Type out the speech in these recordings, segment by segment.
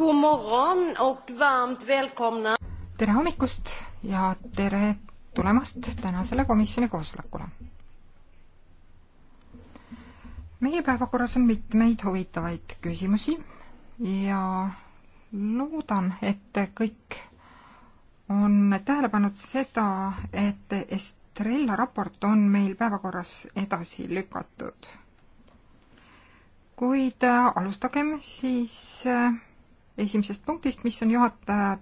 God morgon och varmt välkomna. tere hommikust ja tere tulemast tänasele komisjoni koosolekule. meie päevakorras on mitmeid huvitavaid küsimusi ja loodan, et kõik on tähele pannud seda, et Estrella raport on meil päevakorras edasi lükatud. kuid alustagem siis äh, esimesest punktist, mis on juhataja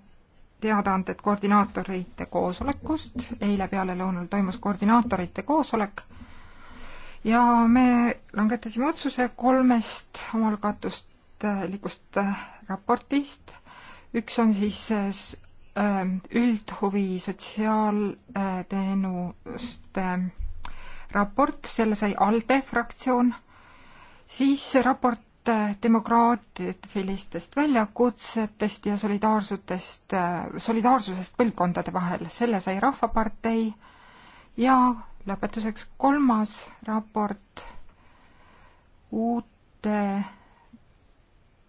teadaanded koordinaatorite koosolekust. eile pealelõunal toimus koordinaatorite koosolek ja me langetasime otsuse kolmest omalgatuslikust äh, raportist. üks on siis äh, üldhuvi sotsiaalteenuste äh, raport, selle sai ALDE fraktsioon, siis raport Eh, demokraatilistest väljakutsetest ja solidaarsutest, eh, solidaarsusest põlvkondade vahel. selle sai Rahvapartei ja lõpetuseks kolmas raport uute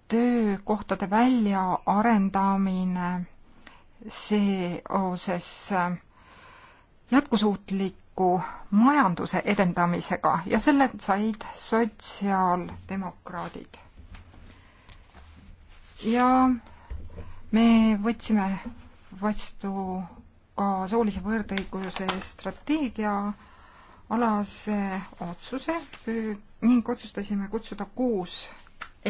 töökohtade väljaarendamine seoses eh, jätkusuutlik kestliku majanduse edendamisega ja selle said sotsiaaldemokraadid. ja me võtsime vastu ka soolise võrdõiguse strateegia alase otsuse ning otsustasime kutsuda kuus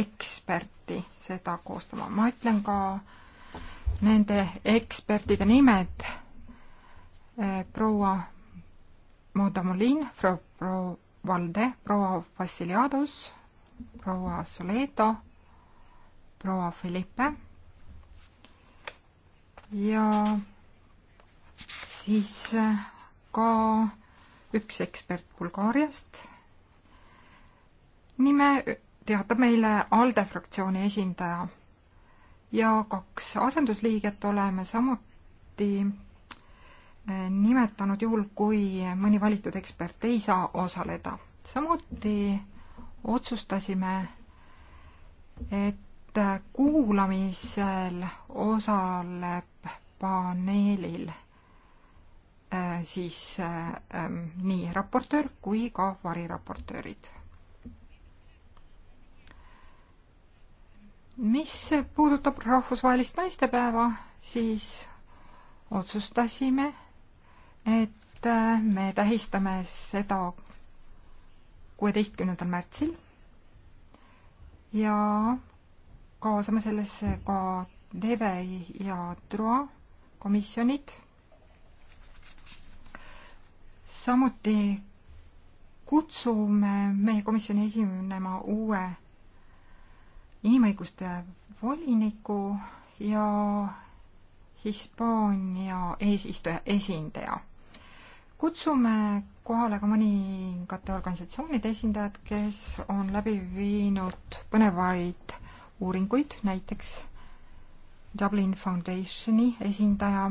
eksperti seda koostama. ma ütlen ka nende ekspertide nimed eh, proua Modamolin, proua Valde, proua Vassiljadus, proua Soleto, proua Felipe ja siis äh, ka üks ekspert Bulgaariast. nime teatab meile ALDE fraktsiooni esindaja ja kaks asendusliiget oleme samuti nimetanud juhul, kui mõni valitud ekspert ei saa osaleda. samuti otsustasime, et kuulamisel osaleb paneelil äh, siis äh, ähm, nii raportöör kui ka variraportöörid. mis puudutab rahvusvahelist naistepäeva, siis otsustasime et äh, me tähistame seda kuueteistkümnendal märtsil ja kaasame sellesse ka Deve ja Troa komisjonid. samuti kutsume meie komisjoni esinema uue inimõiguste voliniku ja Hispaania eesistuja esindaja kutsume kohale ka mõningate organisatsioonide esindajad, kes on läbi viinud põnevaid uuringuid, näiteks Dublin Foundationi esindaja,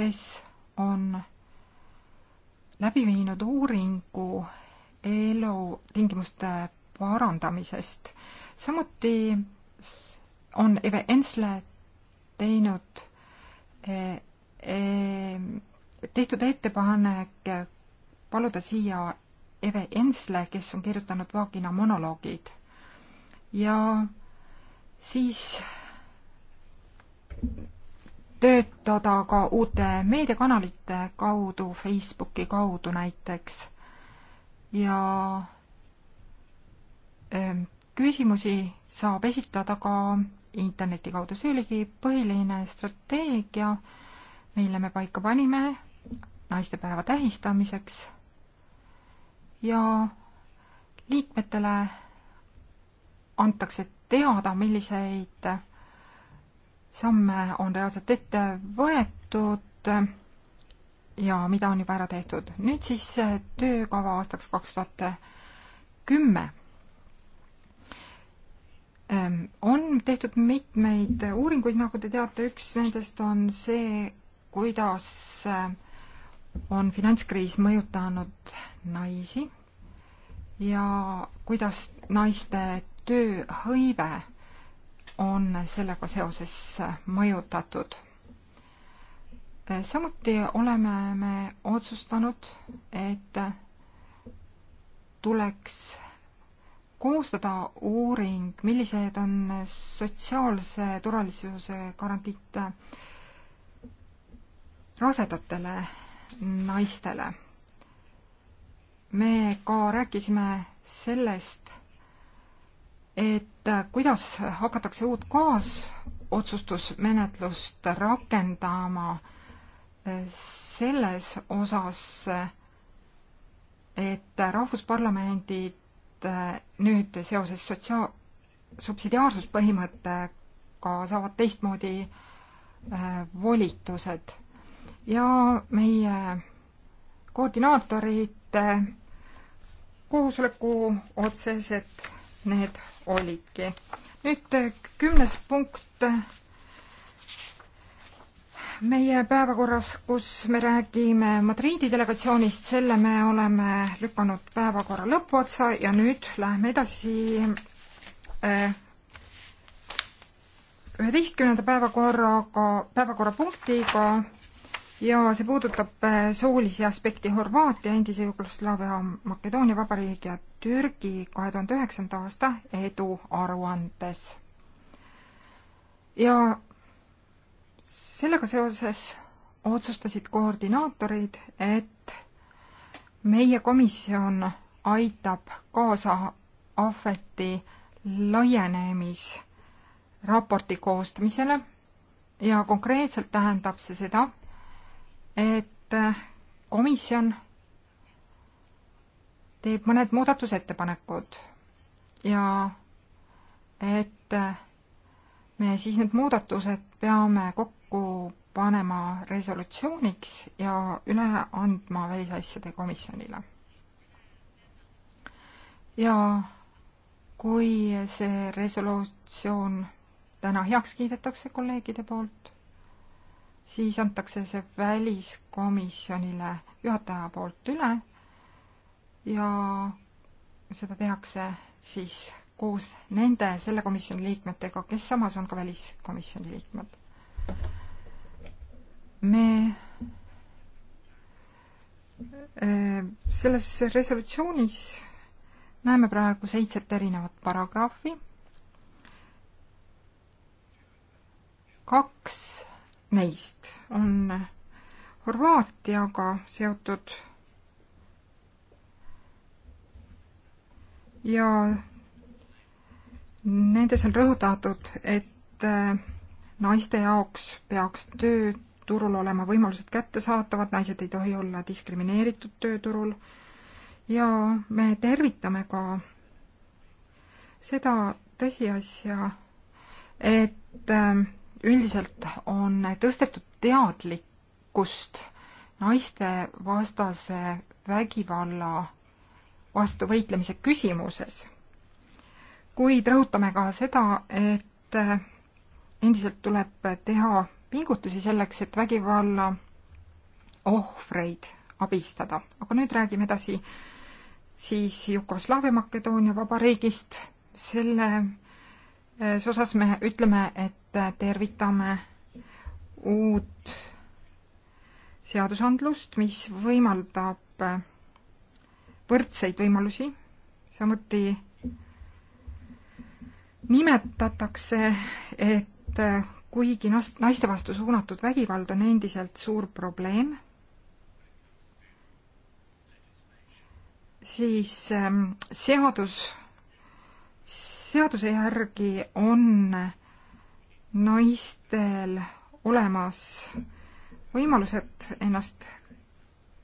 kes on läbi viinud uuringu elutingimuste parandamisest. samuti on Eve Ensle teinud e e tehtud ettepanek paluda siia Eve Ensle, kes on kirjutanud Vaagina monoloogid. ja siis töötada ka uute meediakanalite kaudu, Facebooki kaudu näiteks ja öö, ähm, küsimusi saab esitada ka interneti kaudu, see oligi põhiline strateegia, mille me paika panime naistepäeva tähistamiseks ja liikmetele antakse teada, milliseid samme on reaalselt ette võetud ja mida on juba ära tehtud. nüüd siis töökava aastaks kaks tuhat kümme. Ehm, on tehtud mitmeid uuringuid, nagu te teate, üks nendest on see, kuidas äh, on finantskriis mõjutanud naisi ja kuidas naiste tööhõive on sellega seoses mõjutatud. samuti oleme me otsustanud, et tuleks koostada uuring, millised on sotsiaalse turvalisuse garantiid rasedatele naistele. me ka rääkisime sellest, et kuidas hakatakse uut kaasotsustusmenetlust rakendama selles osas, et rahvusparlamendid nüüd seoses sotsiaal, subsidiaarsuspõhimõttega saavad teistmoodi äh, volitused ja meie koordinaatorite koosoleku otsesed need olidki. nüüd eh, kümnes punkt meie päevakorras, kus me räägime Madriidi delegatsioonist, selle me oleme lükanud päevakorra lõpuotsa ja nüüd läheme edasi eh, üheteistkümnenda päevakorraga, päevakorrapunktiga ja see puudutab äh, soolisi aspekti Horvaatia, endise Jugoslaavia, Makedoonia Vabariigi ja Türgi kahe tuhande üheksanda aasta eduaruandes. ja sellega seoses otsustasid koordinaatorid, et meie komisjon aitab kaasa ahveti laienemisraporti koostamisele ja konkreetselt tähendab see seda, et äh, komisjon teeb mõned muudatusettepanekud ja et äh, me siis need muudatused peame kokku panema resolutsiooniks ja üle andma välisasjade komisjonile. ja kui see resolutsioon täna heaks kiidetakse kolleegide poolt, siis antakse see väliskomisjonile juhataja poolt üle ja seda tehakse siis koos nende selle komisjoni liikmetega, kes samas on ka väliskomisjoni liikmed. me äh, selles resolutsioonis näeme praegu seitset erinevat paragrahvi, kaks neist on Horvaatiaga seotud ja nendes on rõhutatud, et eh, naiste jaoks peaks tööturul olema võimalused kättesaadavad, naised ei tohi olla diskrimineeritud tööturul ja me tervitame ka seda tõsiasja, et eh, üldiselt on tõstetud teadlikkust naistevastase vägivalla vastu võitlemise küsimuses, kuid rõhutame ka seda, et endiselt tuleb teha pingutusi selleks, et vägivalla ohvreid abistada. aga nüüd räägime edasi siis Jugoslaavia Makedoonia vabariigist, selle selles osas me ütleme, et tervitame uut seadusandlust, mis võimaldab võrdseid võimalusi, samuti nimetatakse, et kuigi nast-, naiste vastu suunatud vägivald on endiselt suur probleem, siis ähm, seadus seaduse järgi on naistel olemas võimalused ennast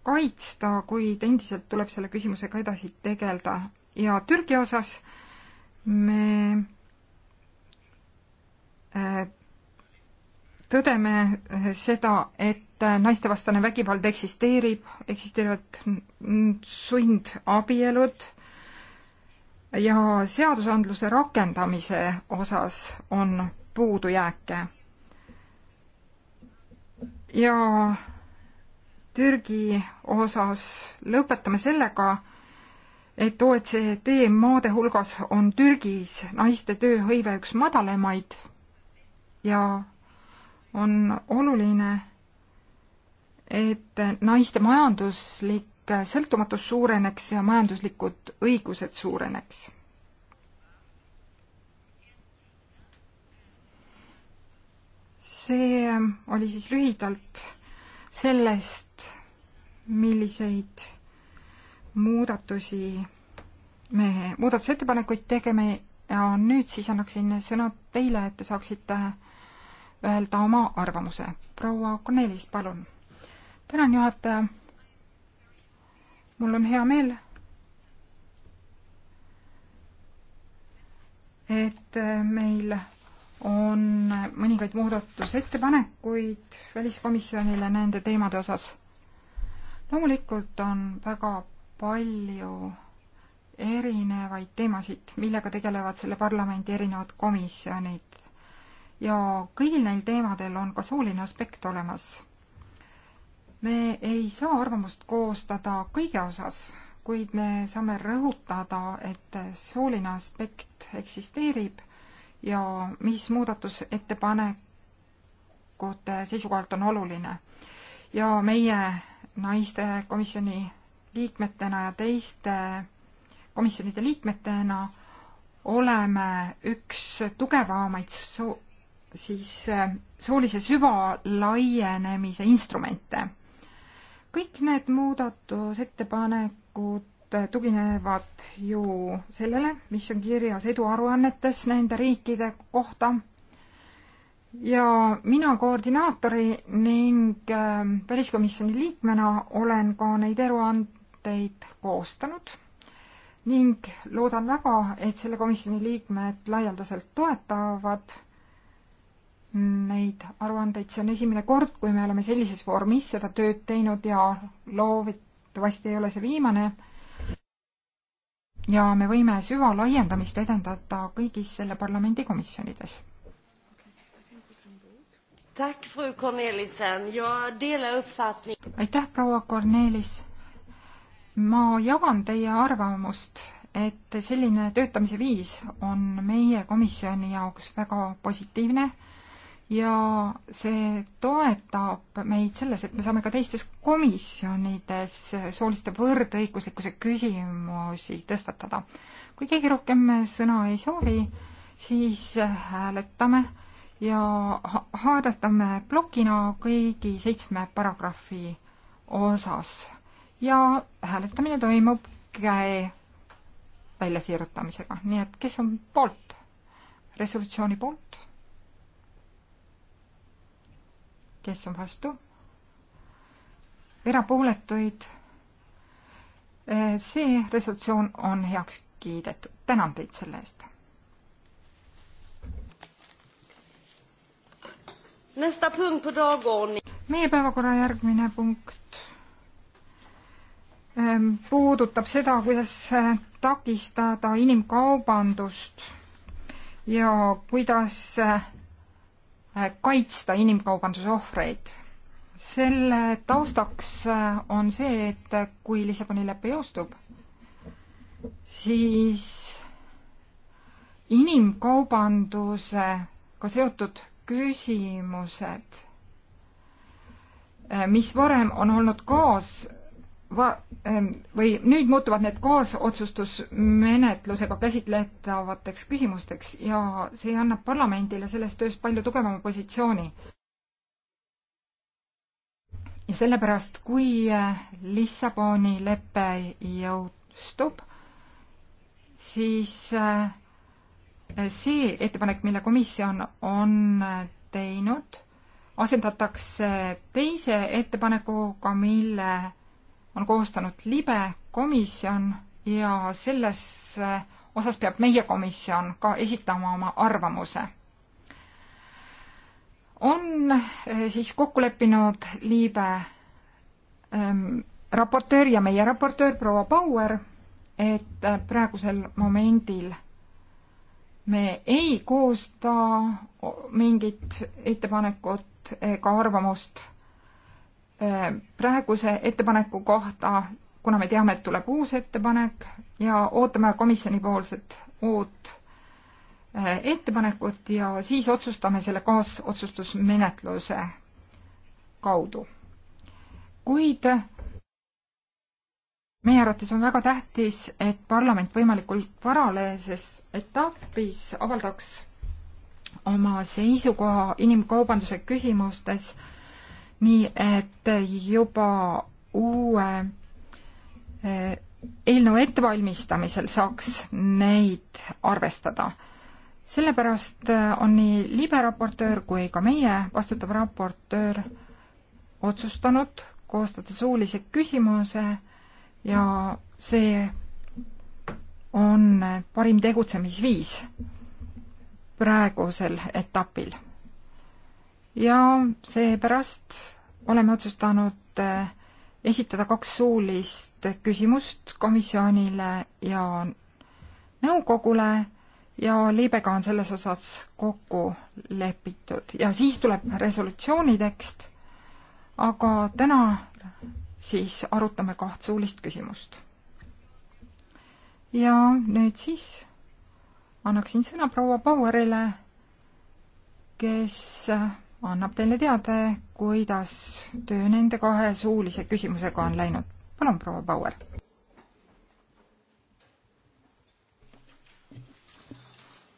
kaitsta, kuid endiselt tuleb selle küsimusega edasi tegeleda. ja Türgi osas me äh, tõdeme äh, seda, et naistevastane vägivald eksisteerib, eksisteerivad sundabielud ja seadusandluse rakendamise osas on puudujääke. ja Türgi osas lõpetame sellega, et OECD maade hulgas on Türgis naiste tööhõive üks madalamaid ja on oluline, et naiste majanduslik sõltumatus suureneks ja majanduslikud õigused suureneks. see oli siis lühidalt sellest, milliseid muudatusi me, muudatusettepanekuid tegeme ja nüüd siis annaksin sõna teile, et te saaksite öelda oma arvamuse. proua Kornelis, palun. tänan, juhataja mul on hea meel, et meil on mõningaid muudatusettepanekuid väliskomisjonile nende teemade osas. loomulikult on väga palju erinevaid teemasid, millega tegelevad selle parlamendi erinevad komisjonid ja kõigil neil teemadel on ka sooline aspekt olemas me ei saa arvamust koostada kõige osas, kuid me saame rõhutada, et sooline aspekt eksisteerib ja mis muudatusettepanekute seisukohalt on oluline. ja meie naistekomisjoni liikmetena ja teiste komisjonide liikmetena oleme üks tugevamaid soo-, siis äh, soolise süvalaienemise instrumente kõik need muudatusettepanekud tuginevad ju sellele, mis on kirjas eduaruannetes nende riikide kohta ja mina koordinaatori ning ähm, väliskomisjoni liikmena olen ka neid eruandeid koostanud ning loodan väga, et selle komisjoni liikmed laialdaselt toetavad neid aruandeid, see on esimene kord, kui me oleme sellises vormis seda tööd teinud ja loovitavasti ei ole see viimane. ja me võime süvalaiendamist edendada kõigis selle parlamendi komisjonides. aitäh, proua Kornelis. ma jagan teie arvamust, et selline töötamise viis on meie komisjoni jaoks väga positiivne ja see toetab meid selles, et me saame ka teistes komisjonides sooliste võrdõiguslikkuse küsimusi tõstatada. kui keegi rohkem sõna ei soovi, siis hääletame ja ha haaratame plokina kõigi seitsme paragrahvi osas ja hääletamine toimub käe väljasiirutamisega, nii et kes on poolt, resolutsiooni poolt kes on vastu, erapooletuid. Eh, see resolutsioon on heaks kiidetud, tänan teid selle eest. meie päevakorra järgmine punkt eh, puudutab seda, kuidas eh, takistada inimkaubandust ja kuidas Äh, kaitsta inimkaubanduse ohvreid. selle taustaks äh, on see, et äh, kui Lissaboni lepe jõustub, siis inimkaubandusega seotud küsimused, mis varem on olnud kaas va-, ähm, või nüüd muutuvad need kaasotsustusmenetlusega käsitletavateks küsimusteks ja see annab parlamendile selles töös palju tugevama positsiooni. ja sellepärast, kui äh, Lissaboni lepe jõustub, siis äh, see ettepanek, mille komisjon on äh, teinud, asendatakse teise ettepanekuga, mille on koostanud libe komisjon ja selles äh, osas peab meie komisjon ka esitama oma arvamuse. on äh, siis kokku leppinud liibe ähm, raportöör ja meie raportöör proua Bauer, et äh, praegusel momendil me ei koosta mingit ettepanekut ega arvamust praeguse ettepaneku kohta, kuna me teame, et tuleb uus ettepanek ja ootame komisjonipoolset uut äh, ettepanekut ja siis otsustame selle kaasotsustusmenetluse kaudu. kuid meie arvates on väga tähtis, et parlament võimalikult varaleses etapis avaldaks oma seisukoha inimkaubanduse küsimustes äh, nii et juba uue e, eelnõu ettevalmistamisel saaks neid arvestada. sellepärast e, on nii liberaportöör kui ka meie vastutav raportöör otsustanud koostada suulise küsimuse ja see on parim tegutsemisviis praegusel etapil ja seepärast oleme otsustanud eh, esitada kaks suulist küsimust komisjonile ja nõukogule ja Liibega on selles osas kokku lepitud ja siis tuleb resolutsiooni tekst, aga täna siis arutame kaht suulist küsimust. ja nüüd siis annaksin sõna proua Bauerile, kes eh, annab teile teada, kuidas töö nende kahe suulise küsimusega on läinud. palun, proua Bauer.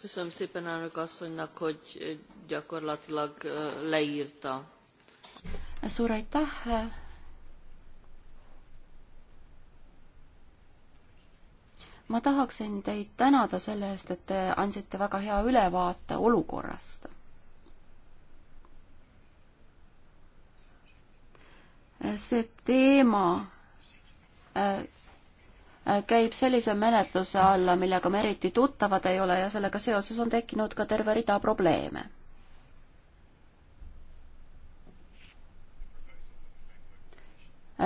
köszönöm szépen elnök asszonynak, hogy eh, gyakorlatilag eh, leírta. Suur aitäh. ma tahaksin teid tänada selle eest, et te andsite väga hea ülevaate olukorrast see teema äh, äh, käib sellise menetluse alla, millega me eriti tuttavad ei ole ja sellega seoses on tekkinud ka terve rida probleeme.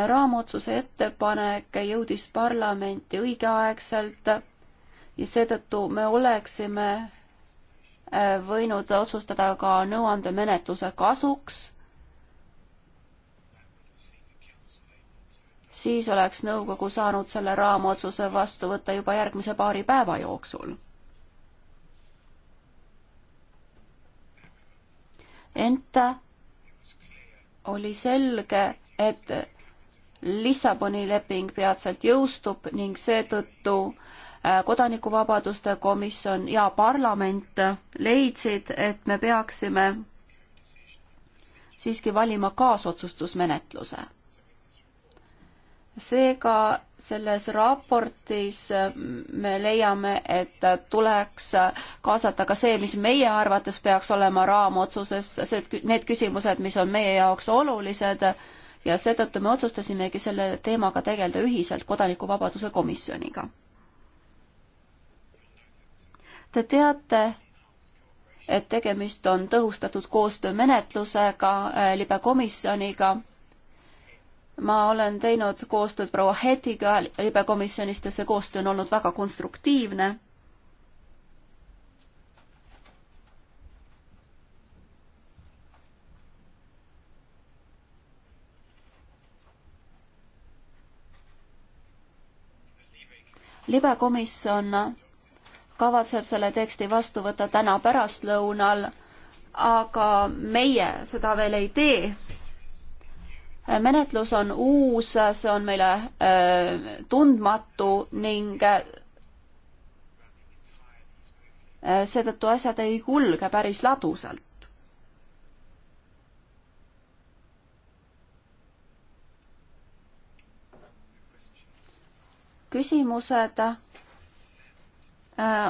raamotsuse ettepanek jõudis parlamenti õigeaegselt ja seetõttu me oleksime äh, võinud otsustada ka nõuandemenetluse kasuks siis oleks nõukogu saanud selle raamotsuse vastu võtta juba järgmise paari päeva jooksul. ent oli selge, et Lissaboni leping peatselt jõustub ning seetõttu äh, kodanikuvabaduste komisjon ja parlament leidsid, et me peaksime siiski valima kaasotsustusmenetluse seega selles raportis äh, me leiame, et tuleks kaasata ka see, mis meie arvates peaks olema raamotsuses, see, need küsimused, mis on meie jaoks olulised ja seetõttu me otsustasimegi selle teemaga tegeleda ühiselt Kodanikuvabaduse komisjoniga. Te teate, et tegemist on tõhustatud koostöömenetlusega äh, libekomisjoniga ma olen teinud koostööd proua Hetiga libekomisjonist ja see koostöö on olnud väga konstruktiivne. libekomisjon kavatseb selle teksti vastu võtta täna pärastlõunal, aga meie seda veel ei tee menetlus on uus, see on meile äh, tundmatu ning äh, seetõttu asjad ei kulge päris ladusalt. küsimused äh,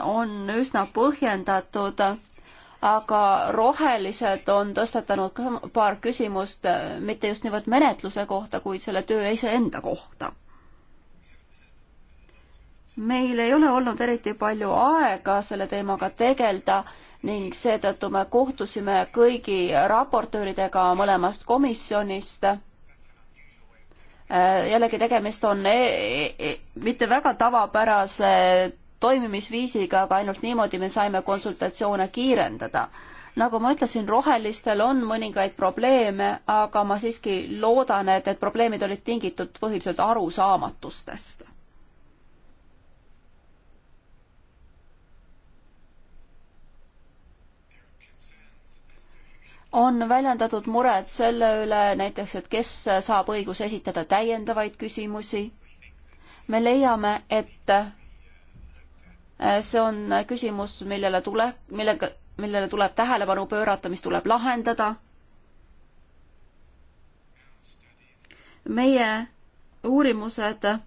on üsna põhjendatud aga rohelised on tõstatanud ka paar küsimust, äh, mitte just niivõrd menetluse kohta, kuid selle töö iseenda kohta. meil ei ole olnud eriti palju aega selle teemaga tegeleda ning seetõttu me kohtusime kõigi raportööridega mõlemast komisjonist äh, jällegi tegemist on e e, e- mitte väga tavapärase toimimisviisiga, aga ainult niimoodi me saime konsultatsioone kiirendada. nagu ma ütlesin, rohelistel on mõningaid probleeme, aga ma siiski loodan, et need probleemid olid tingitud põhiliselt arusaamatustest. on väljendatud mured selle üle näiteks, et kes saab õiguse esitada täiendavaid küsimusi. me leiame, et see on küsimus, millele tuleb, millega, millele tuleb tähelepanu pöörata, mis tuleb lahendada. meie uurimused, äh,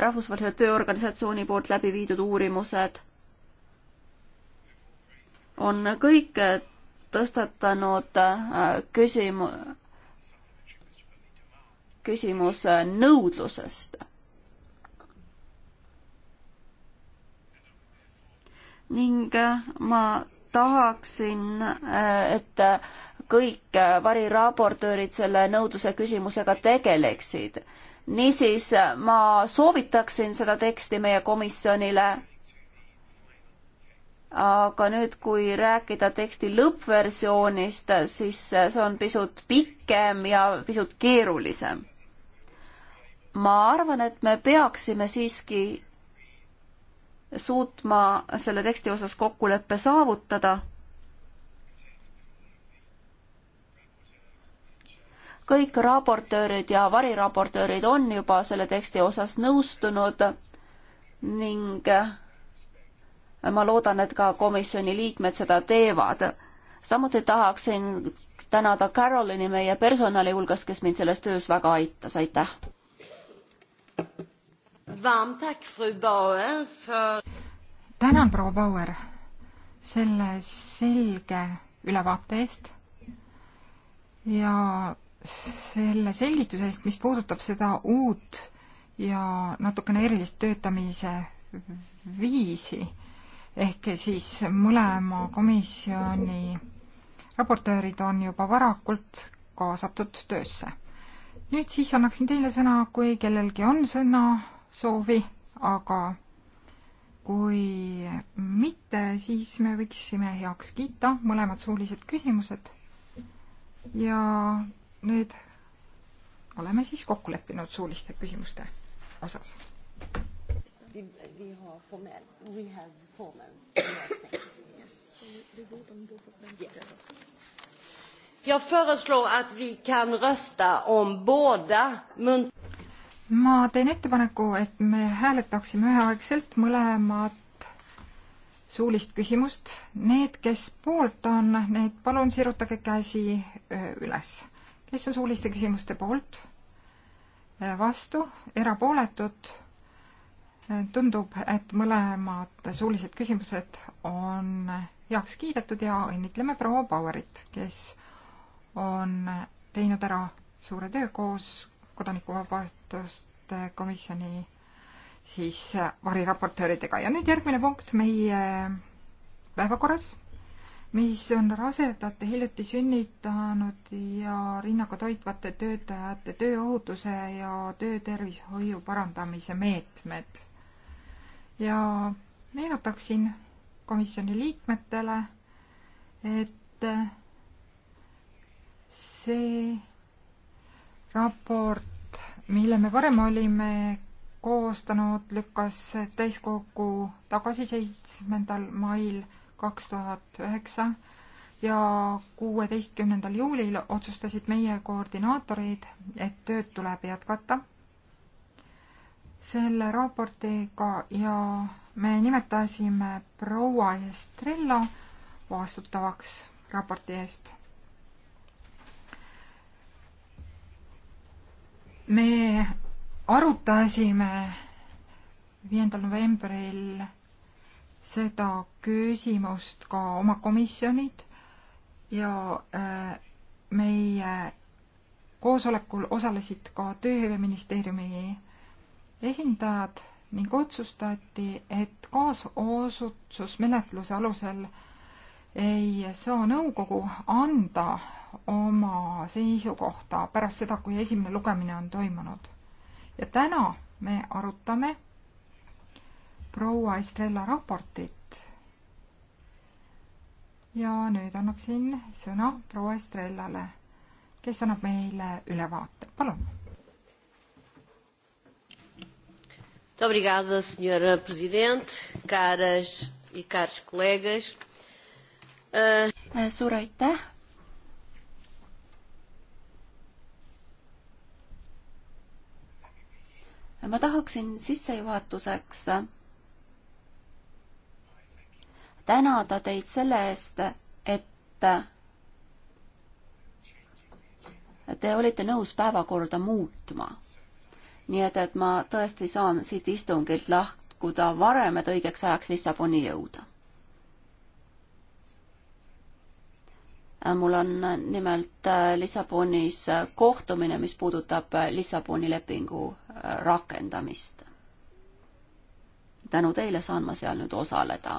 rahvusvahelise tööorganisatsiooni poolt läbi viidud uurimused on kõik tõstatanud äh, küsimu-, küsimus äh, nõudlusest ning äh, ma tahaksin, äh, et kõik äh, variraportöörid selle nõudluse küsimusega tegeleksid. niisiis ma soovitaksin seda teksti meie komisjonile. aga nüüd, kui rääkida teksti lõppversioonist, siis see on pisut pikem ja pisut keerulisem. ma arvan, et me peaksime siiski suutma selle teksti osas kokkuleppe saavutada. kõik raportöörid ja variraportöörid on juba selle teksti osas nõustunud ning ma loodan, et ka komisjoni liikmed seda teevad. samuti tahaksin tänada Carolini meie personali hulgast, kes mind selles töös väga aitas, aitäh! tänan, proua Bauer, selle selge ülevaate eest ja selle selgituse eest, mis puudutab seda uut ja natukene erilist töötamise viisi ehk siis mõlema komisjoni raportöörid on juba varakult kaasatud töösse. nüüd siis annaksin teile sõna, kui kellelgi on sõna soovi, aga kui mitte, siis me võiksime heaks kiita mõlemad suulised küsimused. ja nüüd oleme siis kokku leppinud suuliste küsimuste osas. Jag föreslår att vi kan rösta om båda munt- ma teen ettepaneku, et me hääletaksime üheaegselt mõlemat suulist küsimust. Need, kes poolt on, need palun sirutage käsi äh, üles. kes on suuliste küsimuste poolt? Äh, vastu, erapooletud? Äh, tundub, et mõlemad suulised küsimused on heaks kiidetud ja õnnitleme proua Bauerit, kes on teinud ära suure töö koos kodanikuvabaduste komisjoni siis äh, variraportööridega ja nüüd järgmine punkt meie päevakorras, mis on rasedate, hiljuti sünnitanud ja rinnaga toitvate töötajate tööohutuse ja töötervishoiu parandamise meetmed. ja meenutaksin komisjoni liikmetele, et see raport, mille me varem olime koostanud, lükkas täiskokku tagasi seitsmendal mail kaks tuhat üheksa ja kuueteistkümnendal juulil otsustasid meie koordinaatorid, et tööd tuleb jätkata selle raportiga ja me nimetasime proua Estrella vastutavaks raporti eest. me arutasime viiendal novembril seda küsimust ka oma komisjonid ja äh, meie koosolekul osalesid ka Tööhõiveministeeriumi esindajad ning otsustati, et kaasotsusmenetluse alusel ei saa nõukogu anda oma seisukohta pärast seda, kui esimene lugemine on toimunud. ja täna me arutame proua Estrella raportit. ja nüüd annaksin sõna proua Estrellale, kes annab meile ülevaate, palun. Obrigada, senhora presidente, caras e caros colegas. Uh... Suur aitäh, ma tahaksin sissejuhatuseks tänada teid selle eest, et te olite nõus päevakorda muutma. nii et, et ma tõesti saan siit istungilt lahkuda varem, et õigeks ajaks Lissaboni jõuda Äh, mul on äh, nimelt äh, Lissabonis kohtumine, mis puudutab Lissaboni lepingu rakendamist. tänu teile saan ma seal nüüd osaleda.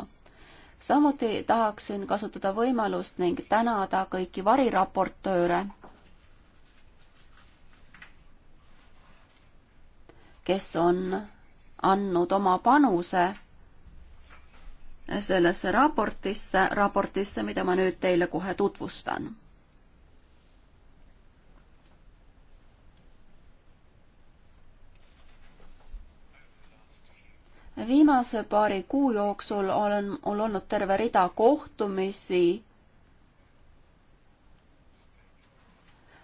samuti tahaksin kasutada võimalust ning tänada kõiki variraportööre, kes on andnud oma panuse sellesse raportisse, raportisse, mida ma nüüd teile kohe tutvustan. viimase paari kuu jooksul olen mul olnud terve rida kohtumisi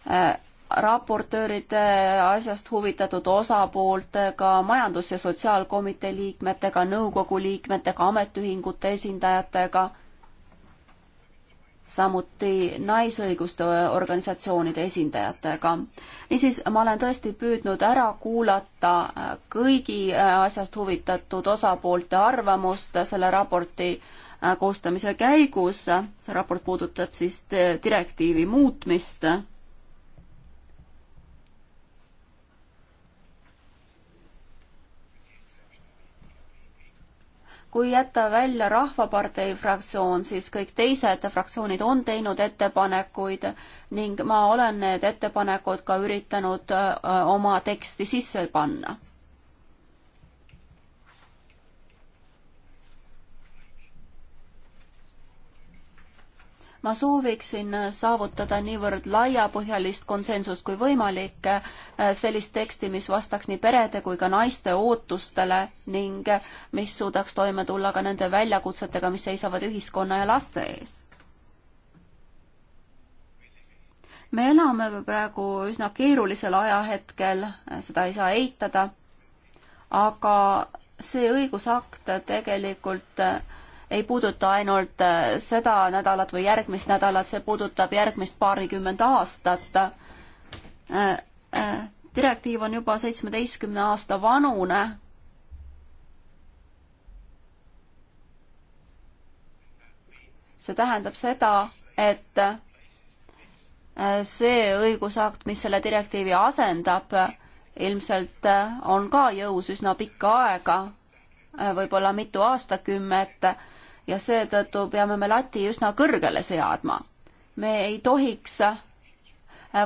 äh, raportööride, asjast huvitatud osapooltega, majandus- ja sotsiaalkomitee liikmetega, nõukogu liikmetega, ametiühingute esindajatega, samuti naisõiguste organisatsioonide esindajatega. niisiis, ma olen tõesti püüdnud ära kuulata kõigi asjast huvitatud osapoolte arvamust selle raporti äh, koostamise käigus, see raport puudutab siis äh, direktiivi muutmist kui jätta välja Rahvapartei fraktsioon, siis kõik teised fraktsioonid on teinud ettepanekuid ning ma olen need ettepanekud ka üritanud äh, oma teksti sisse panna ma sooviksin äh, saavutada niivõrd laiapõhjalist konsensust kui võimalik, äh, sellist teksti, mis vastaks nii perede kui ka naiste ootustele ning äh, mis suudaks toime tulla ka nende väljakutsetega, mis seisavad ühiskonna ja laste ees. me elame praegu üsna keerulisel ajahetkel, seda ei saa eitada, aga see õigusakt tegelikult äh, ei puuduta ainult äh, seda nädalat või järgmist nädalat, see puudutab järgmist paarikümmend aastat. Äh, äh, direktiiv on juba seitsmeteistkümne aasta vanune. see tähendab seda, et see õigusakt, mis selle direktiivi asendab, ilmselt on ka jõus üsna pikka aega, võib-olla mitu aastakümmet ja seetõttu peame me lati üsna kõrgele seadma. me ei tohiks äh,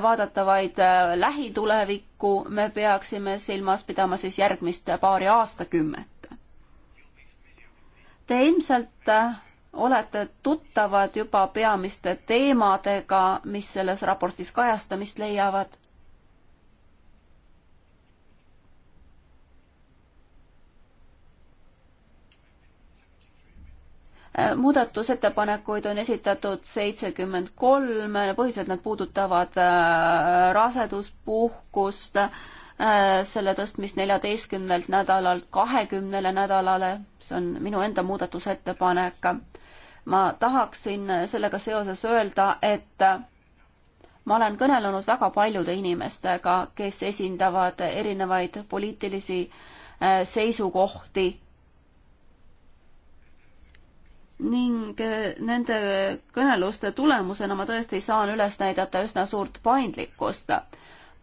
vaadata vaid äh, lähitulevikku, me peaksime silmas pidama siis järgmist paari aastakümmet. Te ilmselt äh, olete tuttavad juba peamiste teemadega, mis selles raportis kajastamist leiavad muudatusettepanekuid on esitatud seitsekümmend kolm, põhiliselt nad puudutavad äh, raseduspuhkust, äh, selle tõstmist neljateistkümnelt nädalalt kahekümnele nädalale, see on minu enda muudatusettepanek. ma tahaksin sellega seoses öelda, et ma olen kõnelenud väga paljude inimestega, kes esindavad erinevaid poliitilisi äh, seisukohti ning eh, nende kõneluste tulemusena ma tõesti saan üles näidata üsna suurt paindlikkust.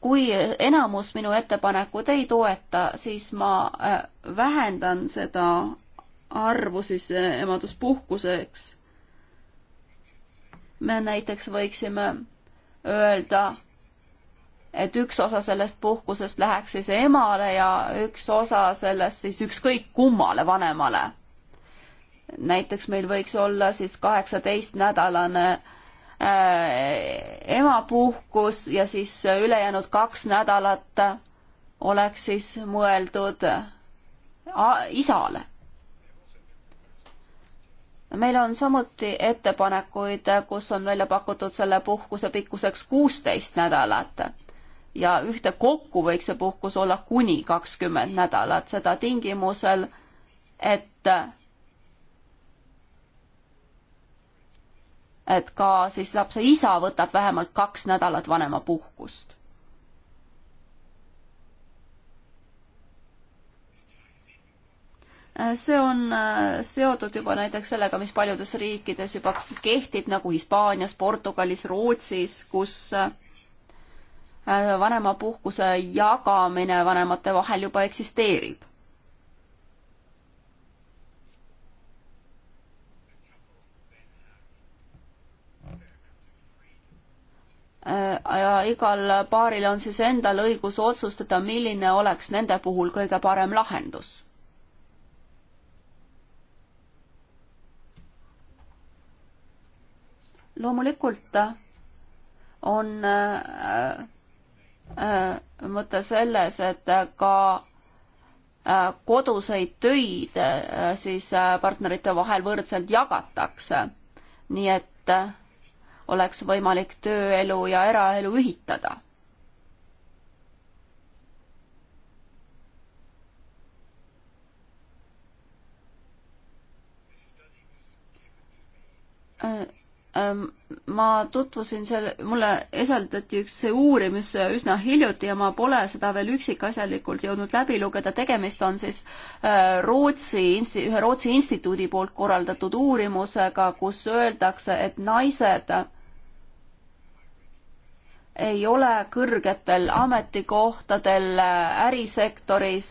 kui enamus minu ettepanekut ei toeta, siis ma eh, vähendan seda arvu siis emaduspuhkuseks. me näiteks võiksime öelda, et üks osa sellest puhkusest läheks siis emale ja üks osa sellest siis ükskõik kummale vanemale näiteks meil võiks olla siis kaheksateistnädalane äh, emapuhkus ja siis ülejäänud kaks nädalat oleks siis mõeldud äh, isale. meil on samuti ettepanekuid, kus on välja pakutud selle puhkuse pikkuseks kuusteist nädalat ja ühtekokku võiks see puhkus olla kuni kakskümmend nädalat, seda tingimusel, et et ka siis lapse isa võtab vähemalt kaks nädalat vanemapuhkust. see on äh, seotud juba näiteks sellega, mis paljudes riikides juba kehtib, nagu Hispaanias, Portugalis, Rootsis, kus äh, vanemapuhkuse jagamine vanemate vahel juba eksisteerib Äh, ja igal paaril on siis endal õigus otsustada, milline oleks nende puhul kõige parem lahendus. loomulikult äh, on äh, mõte selles, et ka koduseid töid siis partnerite vahel võrdselt jagatakse. nii et oleks võimalik tööelu ja eraelu ühitada äh, ähm, ma tutvusin selle, mulle esaldati üks uurimus üsna hiljuti ja ma pole seda veel üksikasjalikult jõudnud läbi lugeda, tegemist on siis äh, Rootsi, ühe Rootsi instituudi poolt korraldatud uurimusega, kus öeldakse, et naised ei ole kõrgetel ametikohtadel äh, ärisektoris,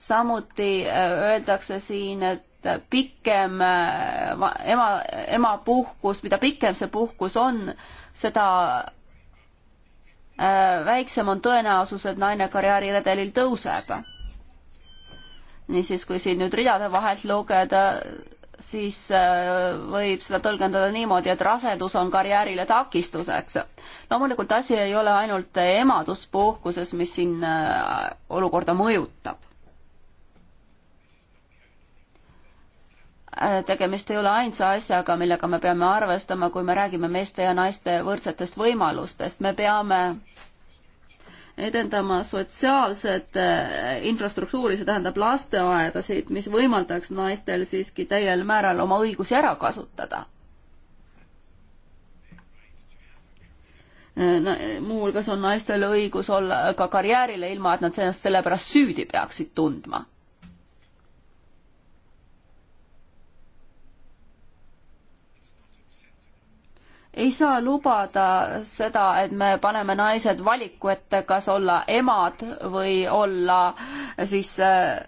samuti äh, öeldakse siin, et pikem äh, ema, emapuhkus, mida pikem see puhkus on, seda väiksem on tõenäosus, et naine karjääriredelil tõuseb niisiis, kui siin nüüd ridade vahelt lugeda, siis äh, võib seda tõlgendada niimoodi, et rasedus on karjäärile takistuseks. loomulikult asi ei ole ainult emaduspuhkuses, mis siin äh, olukorda mõjutab. Äh, tegemist ei ole ainsa asjaga, millega me peame arvestama, kui me räägime meeste ja naiste võrdsetest võimalustest, me peame edendama sotsiaalset äh, infrastruktuuri, see tähendab lasteaedasid, mis võimaldaks naistel siiski täiel määral oma õigusi ära kasutada. Äh, muuhulgas on naistel õigus olla ka karjäärile, ilma et nad ennast selle pärast süüdi peaksid tundma ei saa lubada seda, et me paneme naised valiku ette, kas olla emad või olla siis äh,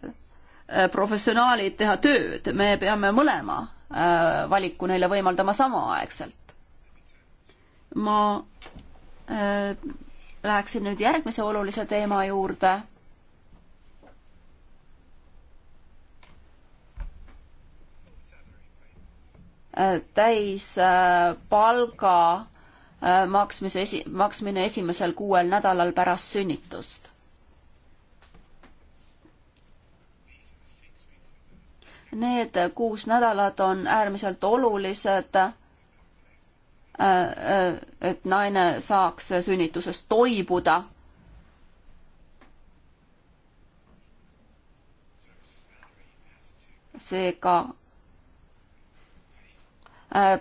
professionaalid, teha tööd, me peame mõlema äh, valiku neile võimaldama samaaegselt. ma äh, läheksin nüüd järgmise olulise teema juurde Äh, täispalga äh, äh, maksmise esi-, maksmine esimesel kuuel nädalal pärast sünnitust. Need kuus nädalat on äärmiselt olulised, et naine saaks sünnitusest toibuda seega Äh,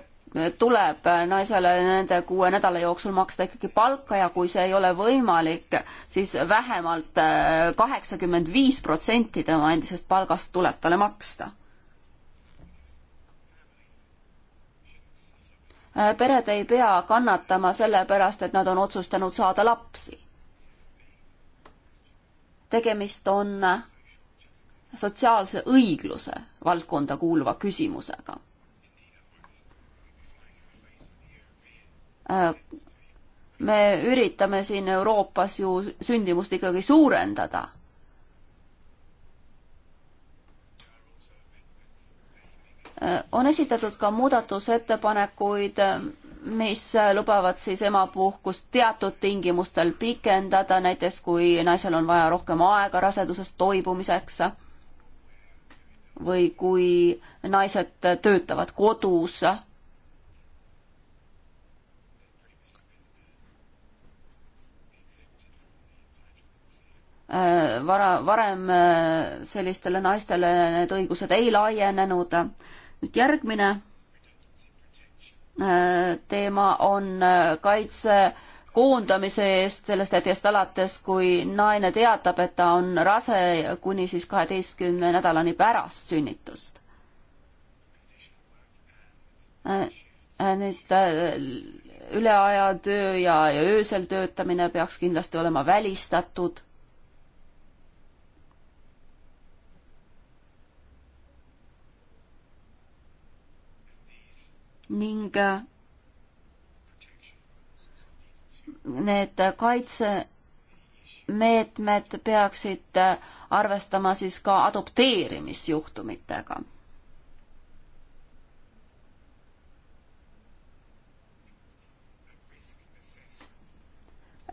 tuleb naisele nende kuue nädala jooksul maksta ikkagi palka ja kui see ei ole võimalik, siis vähemalt äh, kaheksakümmend viis protsenti tema endisest palgast tuleb talle maksta. Äh, pered ei pea kannatama selle pärast, et nad on otsustanud saada lapsi. tegemist on sotsiaalse õigluse valdkonda kuuluva küsimusega me üritame siin Euroopas ju sündimust ikkagi suurendada. on esitatud ka muudatusettepanekuid, mis lubavad siis emapuhkust teatud tingimustel pikendada, näiteks kui naisel on vaja rohkem aega rasedusest toibumiseks või kui naised töötavad kodus Äh, vara, varem äh, sellistele naistele need õigused ei laienenud. nüüd järgmine äh, teema on kaitse koondamise eest sellest hetkest alates, kui naine teatab, et ta on rase kuni siis kaheteistkümne nädalani pärast sünnitust. nüüd üleajatöö ja, ja öösel töötamine peaks kindlasti olema välistatud ning äh, need kaitsemeetmed peaksid äh, arvestama siis ka adopteerimisjuhtumitega.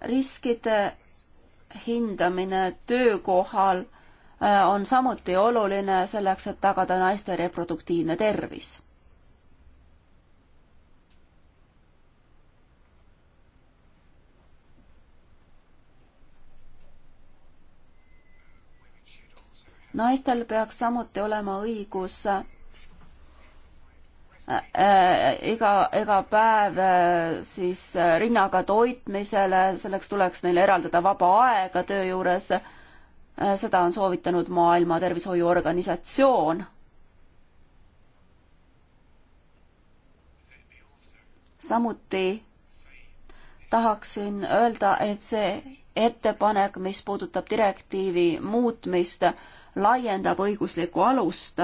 riskide hindamine töökohal äh, on samuti oluline selleks, et tagada naiste reproduktiivne tervis naistel peaks samuti olema õigus äh, äh, iga, iga päev äh, siis rinnaga toitmisele, selleks tuleks neile eraldada vaba aega töö juures. seda on soovitanud Maailma Tervishoiuorganisatsioon. samuti tahaksin öelda, et see ettepanek, mis puudutab direktiivi muutmist, laiendab õiguslikku alust.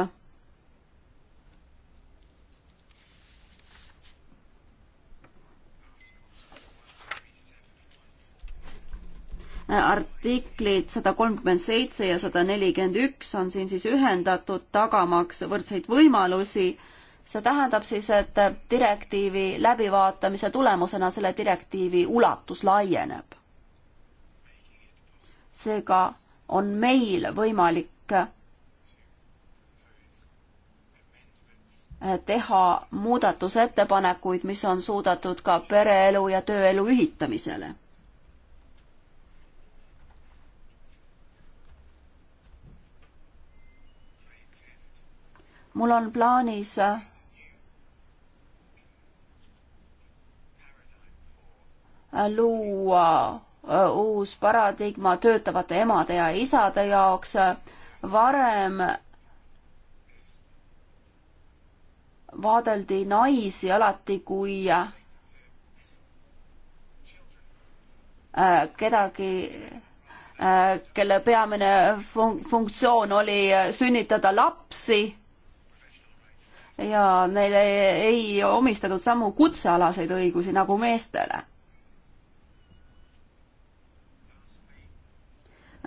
artiklid sada kolmkümmend seitse ja sada nelikümmend üks on siin siis ühendatud, tagamaks võrdseid võimalusi see tähendab siis, et direktiivi läbivaatamise tulemusena selle direktiivi ulatus laieneb. seega on meil võimalik võimalik äh, teha muudatusettepanekuid, mis on suudatud ka pereelu ja tööelu ühitamisele. mul on plaanis äh, luua äh, uus paradigma töötavate emade ja isade jaoks varem vaadeldi naisi alati kui äh, kedagi, äh, kelle peamine fun-, funktsioon oli sünnitada lapsi ja neile ei omistatud samu kutsealaseid õigusi nagu meestele.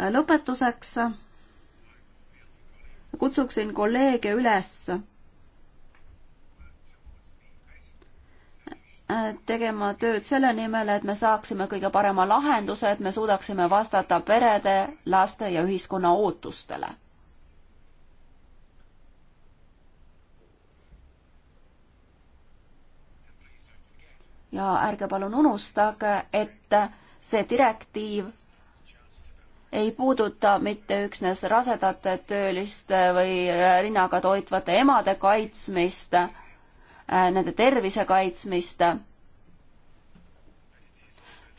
lõpetuseks kutsuksin kolleege üles tegema tööd selle nimel, et me saaksime kõige parema lahenduse, et me suudaksime vastata perede, laste ja ühiskonna ootustele ja ärge palun unustage, et see direktiiv ei puuduta mitte üksnes rasedate tööliste või rinnaga toitvate emade kaitsmist, äh, nende tervise kaitsmist.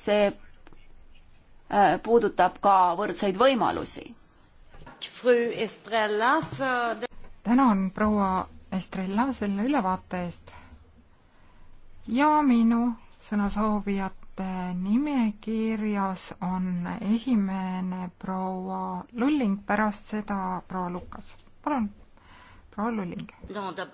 see äh, puudutab ka võrdseid võimalusi. tänan, proua Estrella selle ülevaate eest ja minu sõnasoovijat kõnelejate nimekirjas on esimene proua Lulling, pärast seda proua Lukas. palun, proua Lulling. Euh, euh,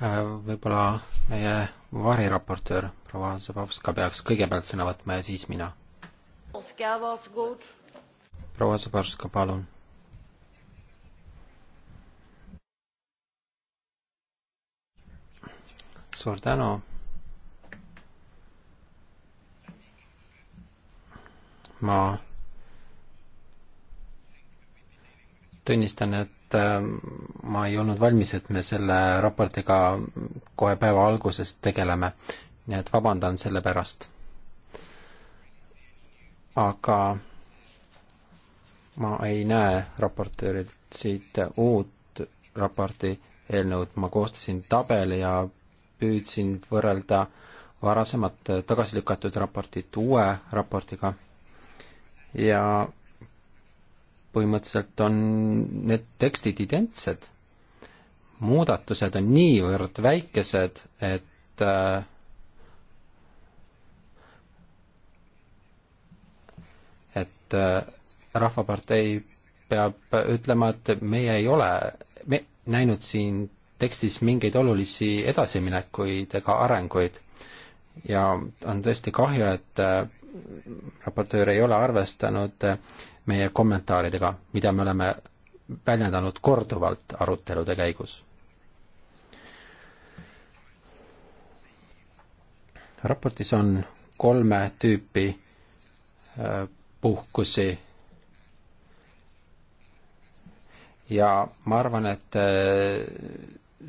euh, äh, võib-olla meie variraportöör proua Zabovska peaks kõigepealt sõna võtma ja siis mina. proua Zabovska, palun suur tänu. ma tunnistan, et ähm, ma ei olnud valmis, et me selle raportiga kohe päeva alguses tegeleme, nii et vabandan selle pärast. aga ma ei näe raportöörilt siit uut raporti eelnõud, ma koostasin tabeli ja püüdsin võrrelda varasemat tagasi lükatud raportit uue raportiga ja põhimõtteliselt on need tekstid identsed. muudatused on niivõrd väikesed, et äh, et äh, Rahvapartei peab ütlema, et meie ei ole me, näinud siin tekstis mingeid olulisi edasiminekuid ega arenguid. ja on tõesti kahju, et äh, raportöör ei ole arvestanud äh, meie kommentaaridega, mida me oleme väljendanud korduvalt arutelude käigus. raportis on kolme tüüpi äh, puhkusi ja ma arvan, et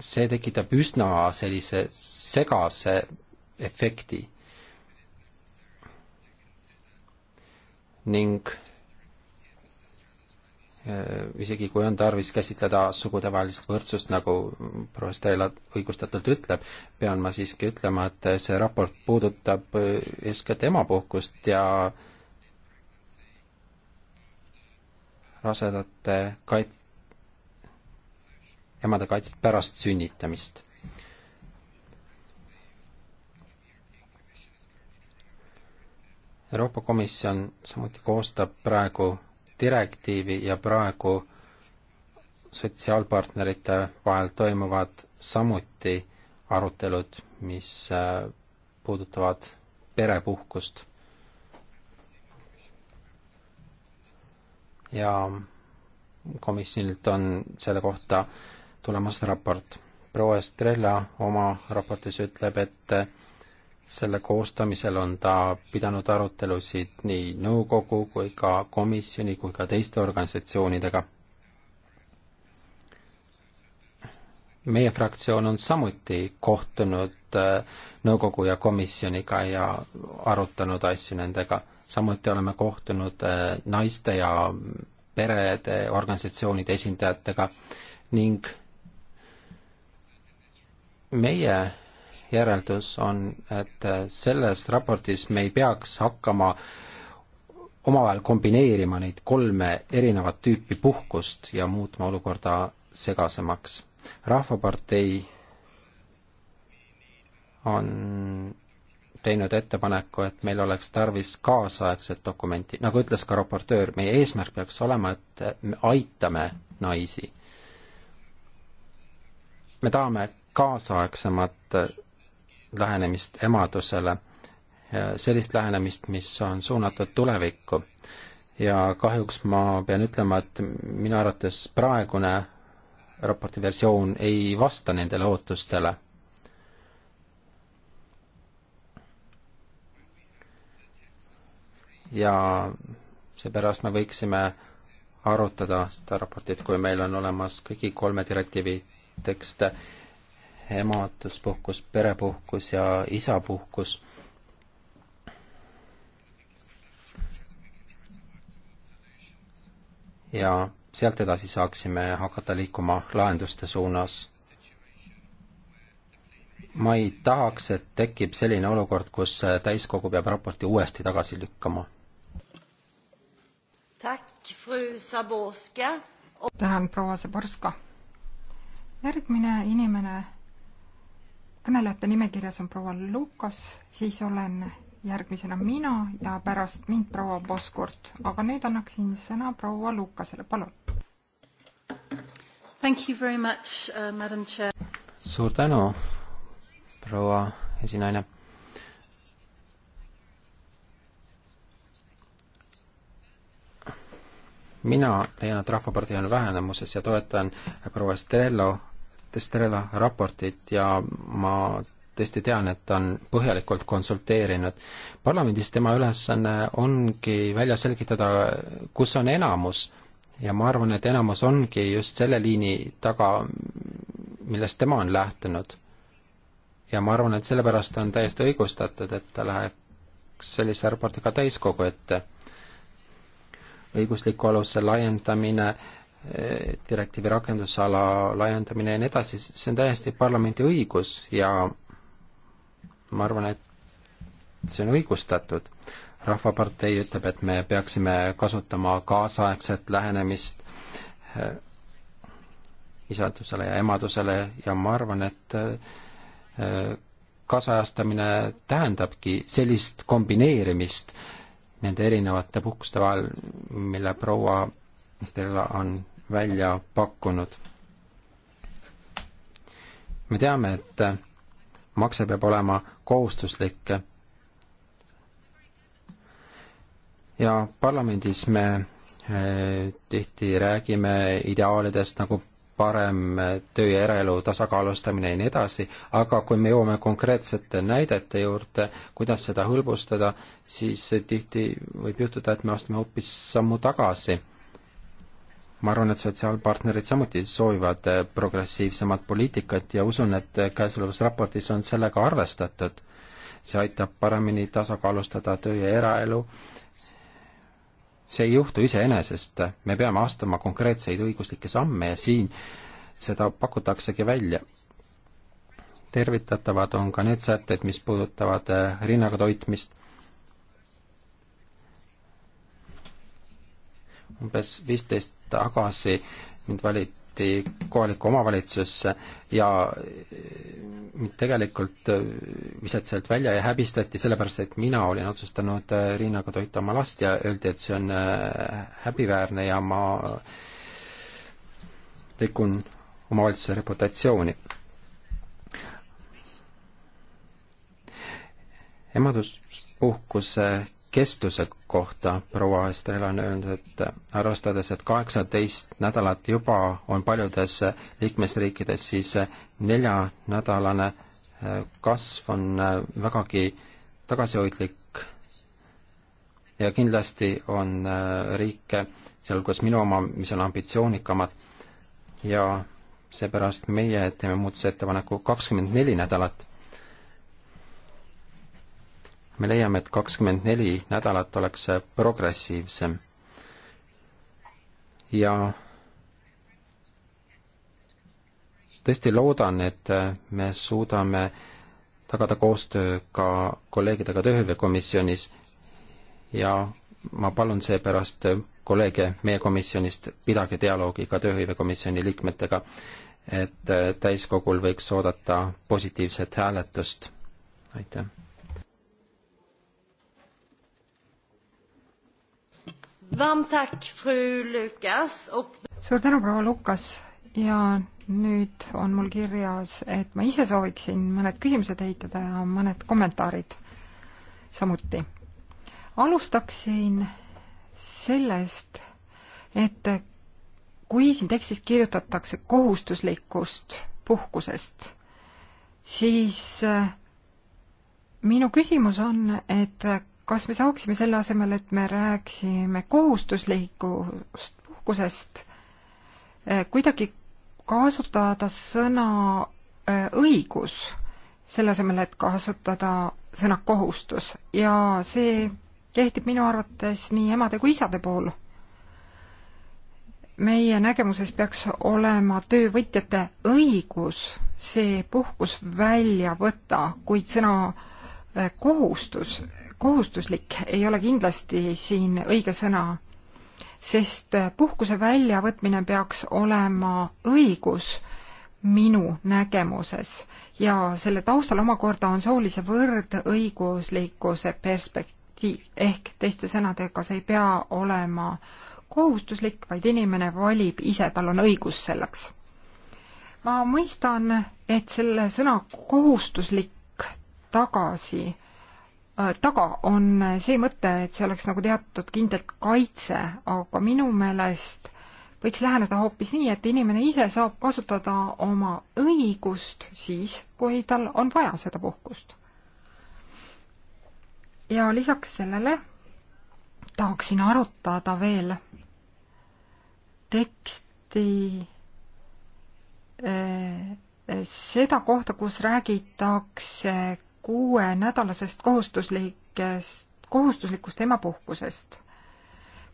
see tekitab üsna sellise segase efekti. ning äh, isegi kui on tarvis käsitleda sugudevahelist võrdsust, nagu proua Strela õigustatult ütleb, pean ma siiski ütlema, et see raport puudutab äh, eeskätt emapuhkust ja rasedate kait-, emade kaitset pärast sünnitamist. Euroopa Komisjon samuti koostab praegu direktiivi ja praegu sotsiaalpartnerite vahel toimuvad samuti arutelud, mis äh, puudutavad perepuhkust. ja komisjonilt on selle kohta tulemas raport. proua Estrella oma raportis ütleb, et selle koostamisel on ta pidanud arutelusid nii nõukogu kui ka komisjoni kui ka teiste organisatsioonidega. meie fraktsioon on samuti kohtunud äh, nõukogu ja komisjoniga ja arutanud asju nendega. samuti oleme kohtunud äh, naiste ja perede organisatsioonide esindajatega ning meie järeldus on, et äh, selles raportis me ei peaks hakkama omavahel kombineerima neid kolme erinevat tüüpi puhkust ja muutma olukorda segasemaks. rahvapartei on teinud ettepaneku, et meil oleks tarvis kaasaegset dokumenti, nagu ütles ka raportöör, meie eesmärk peaks olema, et me aitame naisi. me tahame kaasaegsemat äh, lähenemist emadusele, äh, sellist lähenemist, mis on suunatud tulevikku. ja kahjuks ma pean ütlema, et minu arvates praegune raporti versioon ei vasta nendele ootustele ja seepärast me võiksime arutada seda raportit, kui meil on olemas kõigi kolme direktiivi tekste emaduspuhkus, perepuhkus ja isapuhkus. ja sealt edasi saaksime hakata liikuma lahenduste suunas. ma ei tahaks, et tekib selline olukord, kus täiskogu peab raporti uuesti tagasi lükkama. tänan, proua Zaborska. järgmine inimene kõnelejate nimekirjas on proua Lukas, siis olen järgmisena mina ja pärast mind proua Poskurt, aga nüüd annaksin sõna proua Lukasele, palun. Thank you very much uh,, madam chair. suur tänu, proua esinaine. mina leian, et Rahvapartei on vähenemuses ja toetan proua Estrello Testrela raportit ja ma tõesti tean, et ta on põhjalikult konsulteerinud. parlamendis tema ülesanne ongi välja selgitada, kus on enamus ja ma arvan, et enamus ongi just selle liini taga, millest tema on lähtunud. ja ma arvan, et sellepärast on täiesti õigustatud, et ta läheks sellise raportiga täiskogu ette. õigusliku aluse laiendamine äh,, direktiivi rakendusala laiendamine ja nii edasi, see on täiesti parlamendi õigus ja ma arvan, et see on õigustatud. rahvapartei ütleb, et me peaksime kasutama kaasaegset lähenemist äh, isadusele ja emadusele ja ma arvan, et äh, kaasajastamine tähendabki sellist kombineerimist nende erinevate puhkuste vahel, mille proua Stella on välja pakkunud. me teame, et makse peab olema kohustuslik. ja parlamendis me eh, tihti räägime ideaalidest nagu parem töö ja eraelu tasakaalustamine ja nii edasi, aga kui me jõuame konkreetsete näidete juurde, kuidas seda hõlbustada, siis tihti võib juhtuda, et me astume hoopis sammu tagasi ma arvan, et sotsiaalpartnerid samuti soovivad eh, progressiivsemat poliitikat ja usun, et käesolevas raportis on sellega arvestatud. see aitab paremini tasakaalustada töö ja eraelu. see ei juhtu iseenesest, me peame astuma konkreetseid õiguslikke samme ja siin seda pakutaksegi välja. tervitatavad on ka need sätted, mis puudutavad eh, rinnaga toitmist umbes viisteist tagasi mind valiti kohalikku omavalitsusse ja eh, mind tegelikult visati eh, sealt välja ja häbistati, sellepärast et mina olin otsustanud eh, Riinaga toita oma last ja öeldi, et see on häbiväärne ja ma rikun omavalitsuse reputatsiooni. emaduspuhkuse kestuse kohta proua Estrel on öelnud, et arvestades, et kaheksateist nädalat juba on paljudes liikmesriikides, siis neljanädalane äh, kasv on äh, vägagi tagasihoidlik ja kindlasti on äh, riike, sealhulgas minu oma, mis on ambitsioonikamad ja seepärast meie teeme muudatusettepaneku kakskümmend neli nädalat me leiame, et kakskümmend neli nädalat oleks progressiivsem. ja tõesti loodan, et me suudame tagada koostöö ka kolleegidega tööhõivekomisjonis ja ma palun seepärast kolleege meie komisjonist, pidage dialoogi ka tööhõivekomisjoni liikmetega, et täiskogul võiks oodata positiivset hääletust. aitäh! suur tänu, proua Lukas ja nüüd on mul kirjas, et ma ise sooviksin mõned küsimused ehitada ja mõned kommentaarid samuti. alustaksin sellest, et kui siin tekstis kirjutatakse kohustuslikust puhkusest, siis minu küsimus on, et kas me saaksime selle asemel, et me rääksime kohustuslikust puhkusest, eh, kuidagi kasutada sõna eh, õigus, selle asemel, et kasutada sõna kohustus ja see kehtib minu arvates nii emade kui isade pool. meie nägemuses peaks olema töövõtjate õigus see puhkus välja võtta, kuid sõna eh, kohustus kohustuslik ei ole kindlasti siin õige sõna, sest puhkuse väljavõtmine peaks olema õigus minu nägemuses ja selle taustal omakorda on soolise võrdõiguslikkuse perspektiiv, ehk teiste sõnadega, see ei pea olema kohustuslik, vaid inimene valib ise, tal on õigus selleks. ma mõistan, et selle sõna kohustuslik tagasi Äh, taga, on see mõte, et see oleks nagu teatud kindlalt kaitse, aga minu meelest võiks läheneda hoopis nii, et inimene ise saab kasutada oma õigust siis, kui tal on vaja seda puhkust. ja lisaks sellele tahaksin arutada veel teksti äh, seda kohta, kus räägitakse kuuenädalasest kohustuslikest, kohustuslikust emapuhkusest.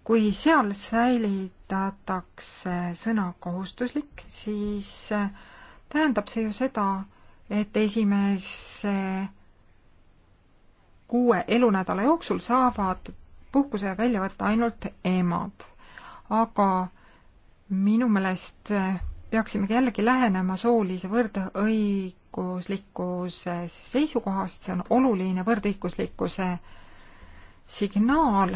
kui seal säilitatakse sõna kohustuslik, siis äh, tähendab see ju seda, et esimese kuue elunädala jooksul saavad puhkuse välja võtta ainult emad. aga minu meelest äh, peaksimegi jällegi lähenema soolise võrdõi-, võrdõiguslikkuse seisukohast, see on oluline võrdõiguslikkuse signaal,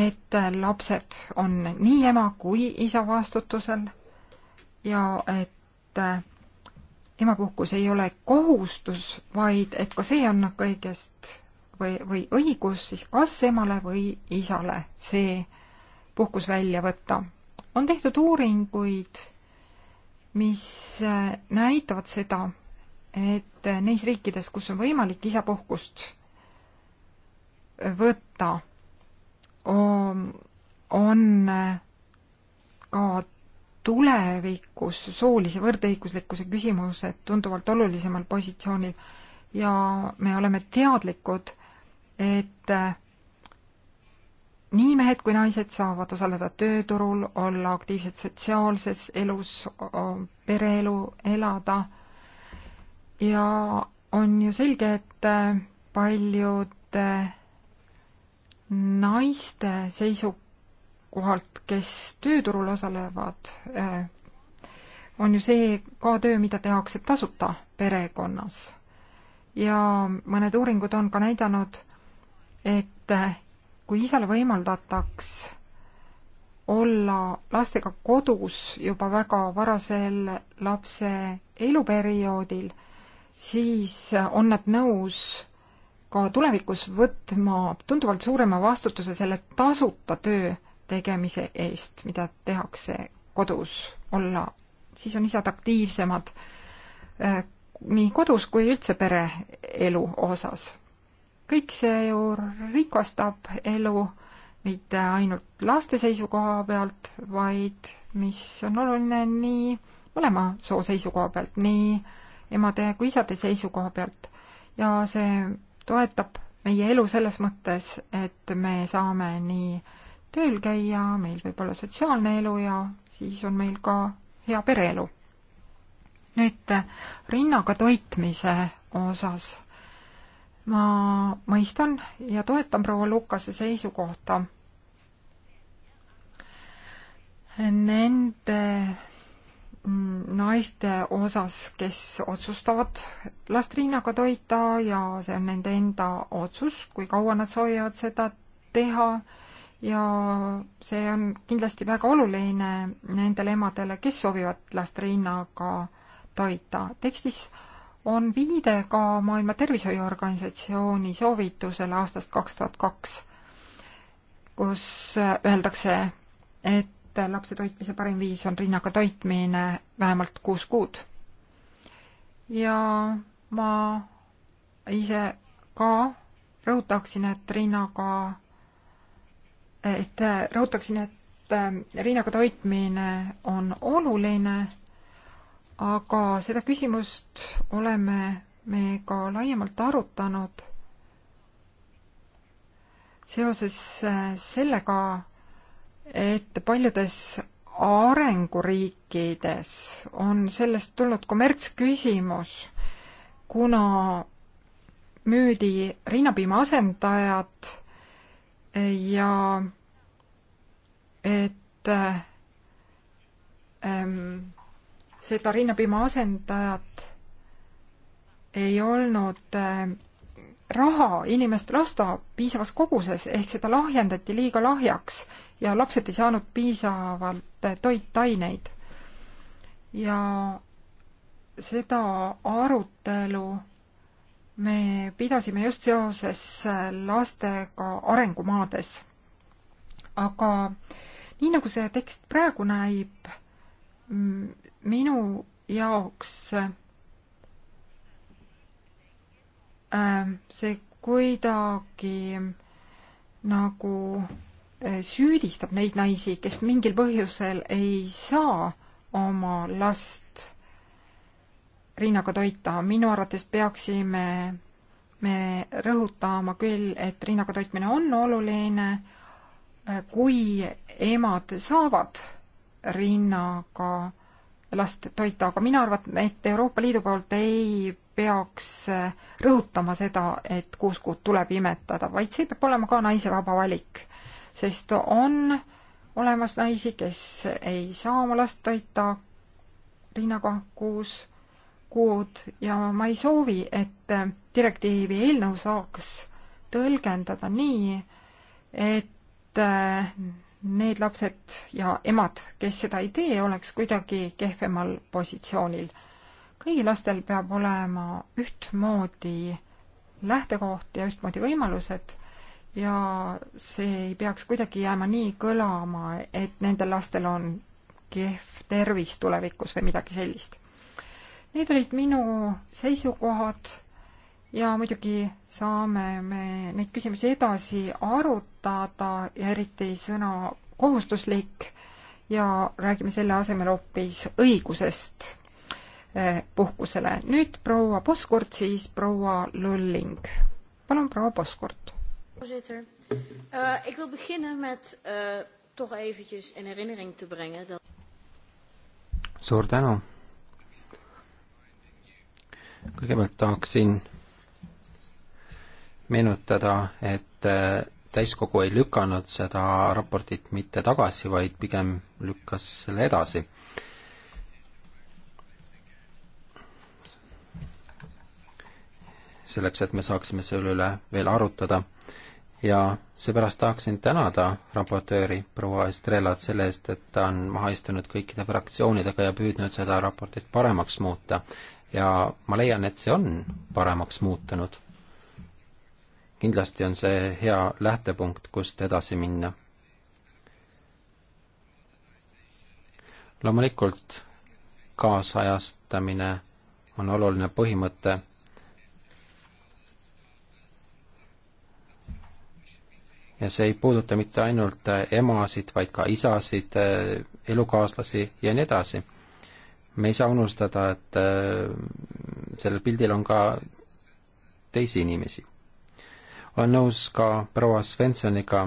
et lapsed on nii ema kui isa vastutusel ja et emapuhkus ei ole kohustus, vaid et ka see on kõigest või, või õigus siis kas emale või isale see puhkus välja võtta. on tehtud uuringuid, mis näitavad seda, et neis riikides, kus on võimalik isapuhkust võtta, on ka tulevikus soolise võrdõiguslikkuse küsimused tunduvalt olulisemal positsioonil ja me oleme teadlikud, et nii mehed kui naised saavad osaleda tööturul, olla aktiivsed sotsiaalses elus, pereelu elada ja on ju selge, et äh, paljud naiste seisukohalt, kes tööturul osalevad, äh, on ju see ka töö, mida tehakse tasuta perekonnas. ja mõned uuringud on ka näidanud, et äh, kui isale võimaldataks olla lastega kodus juba väga varasel lapse eluperioodil siis on nad nõus ka tulevikus võtma tunduvalt suurema vastutuse selle tasuta töö tegemise eest, mida tehakse kodus, olla, siis on isad aktiivsemad äh, nii kodus kui üldse pereelu osas. kõik see ju rikastab elu mitte ainult laste seisukoha pealt, vaid mis on oluline nii mõlema soo seisukoha pealt, nii äh, emade kui isade seisukoha pealt. ja see toetab meie elu selles mõttes, et me saame nii tööl käia, meil võib olla sotsiaalne elu ja siis on meil ka hea pereelu. nüüd rinnaga toitmise osas ma mõistan ja toetan proua Lukase seisukohta. Nende Mm, naiste osas, kes otsustavad last rinnaga toita ja see on nende enda otsus, kui kaua nad soovivad seda teha ja see on kindlasti väga oluline nendele emadele, kes soovivad last rinnaga toita. tekstis on viide ka Maailma Tervishoiuorganisatsiooni soovitusele aastast kaks tuhat kaks, kus öeldakse, et et lapse toitmise parim viis on rinnaga toitmine vähemalt kuus kuud. ja ma ise ka rõhutaksin, et rinnaga, et rõhutaksin, et äh, rinnaga toitmine on oluline, aga seda küsimust oleme me ka laiemalt arutanud seoses äh, sellega, et paljudes arenguriikides on sellest tulnud kommertsküsimus, kuna müüdi rinnapiima asendajad ja et ähm, seda rinnapiima asendajat ei olnud äh, raha inimestel osta piisavas koguses, ehk seda lahjendati liiga lahjaks ja lapsed ei saanud piisavalt toitaineid. ja seda arutelu me pidasime just seoses lastega arengumaades. aga nii, nagu see tekst praegu näib, minu jaoks ähm, see kuidagi nagu süüdistab neid naisi, kes mingil põhjusel ei saa oma last rinnaga toita. minu arvates peaksime me rõhutama küll, et rinnaga toitmine on oluline, kui emad saavad rinnaga last toita, aga mina arvan, et Euroopa Liidu poolt ei peaks rõhutama seda, et kuus kuud tuleb imetada, vaid see peab olema ka naise vaba valik sest on olemas naisi, kes ei saa oma last toita rinnaga kuus kuud ja ma ei soovi, et direktiivi eelnõu saaks tõlgendada nii, et äh, need lapsed ja emad, kes seda ei tee, oleks kuidagi kehvemal positsioonil. kõigil lastel peab olema ühtmoodi lähtekoht ja ühtmoodi võimalused ja see ei peaks kuidagi jääma nii kõlama, et nendel lastel on kehv tervis tulevikus või midagi sellist. Need olid minu seisukohad ja muidugi saame me neid küsimusi edasi arutada ja eriti sõna kohustuslik ja räägime selle asemel hoopis õigusest eh, puhkusele. nüüd proua Poskurt, siis proua Lulling. palun, proua Poskurt voorzitter uh, ik wil beginnen met uh, toch eventjes in herinnering te brengen dat. suur tänu. kõigepealt tahaksin meenutada, et eh, täiskogu ei lükanud seda raportit mitte tagasi, vaid pigem lükkas selle edasi. selleks, et me saaksime selle üle veel arutada ja seepärast tahaksin tänada raportööri proua Estrelat selle eest, et ta on maha istunud kõikide fraktsioonidega ja püüdnud seda raportit paremaks muuta. ja ma leian, et see on paremaks muutunud. kindlasti on see hea lähtepunkt, kust edasi minna. loomulikult kaasajastamine on oluline põhimõte ja see ei puuduta mitte ainult äh, emasid, vaid ka isasid, äh, elukaaslasi ja nii edasi. me ei saa unustada, et äh, sellel pildil on ka teisi inimesi. olen nõus ka proua Svensoniga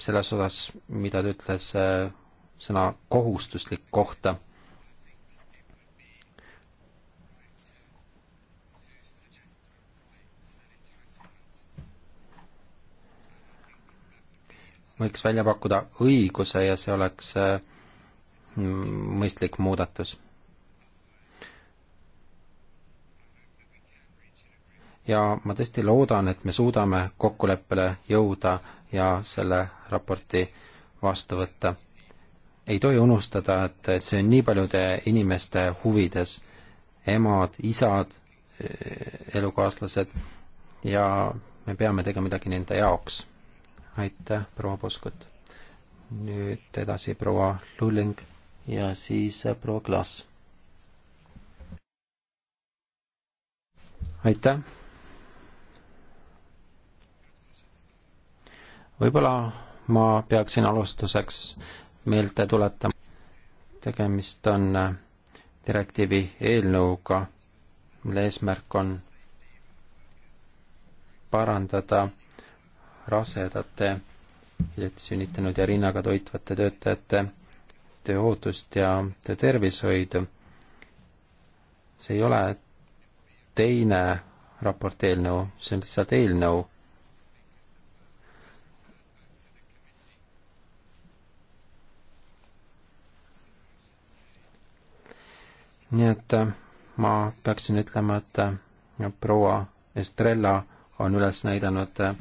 selles osas, mida ta ütles sõna kohustuslik kohta võiks välja pakkuda õiguse ja see oleks äh, mõistlik muudatus. ja ma tõesti loodan, et me suudame kokkuleppele jõuda ja selle raporti vastu võtta. ei tohi unustada, et see on nii paljude inimeste huvides, emad, isad, elukaaslased ja me peame tegema midagi nende jaoks aitäh, proua Poskut. nüüd edasi proua Lulling ja siis äh, proua Klaas. aitäh. võib-olla ma peaksin alustuseks meelde tuletama, tegemist on äh, direktiivi eelnõuga, mille eesmärk on parandada rasedate, hiljuti sünnitanud ja rinnaga toitvate töötajate tööohutust ja töötervishoidu. see ei ole teine raport eelnõu, see on lihtsalt eelnõu. nii et äh, ma peaksin ütlema, et äh, proua Estrella on üles näidanud äh,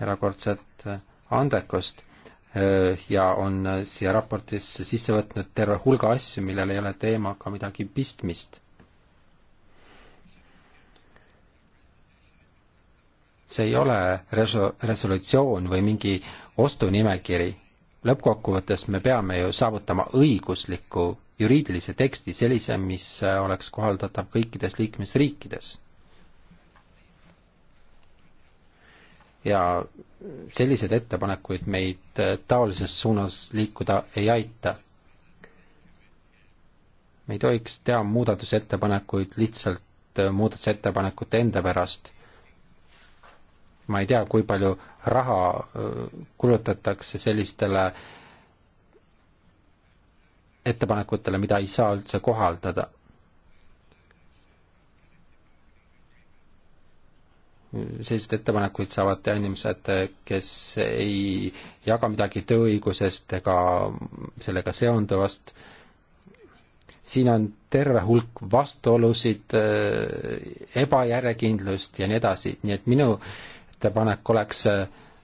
erakordset äh, andekust äh, ja on äh, siia raportisse sisse võtnud terve hulga asju, millel ei ole teemaga midagi pistmist. see ei ole reso-, resolutsioon või mingi ostunimekiri. lõppkokkuvõttes me peame ju saavutama õigusliku juriidilise teksti, sellise, mis oleks kohaldatav kõikides liikmesriikides ja sellised ettepanekuid meid äh, taolises suunas liikuda ei aita. me ei tohiks teha muudatusettepanekuid lihtsalt äh, muudatusettepanekute enda pärast. ma ei tea, kui palju raha äh, kulutatakse sellistele ettepanekutele, mida ei saa üldse kohaldada selliseid ettepanekuid saavad teha inimesed, kes ei jaga midagi tööõigusest ega sellega seonduvast. siin on terve hulk vastuolusid, ebajärjekindlust ja nii edasi, nii et minu ettepanek oleks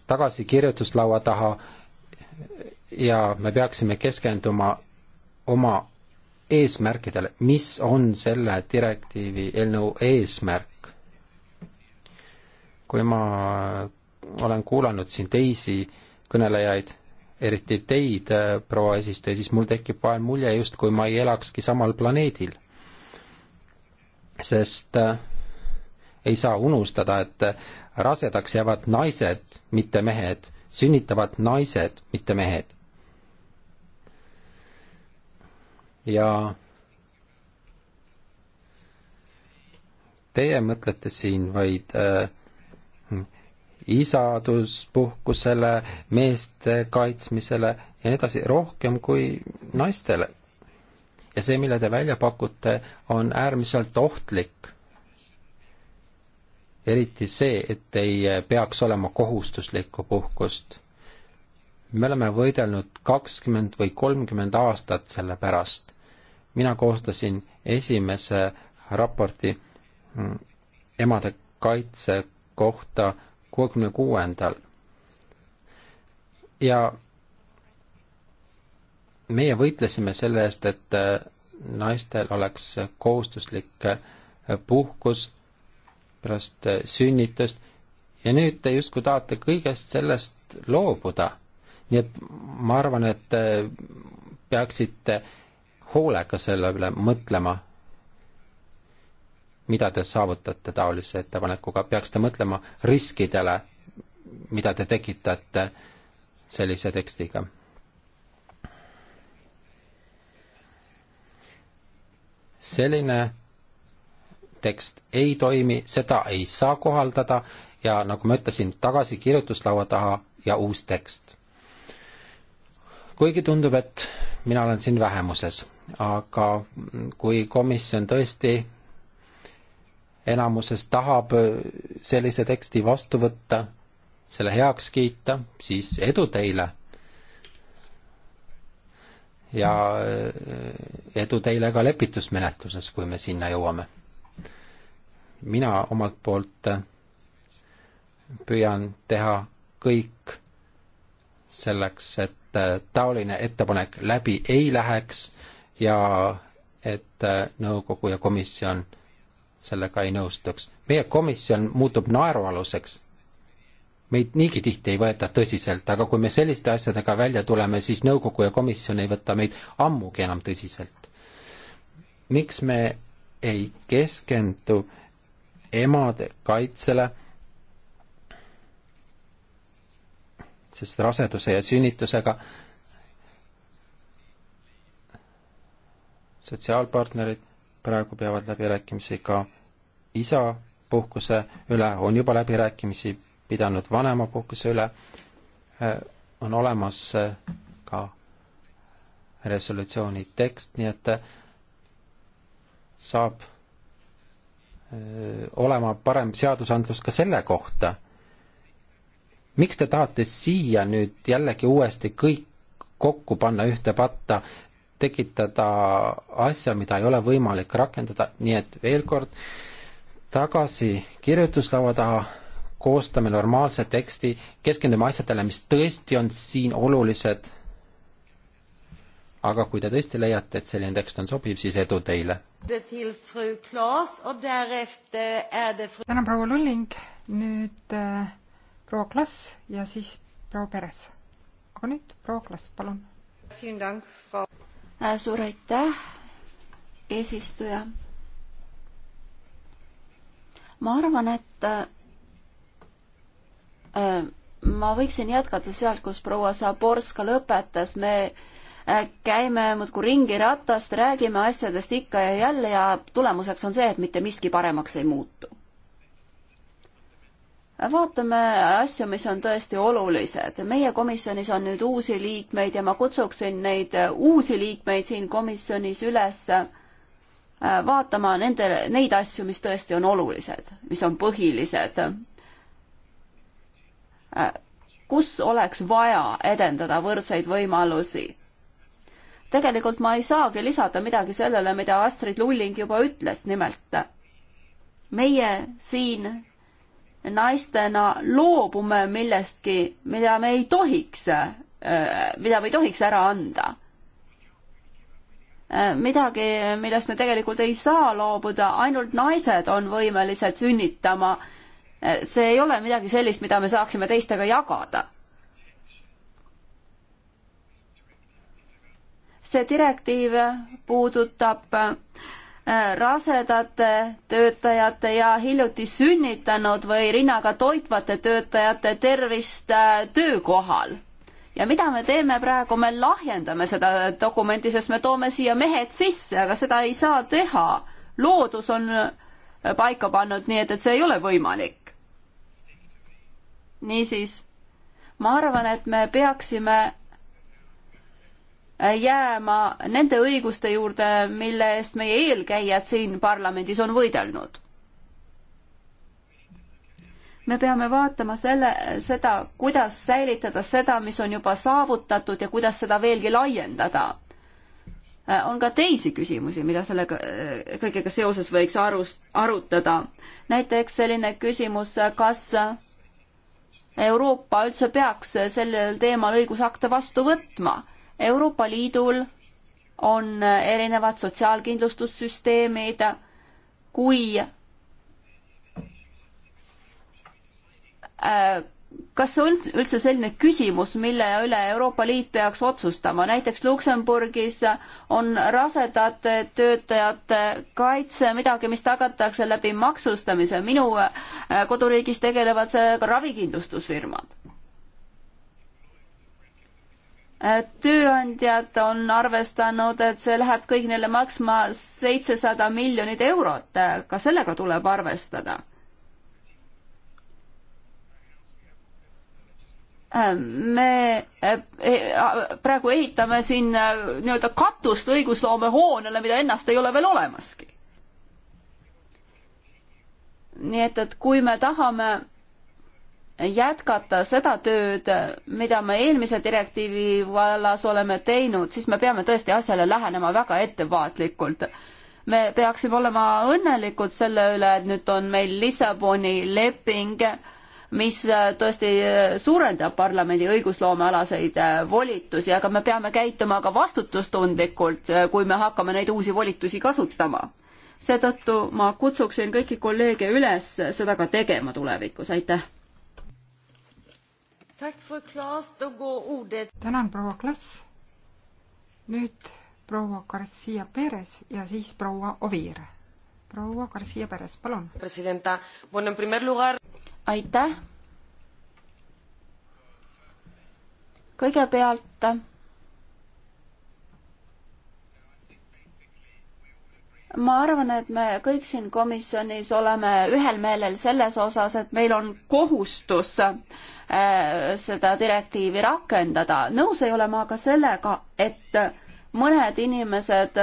tagasi kirjutuslaua taha ja me peaksime keskenduma oma eesmärkidele, mis on selle direktiivi eelnõu eesmärk kui ma olen kuulanud siin teisi kõnelejaid, eriti teid, äh, proua eesistuja, siis mul tekib vahel mulje, justkui ma ei elakski samal planeedil. sest äh, ei saa unustada, et äh, rasedaks jäävad naised, mitte mehed, sünnitavad naised, mitte mehed. ja teie mõtlete siin vaid äh, isaduspuhkusele, meeste kaitsmisele ja nii edasi, rohkem kui naistele. ja see, mille te välja pakute, on äärmiselt ohtlik. eriti see, et ei peaks olema kohustuslikku puhkust. me oleme võidelnud kakskümmend või kolmkümmend aastat selle pärast. mina koostasin esimese raporti mm, emade kaitse kohta kuuekümne kuuendal. ja meie võitlesime selle eest, et äh, naistel oleks kohustuslik äh, puhkus pärast äh, sünnitust ja nüüd te justkui tahate kõigest sellest loobuda. nii et ma arvan, et peaksite hoolega selle üle mõtlema mida te saavutate taolise ettepanekuga, peaksite mõtlema riskidele, mida te tekitate sellise tekstiga. selline tekst ei toimi, seda ei saa kohaldada ja nagu ma ütlesin, tagasi kirjutuslaua taha ja uus tekst. kuigi tundub, et mina olen siin vähemuses, aga kui komisjon tõesti enamuses tahab äh, sellise teksti vastu võtta, selle heaks kiita, siis edu teile! ja äh, edu teile ka lepitusmenetluses, kui me sinna jõuame. mina omalt poolt äh, püüan teha kõik selleks, et taoline ettepanek läbi ei läheks ja et nõukogu ja komisjon sellega ei nõustuks. meie komisjon muutub naerualuseks. meid niigi tihti ei võeta tõsiselt, aga kui me selliste asjadega välja tuleme, siis nõukogu ja komisjon ei võta meid ammugi enam tõsiselt. miks me ei keskendu emade kaitsele, sest raseduse ja sünnitusega sotsiaalpartnerid praegu peavad läbirääkimisi ka isa puhkuse üle, on juba läbirääkimisi pidanud vanemapuhkuse üle, äh, on olemas äh, ka resolutsiooni tekst, nii et äh, saab olema parem seadusandlus ka selle kohta. miks te tahate siia nüüd jällegi uuesti kõik kokku panna ühte patta, tekitada asja, mida ei ole võimalik rakendada, nii et veel kord, tagasi kirjutuslaua taha, koostame normaalse teksti, keskendume asjadele, mis tõesti on siin olulised, aga kui te tõesti leiate, et selline tekst on sobiv, siis edu teile! tänan, proua Lulling, nüüd äh, proua Klas ja siis proua Peres. aga nüüd proua Klas, palun! Äh, suur aitäh, eesistuja. ma arvan, et äh, ma võiksin jätkata sealt, kus proua Saborska lõpetas, me äh, käime muudkui ringi ratast, räägime asjadest ikka ja jälle ja tulemuseks on see, et mitte miski paremaks ei muutu vaatame asju, mis on tõesti olulised. meie komisjonis on nüüd uusi liikmeid ja ma kutsuksin neid äh, uusi liikmeid siin komisjonis üles äh, vaatama nende, neid asju, mis tõesti on olulised, mis on põhilised. Äh, kus oleks vaja edendada võrdseid võimalusi? tegelikult ma ei saagi lisada midagi sellele, mida Astrid Lulling juba ütles, nimelt meie siin naistena loobume millestki, mida me ei tohiks, äh, mida me ei tohiks ära anda. Äh, midagi, millest me tegelikult ei saa loobuda, ainult naised on võimelised sünnitama. Äh, see ei ole midagi sellist, mida me saaksime teistega jagada. see direktiiv puudutab äh, rasedate töötajate ja hiljuti sünnitanud või rinnaga toitvate töötajate tervist äh, töökohal. ja mida me teeme praegu, me lahjendame seda dokumenti, sest me toome siia mehed sisse, aga seda ei saa teha. loodus on äh, paika pannud, nii et, et see ei ole võimalik. niisiis, ma arvan, et me peaksime Äh, jääma nende õiguste juurde, mille eest meie eelkäijad siin parlamendis on võidelnud. me peame vaatama selle, seda, kuidas säilitada seda, mis on juba saavutatud ja kuidas seda veelgi laiendada. Äh, on ka teisi küsimusi, mida sellega, äh, kõigega seoses võiks arust, arutada. näiteks selline küsimus, kas Euroopa üldse peaks sellel teemal õigusakte vastu võtma Euroopa Liidul on erinevad sotsiaalkindlustussüsteemid, kui äh, kas see on üldse selline küsimus, mille üle Euroopa Liit peaks otsustama, näiteks Luksemburgis on rasedate töötajate kaitse midagi, mis tagatakse läbi maksustamise, minu äh, koduriigis tegelevad sellega ravikindlustusfirmad tööandjad on arvestanud, et see läheb kõigile maksma seitsesada miljonit eurot, ka sellega tuleb arvestada. me e, e, praegu ehitame siin e, nii-öelda katust õigusloomehoonele, mida ennast ei ole veel olemaski. nii et, et kui me tahame jätkata seda tööd, mida me eelmise direktiivi vallas oleme teinud, siis me peame tõesti asjale lähenema väga ettevaatlikult. me peaksime olema õnnelikud selle üle, et nüüd on meil Lissaboni leping, mis tõesti suurendab parlamendi õigusloomealaseid volitusi, aga me peame käituma ka vastutustundlikult, kui me hakkame neid uusi volitusi kasutama. seetõttu ma kutsuksin kõiki kolleege üles seda ka tegema tulevikus, aitäh! tänan, proua Klas. nüüd proua Garcia Perez ja siis proua Oviir. proua Garcia Perez, palun. Bueno, lugar... aitäh. kõigepealt ma arvan, et me kõik siin komisjonis oleme ühel meelel selles osas, et meil on kohustus äh, seda direktiivi rakendada. nõus ei ole ma ka sellega, et mõned inimesed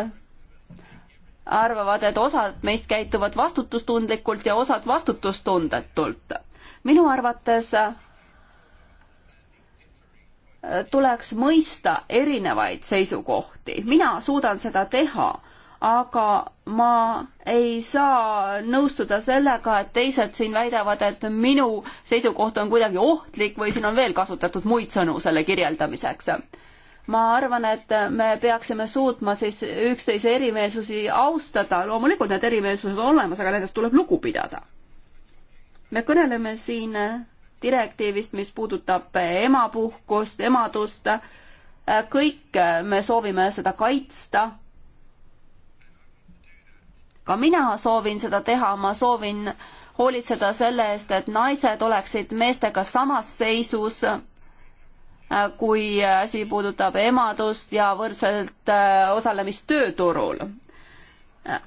arvavad, et osad meist käituvad vastutustundlikult ja osad vastutustundetult. minu arvates äh, tuleks mõista erinevaid seisukohti. mina suudan seda teha aga ma ei saa nõustuda sellega, et teised siin väidavad, et minu seisukoht on kuidagi ohtlik või siin on veel kasutatud muid sõnu selle kirjeldamiseks. ma arvan, et me peaksime suutma siis üksteise erimeelsusi austada, loomulikult need erimeelsused on olemas, aga nendest tuleb lugu pidada. me kõneleme siin direktiivist, mis puudutab emapuhkust, emadust, kõik me soovime seda kaitsta ka mina soovin seda teha, ma soovin hoolitseda selle eest, et naised oleksid meestega samas seisus, äh, kui asi puudutab emadust ja võrdselt äh, osalemist tööturul. Äh,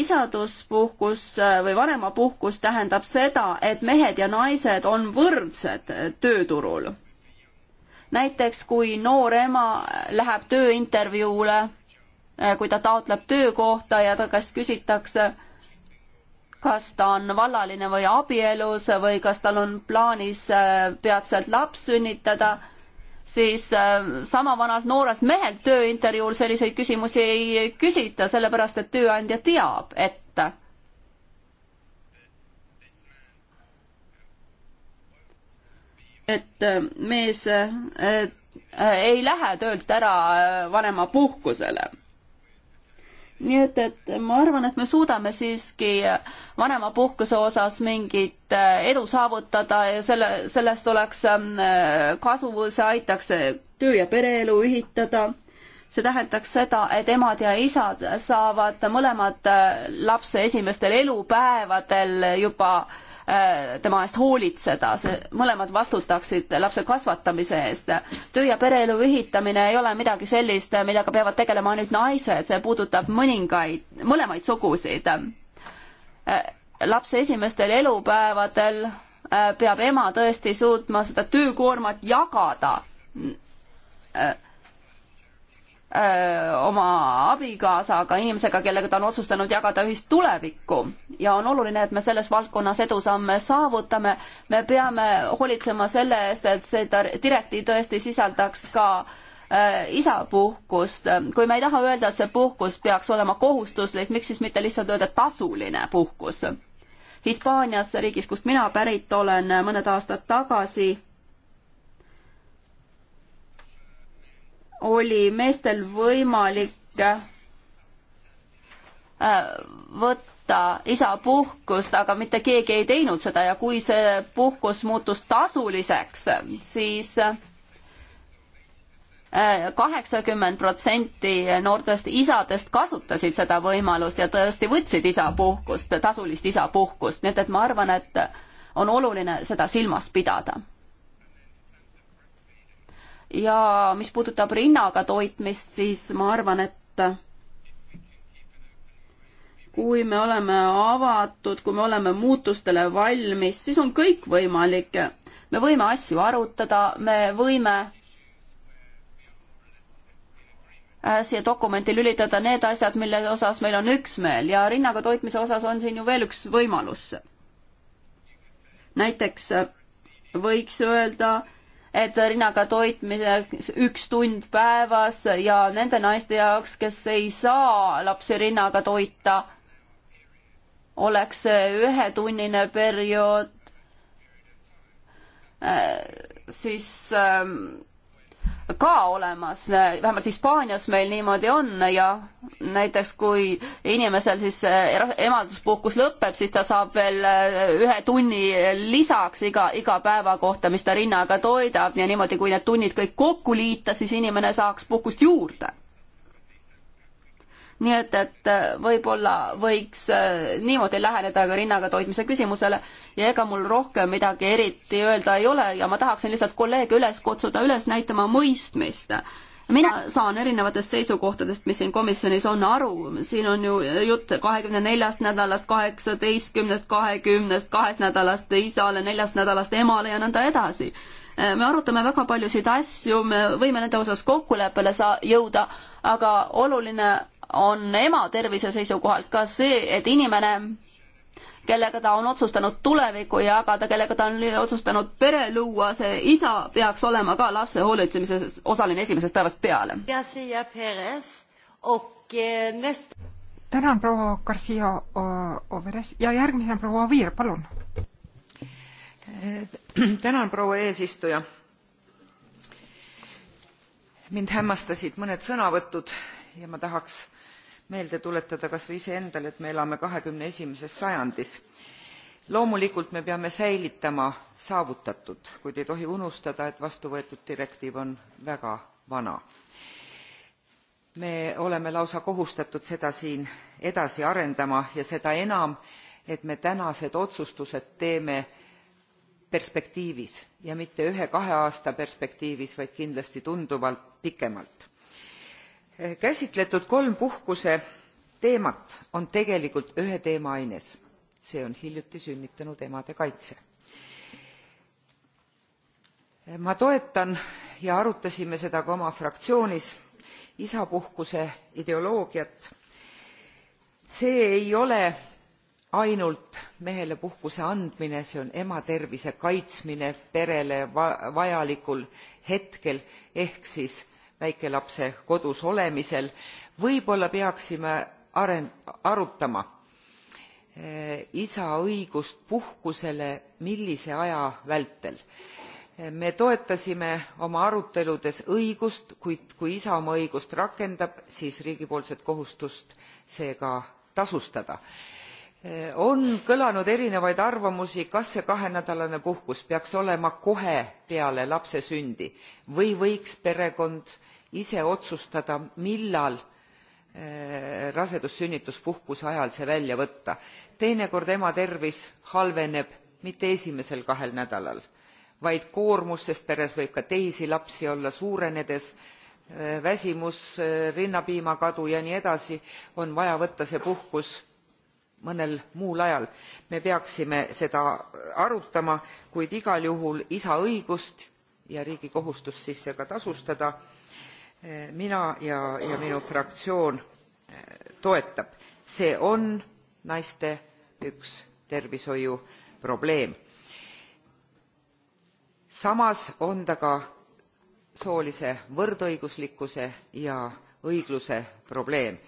isaduspuhkus või vanemapuhkus tähendab seda, et mehed ja naised on võrdsed tööturul. näiteks kui noor ema läheb tööintervjuule Äh, kui ta taotleb töökohta ja ta käest küsitakse, kas ta on vallaline või abielus või kas tal on plaanis äh, peatselt laps sünnitada, siis äh, sama vanalt noorelt mehelt tööintervjuul selliseid küsimusi ei küsita, sellepärast et tööandja teab, et et mees et ei lähe töölt ära vanemapuhkusele nii et, et ma arvan, et me suudame siiski vanemapuhkuse osas mingit äh, edu saavutada ja selle, sellest oleks ähm, äh, kasu, see aitaks äh, töö- ja pereelu ühitada. see tähendaks seda, et emad ja isad saavad mõlemad lapse esimestel elupäevadel juba äh, Äh, tema eest hoolitseda, see, mõlemad vastutaksid lapse kasvatamise eest. töö- ja pereelu ühitamine ei ole midagi sellist, millega peavad tegelema ainult naised, see puudutab mõningaid, mõlemaid sugusid. Äh, lapse esimestel elupäevadel äh, peab ema tõesti suutma seda töökoormat jagada Äh, oma abikaasaga, inimesega, kellega ta on otsustanud jagada ühist tulevikku ja on oluline, et me selles valdkonnas edusamme saavutame. me peame hoolitsema selle eest, et see direktiiv tõesti sisaldaks ka äh, isapuhkust, kui me ei taha öelda, et see puhkus peaks olema kohustuslik, miks siis mitte lihtsalt öelda tasuline puhkus? Hispaanias, riigis, kust mina pärit olen, mõned aastad tagasi oli meestel võimalik äh, võtta isapuhkust, aga mitte keegi ei teinud seda ja kui see puhkus muutus tasuliseks, siis äh, kaheksakümmend protsenti noortest isadest kasutasid seda võimalust ja tõesti võtsid isapuhkust, tasulist isapuhkust, nii et, et ma arvan, et on oluline seda silmas pidada ja mis puudutab rinnaga toitmist, siis ma arvan, et kui me oleme avatud, kui me oleme muutustele valmis, siis on kõik võimalik. me võime asju arutada, me võime äh, siia dokumenti lülitada need asjad, mille osas meil on üksmeel ja rinnaga toitmise osas on siin ju veel üks võimalus. näiteks äh, võiks öelda, et rinnaga toitmine üks tund päevas ja nende naiste jaoks, kes ei saa lapsi rinnaga toita, oleks see ühetunnine periood äh, siis ähm, ka olemas, vähemalt Hispaanias meil niimoodi on ja näiteks kui inimesel siis emaduspuhkus lõpeb, siis ta saab veel äh, ühe tunni lisaks iga, iga päeva kohta, mis ta rinnaga toidab ja niimoodi, kui need tunnid kõik kokku liita, siis inimene saaks puhkust juurde nii et, et äh, võib-olla võiks äh, niimoodi läheneda ka rinnaga toitmise küsimusele ja ega mul rohkem midagi eriti öelda ei ole ja ma tahaksin lihtsalt kolleege üles kutsuda üles näitama mõistmist. mina saan erinevatest seisukohtadest, mis siin komisjonis on, aru, siin on ju jutt kahekümne neljast nädalast, kaheksateistkümnest, kahekümnest, kahest nädalast isale, neljast nädalast emale ja nõnda edasi äh, me arutame väga paljusid asju, me võime nende osas kokkuleppele saa-, jõuda, aga oluline on ema tervise seisukohalt ka see, et inimene, kellega ta on otsustanud tulevikku jagada, kellega ta on otsustanud pere luua, see isa peaks olema ka lapse hoolitsemises osaline esimesest päevast peale. tänan, proua Garcia Overes ja järgmisena proua Oviir, palun. Eh, tänan, proua eesistuja mind hämmastasid mõned sõnavõtud ja ma tahaks meelde tuletada kas või iseendale et me elame 21 sajandis. loomulikult me peame säilitama saavutatut kuid ei tohi unustada et vastu võetud direktiiv on väga vana. me oleme lausa kohustatud seda siin edasi arendama ja seda enam et me tänased otsustused teeme perspektiivis ja mitte ühe kahe aasta perspektiivis vaid kindlasti tunduvalt pikemalt käsitletud kolm puhkuse teemat on tegelikult ühe teema aines see on hiljuti sünnitanud emade kaitse. ma toetan ja arutasime seda ka oma fraktsioonis isapuhkuse ideoloogiat. see ei ole ainult mehele puhkuse andmine see on ema tervise kaitsmine perele vajalikul hetkel ehk siis väikelapse kodus olemisel võib-olla peaksime arutama eh, isa õigust puhkusele millise aja vältel. me toetasime oma aruteludes õigust kuid kui isa oma õigust rakendab siis riigipoolset kohustust see ka tasustada. Eh, on kõlanud erinevaid arvamusi kas see kahenädalane puhkus peaks olema kohe peale lapse sündi või võiks perekond ise otsustada millal eh, rasedus-sünnituspuhkuse ajal see välja võtta. teinekord ema tervis halveneb mitte esimesel kahel nädalal vaid koormus sest peres võib ka teisi lapsi olla suurenedes eh, väsimus eh, rinnapiimakadu ja nii edasi on vaja võtta see puhkus mõnel muul ajal. me peaksime seda arutama kuid igal juhul isa õigust ja riigi kohustust siis see ka tasustada mina ja, ja minu fraktsioon eh, toetab see on naiste üks tervishoiuprobleem. samas on ta ka soolise võrdõiguslikkuse ja õigluse probleem.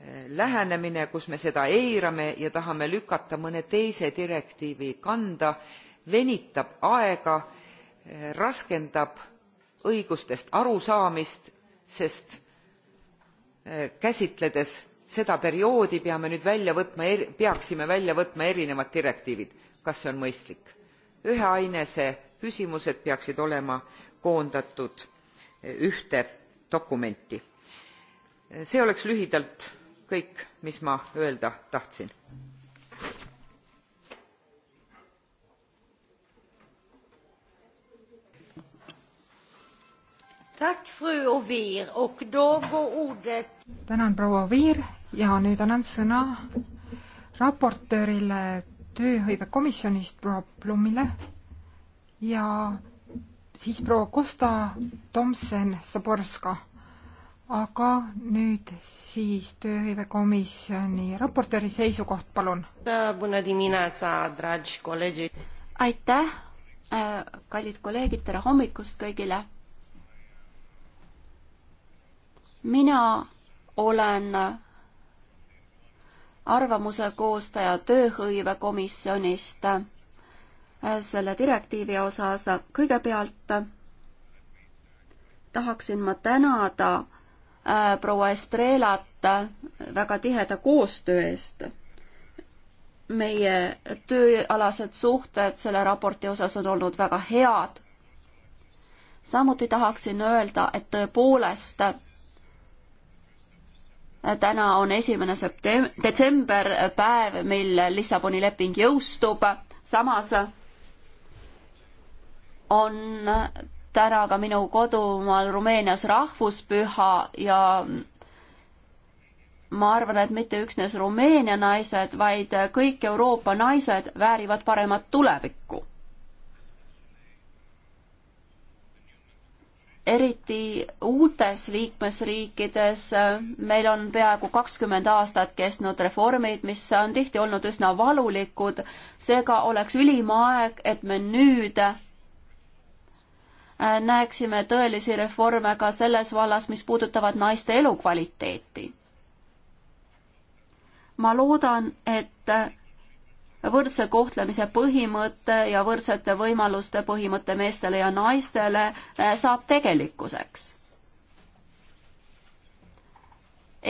Eh, lähenemine kus me seda eirame ja tahame lükata mõne teise direktiivi kanda venitab aega eh, raskendab õigustest arusaamist sest eh, käsitledes seda perioodi peame nüüd välja võtma peaksime välja võtma erinevad direktiivid kas see on mõistlik üheainese küsimused peaksid olema koondatud eh, ühte dokumenti eh, see oleks lühidalt kõik mis ma öelda tahtsin tänan, proua Oviir ja nüüd annan sõna raportöörile tööhõivekomisjonist proua Blumile ja siis proua Kosta Tomson-Saborska. aga nüüd siis tööhõivekomisjoni raportööri seisukoht, palun. aitäh, kallid kolleegid, tere hommikust kõigile mina olen arvamuse koostaja tööhõivekomisjonist äh, selle direktiivi osas. kõigepealt tahaksin ma tänada äh, proua Estrelat äh, väga tiheda koostöö eest. meie tööalased suhted selle raporti osas on olnud väga head. samuti tahaksin öelda, et tõepoolest täna on esimene septem-, detsember, päev, mil Lissaboni leping jõustub, samas on täna ka minu kodumaal Rumeenias rahvuspüha ja ma arvan, et mitte üksnes Rumeenia naised, vaid kõik Euroopa naised väärivad paremat tulevikku eriti uutes liikmesriikides. meil on peaaegu kakskümmend aastat kestnud reformid, mis on tihti olnud üsna valulikud, seega oleks ülim aeg, et me nüüd äh, näeksime tõelisi reforme ka selles vallas, mis puudutavad naiste elukvaliteeti. ma loodan, et võrdse kohtlemise põhimõte ja võrdsete võimaluste põhimõte meestele ja naistele äh, saab tegelikkuseks.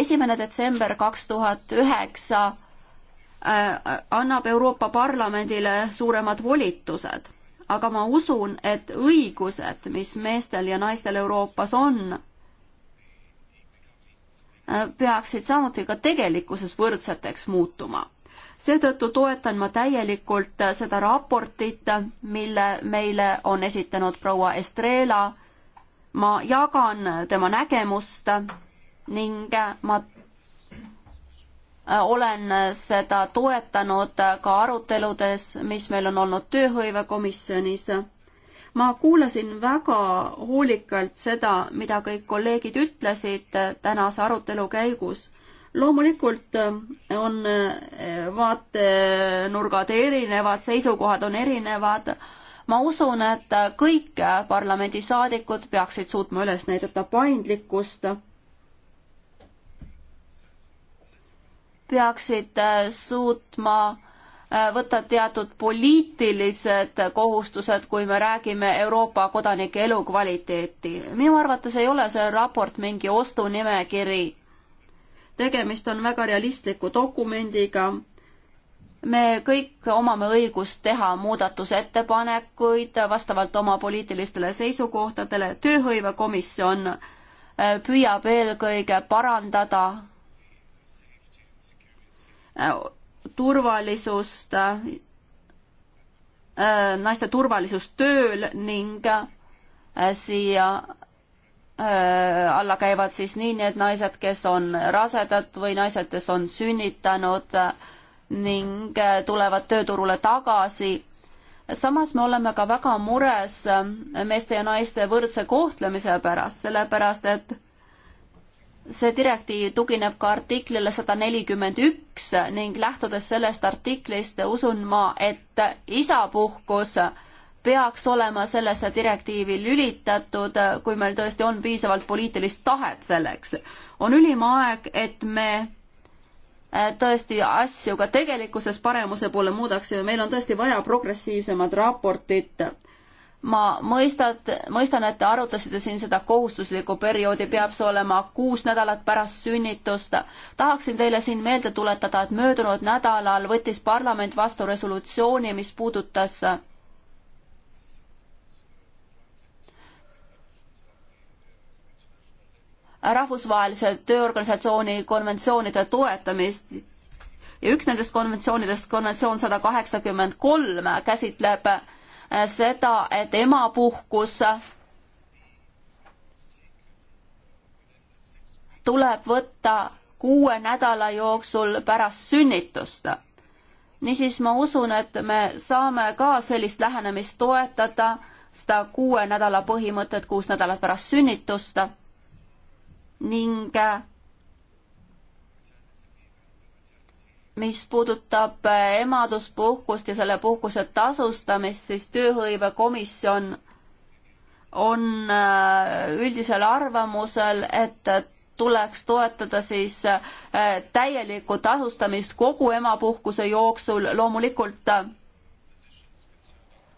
esimene detsember kaks tuhat üheksa äh, annab Euroopa Parlamendile suuremad volitused, aga ma usun, et õigused, mis meestel ja naistel Euroopas on, äh, peaksid samuti ka tegelikkuses võrdseteks muutuma seetõttu toetan ma täielikult seda raportit, mille meile on esitanud proua Estrela. ma jagan tema nägemust ning ma äh, olen seda toetanud ka aruteludes, mis meil on olnud tööhõivekomisjonis. ma kuulasin väga hoolikalt seda, mida kõik kolleegid ütlesid tänase arutelu käigus loomulikult äh, on äh, vaatenurgad erinevad, seisukohad on erinevad. ma usun, et kõik parlamendisaadikud peaksid suutma üles näidata paindlikkust. peaksid äh, suutma võtta teatud poliitilised kohustused, kui me räägime Euroopa kodanike elukvaliteeti. minu arvates ei ole see raport mingi ostunimekiri tegemist on väga realistliku dokumendiga. me kõik omame õigust teha muudatusettepanekuid vastavalt oma poliitilistele seisukohtadele. tööhõivekomisjon äh, püüab eelkõige parandada äh, turvalisust, äh, naiste turvalisust tööl ning siia Äh, alla käivad siis nii need naised, kes on rasedad või naised, kes on sünnitanud äh, ning äh, tulevad tööturule tagasi. samas me oleme ka väga mures meeste ja naiste võrdse kohtlemise pärast, sellepärast et see direktiiv tugineb ka artiklile sada nelikümmend üks ning lähtudes sellest artiklist usun ma, et isapuhkus peaks olema sellesse direktiivi lülitatud, kui meil tõesti on piisavalt poliitilist tahet selleks. on ülim aeg, et me äh, tõesti asju ka tegelikkuses paremuse poole muudaksime, meil on tõesti vaja progressiivsemat raportit. ma mõistad, mõistan, et te arutasite siin seda kohustuslikku perioodi, peab see olema kuus nädalat pärast sünnitust. tahaksin teile siin meelde tuletada, et möödunud nädalal võttis parlament vastu resolutsiooni, mis puudutas rahvusvahelise tööorganisatsiooni konventsioonide toetamist ja üks nendest konventsioonidest, konventsioon sada kaheksakümmend kolm, käsitleb äh, seda, et emapuhkus tuleb võtta kuue nädala jooksul pärast sünnitust. niisiis ma usun, et me saame ka sellist lähenemist toetada, seda kuue nädala põhimõtet kuus nädalat pärast sünnitust ning äh, mis puudutab äh, emaduspuhkust ja selle puhkuse tasustamist, siis tööhõivekomisjon on äh, üldisel arvamusel, et tuleks toetada siis täielikku tasustamist kogu emapuhkuse jooksul, loomulikult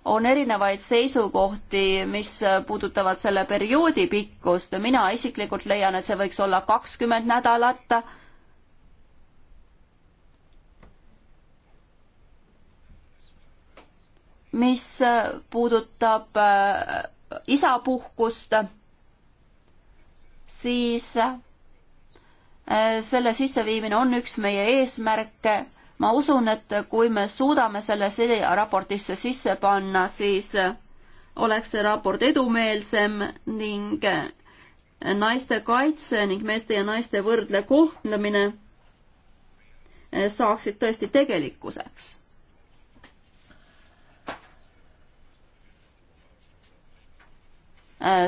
on erinevaid seisukohti, mis puudutavad selle perioodi pikkust. mina isiklikult leian, et see võiks olla kakskümmend nädalat. mis puudutab äh, isapuhkust, siis äh, selle sisseviimine on üks meie eesmärke ma usun, et kui me suudame selle siia raportisse sisse panna, siis oleks see raport edumeelsem ning naiste kaitse ning meeste ja naiste võrdle kohtlemine saaksid tõesti tegelikkuseks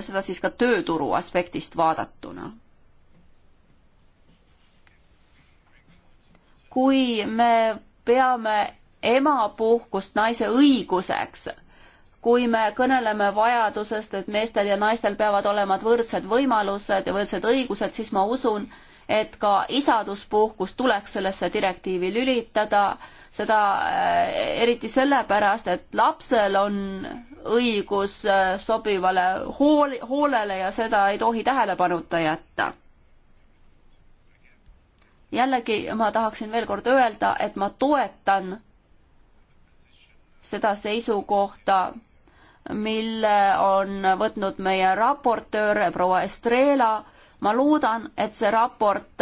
seda siis ka tööturu aspektist vaadatuna. kui me peame emapuhkust naise õiguseks, kui me kõneleme vajadusest, et meestel ja naistel peavad olema võrdsed võimalused ja võrdsed õigused, siis ma usun, et ka isaduspuhkus tuleks sellesse direktiivi lülitada, seda äh, eriti sellepärast, et lapsel on õigus äh, sobivale hooli, hoolele ja seda ei tohi tähelepanuta jätta jällegi ma tahaksin veel kord öelda, et ma toetan seda seisukohta, mille on võtnud meie raportöör proua Estrela. ma loodan, et see raport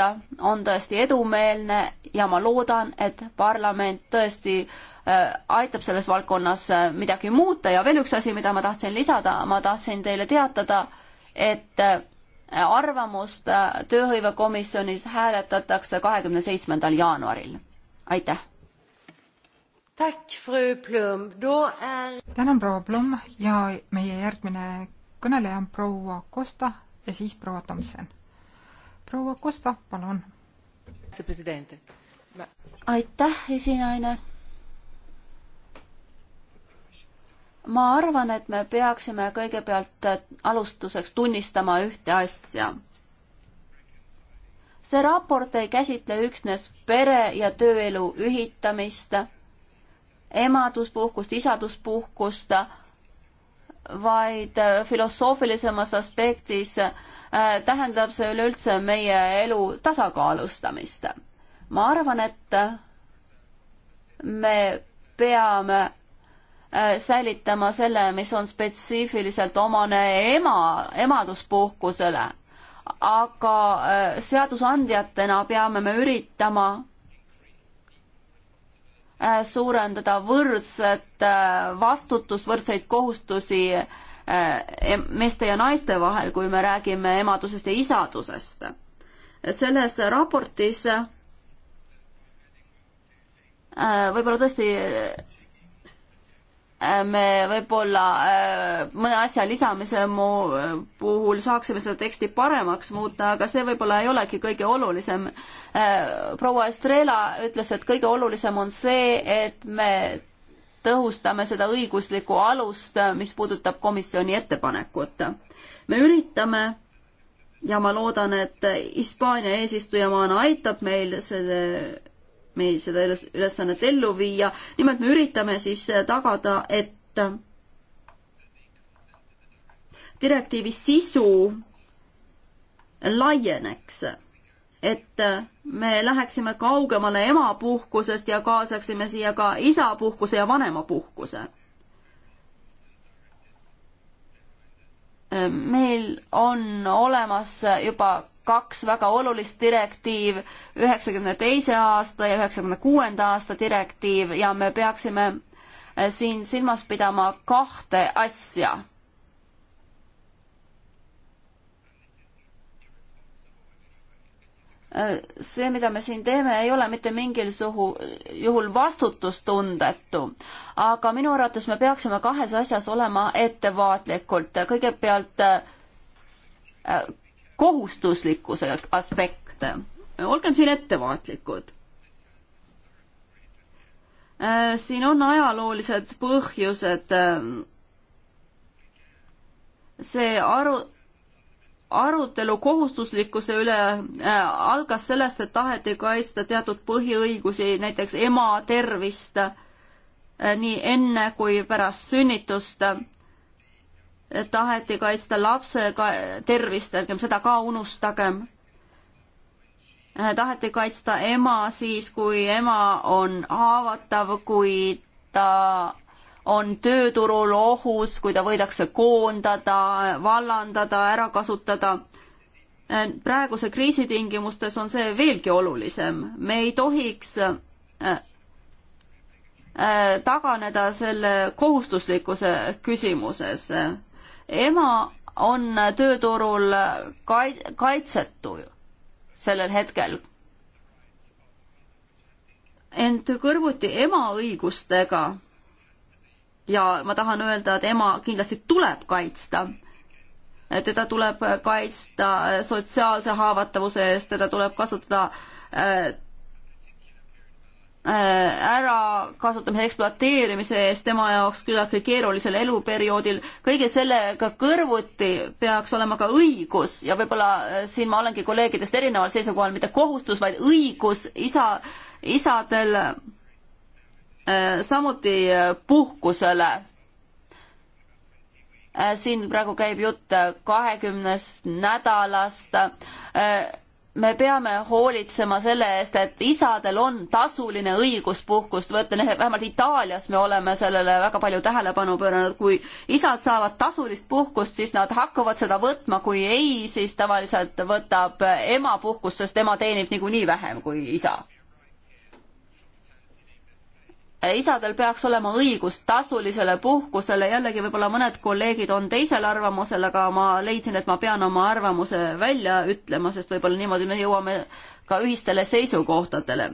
on tõesti edumeelne ja ma loodan, et parlament tõesti äh, aitab selles valdkonnas äh, midagi muuta ja veel üks asi, mida ma tahtsin lisada, ma tahtsin teile teatada, et äh, arvamust äh, tööhõivekomisjonis hääletatakse kahekümne seitsmendal jaanuaril. aitäh! tänan, proua Blum ja meie järgmine kõneleja on proua Kosta ja siis proua Tomson. proua Kosta, palun. aitäh, esinaine ma arvan, et me peaksime kõigepealt äh, alustuseks tunnistama ühte asja. see raport ei käsitle üksnes pere- ja tööelu ühitamist, emaduspuhkust, isaduspuhkust, vaid äh, filosoofilisemas aspektis äh, tähendab see üleüldse meie elu tasakaalustamist. ma arvan, et me peame Äh, säilitama selle, mis on spetsiifiliselt omane ema, emaduspuhkusele. aga äh, seadusandjatena peame me üritama äh, suurendada võrdset vastutust, võrdseid kohustusi meeste ja naiste vahel, kui me räägime emadusest ja isadusest. selles raportis võib-olla tõesti me võib-olla äh, mõne asja lisamise äh, puhul saaksime seda teksti paremaks muuta, aga see võib-olla ei olegi kõige olulisem. Äh, proua Estrela ütles, et kõige olulisem on see, et me tõhustame seda õiguslikku alust, mis puudutab komisjoni ettepanekut. me üritame ja ma loodan, et Hispaania eesistujamaana aitab meil selle meil seda ülesannet ellu viia. nimelt me üritame siis äh, tagada, et äh, direktiivi sisu laieneks, et äh, me läheksime kaugemale emapuhkusest ja kaasaksime siia ka isapuhkuse ja vanemapuhkuse meil on olemas juba kaks väga olulist direktiiv, üheksakümne teise aasta ja üheksakümne kuuenda aasta direktiiv ja me peaksime eh, siin silmas pidama kahte asja. Äh, see, mida me siin teeme, ei ole mitte mingil suhu, juhul vastutustundetu. aga minu arvates me peaksime kahes asjas olema ettevaatlikult. kõigepealt äh, äh, kohustuslikkuse aspekt. olgem siin ettevaatlikud. siin on ajaloolised põhjused. see aru arutelu kohustuslikkuse üle äh, algas sellest, et taheti kaitsta teatud põhiõigusi, näiteks ema tervist, äh, nii enne kui pärast sünnitust. taheti kaitsta lapse ka tervist, ärgem seda ka unustagem. Äh, taheti kaitsta ema siis, kui ema on haavatav, kui ta on tööturul ohus, kui ta võidakse koondada, vallandada, ära kasutada. praeguse kriisi tingimustes on see veelgi olulisem. me ei tohiks äh, äh, taganeda selle kohustuslikkuse küsimuses. ema on tööturul kait-, kaitsetu sellel hetkel ent kõrvuti ema õigustega ja ma tahan öelda, et ema kindlasti tuleb kaitsta. teda tuleb kaitsta äh, sotsiaalse haavatavuse eest, teda tuleb kasutada äh, äh, ärakasutamise, ekspluateerimise eest tema jaoks küllaltki keerulisel eluperioodil, kõige sellega kõrvuti peaks olema ka õigus ja võib-olla siin ma olengi kolleegidest erineval seisukohal, mitte kohustus, vaid õigus isa, isadel Äh, samuti äh, puhkusele. Äh, siin praegu käib jutt kahekümnest nädalast. me peame hoolitsema selle eest, et isadel on tasuline õigus puhkust võtta, vähemalt Itaalias me oleme sellele väga palju tähelepanu pööranud, kui isad saavad tasulist puhkust, siis nad hakkavad seda võtma, kui ei, siis tavaliselt võtab ema puhkust, sest ema teenib niikuinii vähem kui isa isadel peaks olema õigus tasulisele puhkusele, jällegi võib-olla mõned kolleegid on teisel arvamusel, aga ma leidsin, et ma pean oma arvamuse välja ütlema, sest võib-olla niimoodi me jõuame ka ühistele seisukohtadele.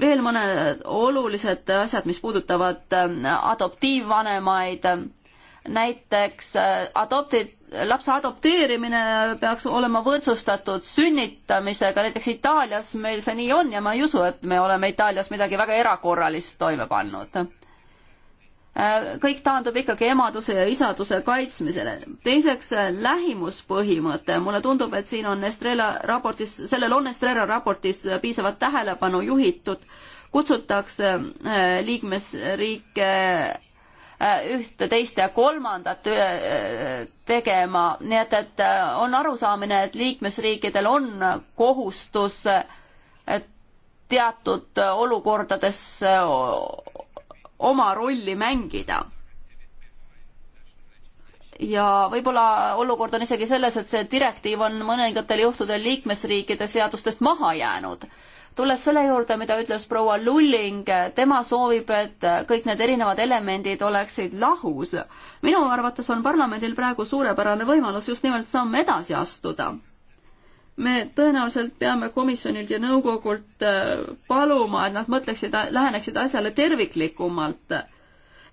veel mõned olulised asjad, mis puudutavad adoptiivvanemaid, näiteks äh, adoptid lapse adopteerimine peaks olema võrdsustatud sünnitamisega, näiteks Itaalias meil see nii on ja ma ei usu, et me oleme Itaalias midagi väga erakorralist toime pannud. kõik taandub ikkagi emaduse ja isaduse kaitsmisele. teiseks, lähimuspõhimõte, mulle tundub, et siin on Estrela raportis, sellel on Estrela raportis piisavalt tähelepanu juhitud kutsutakse eh, liikmesriike Äh, ühte, teist ja kolmandat äh, tegema, nii et, et äh, on arusaamine, et liikmesriikidel on kohustus teatud olukordades oma rolli mängida ja võib-olla olukord on isegi selles, et see direktiiv on mõningatel juhtudel liikmesriikide seadustest maha jäänud tulles selle juurde, mida ütles proua Lulling, tema soovib, et kõik need erinevad elemendid oleksid lahus. minu arvates on parlamendil praegu suurepärane võimalus just nimelt samm edasi astuda. me tõenäoliselt peame komisjonilt ja nõukogult äh, paluma, et nad mõtleksid, läheneksid asjale terviklikumalt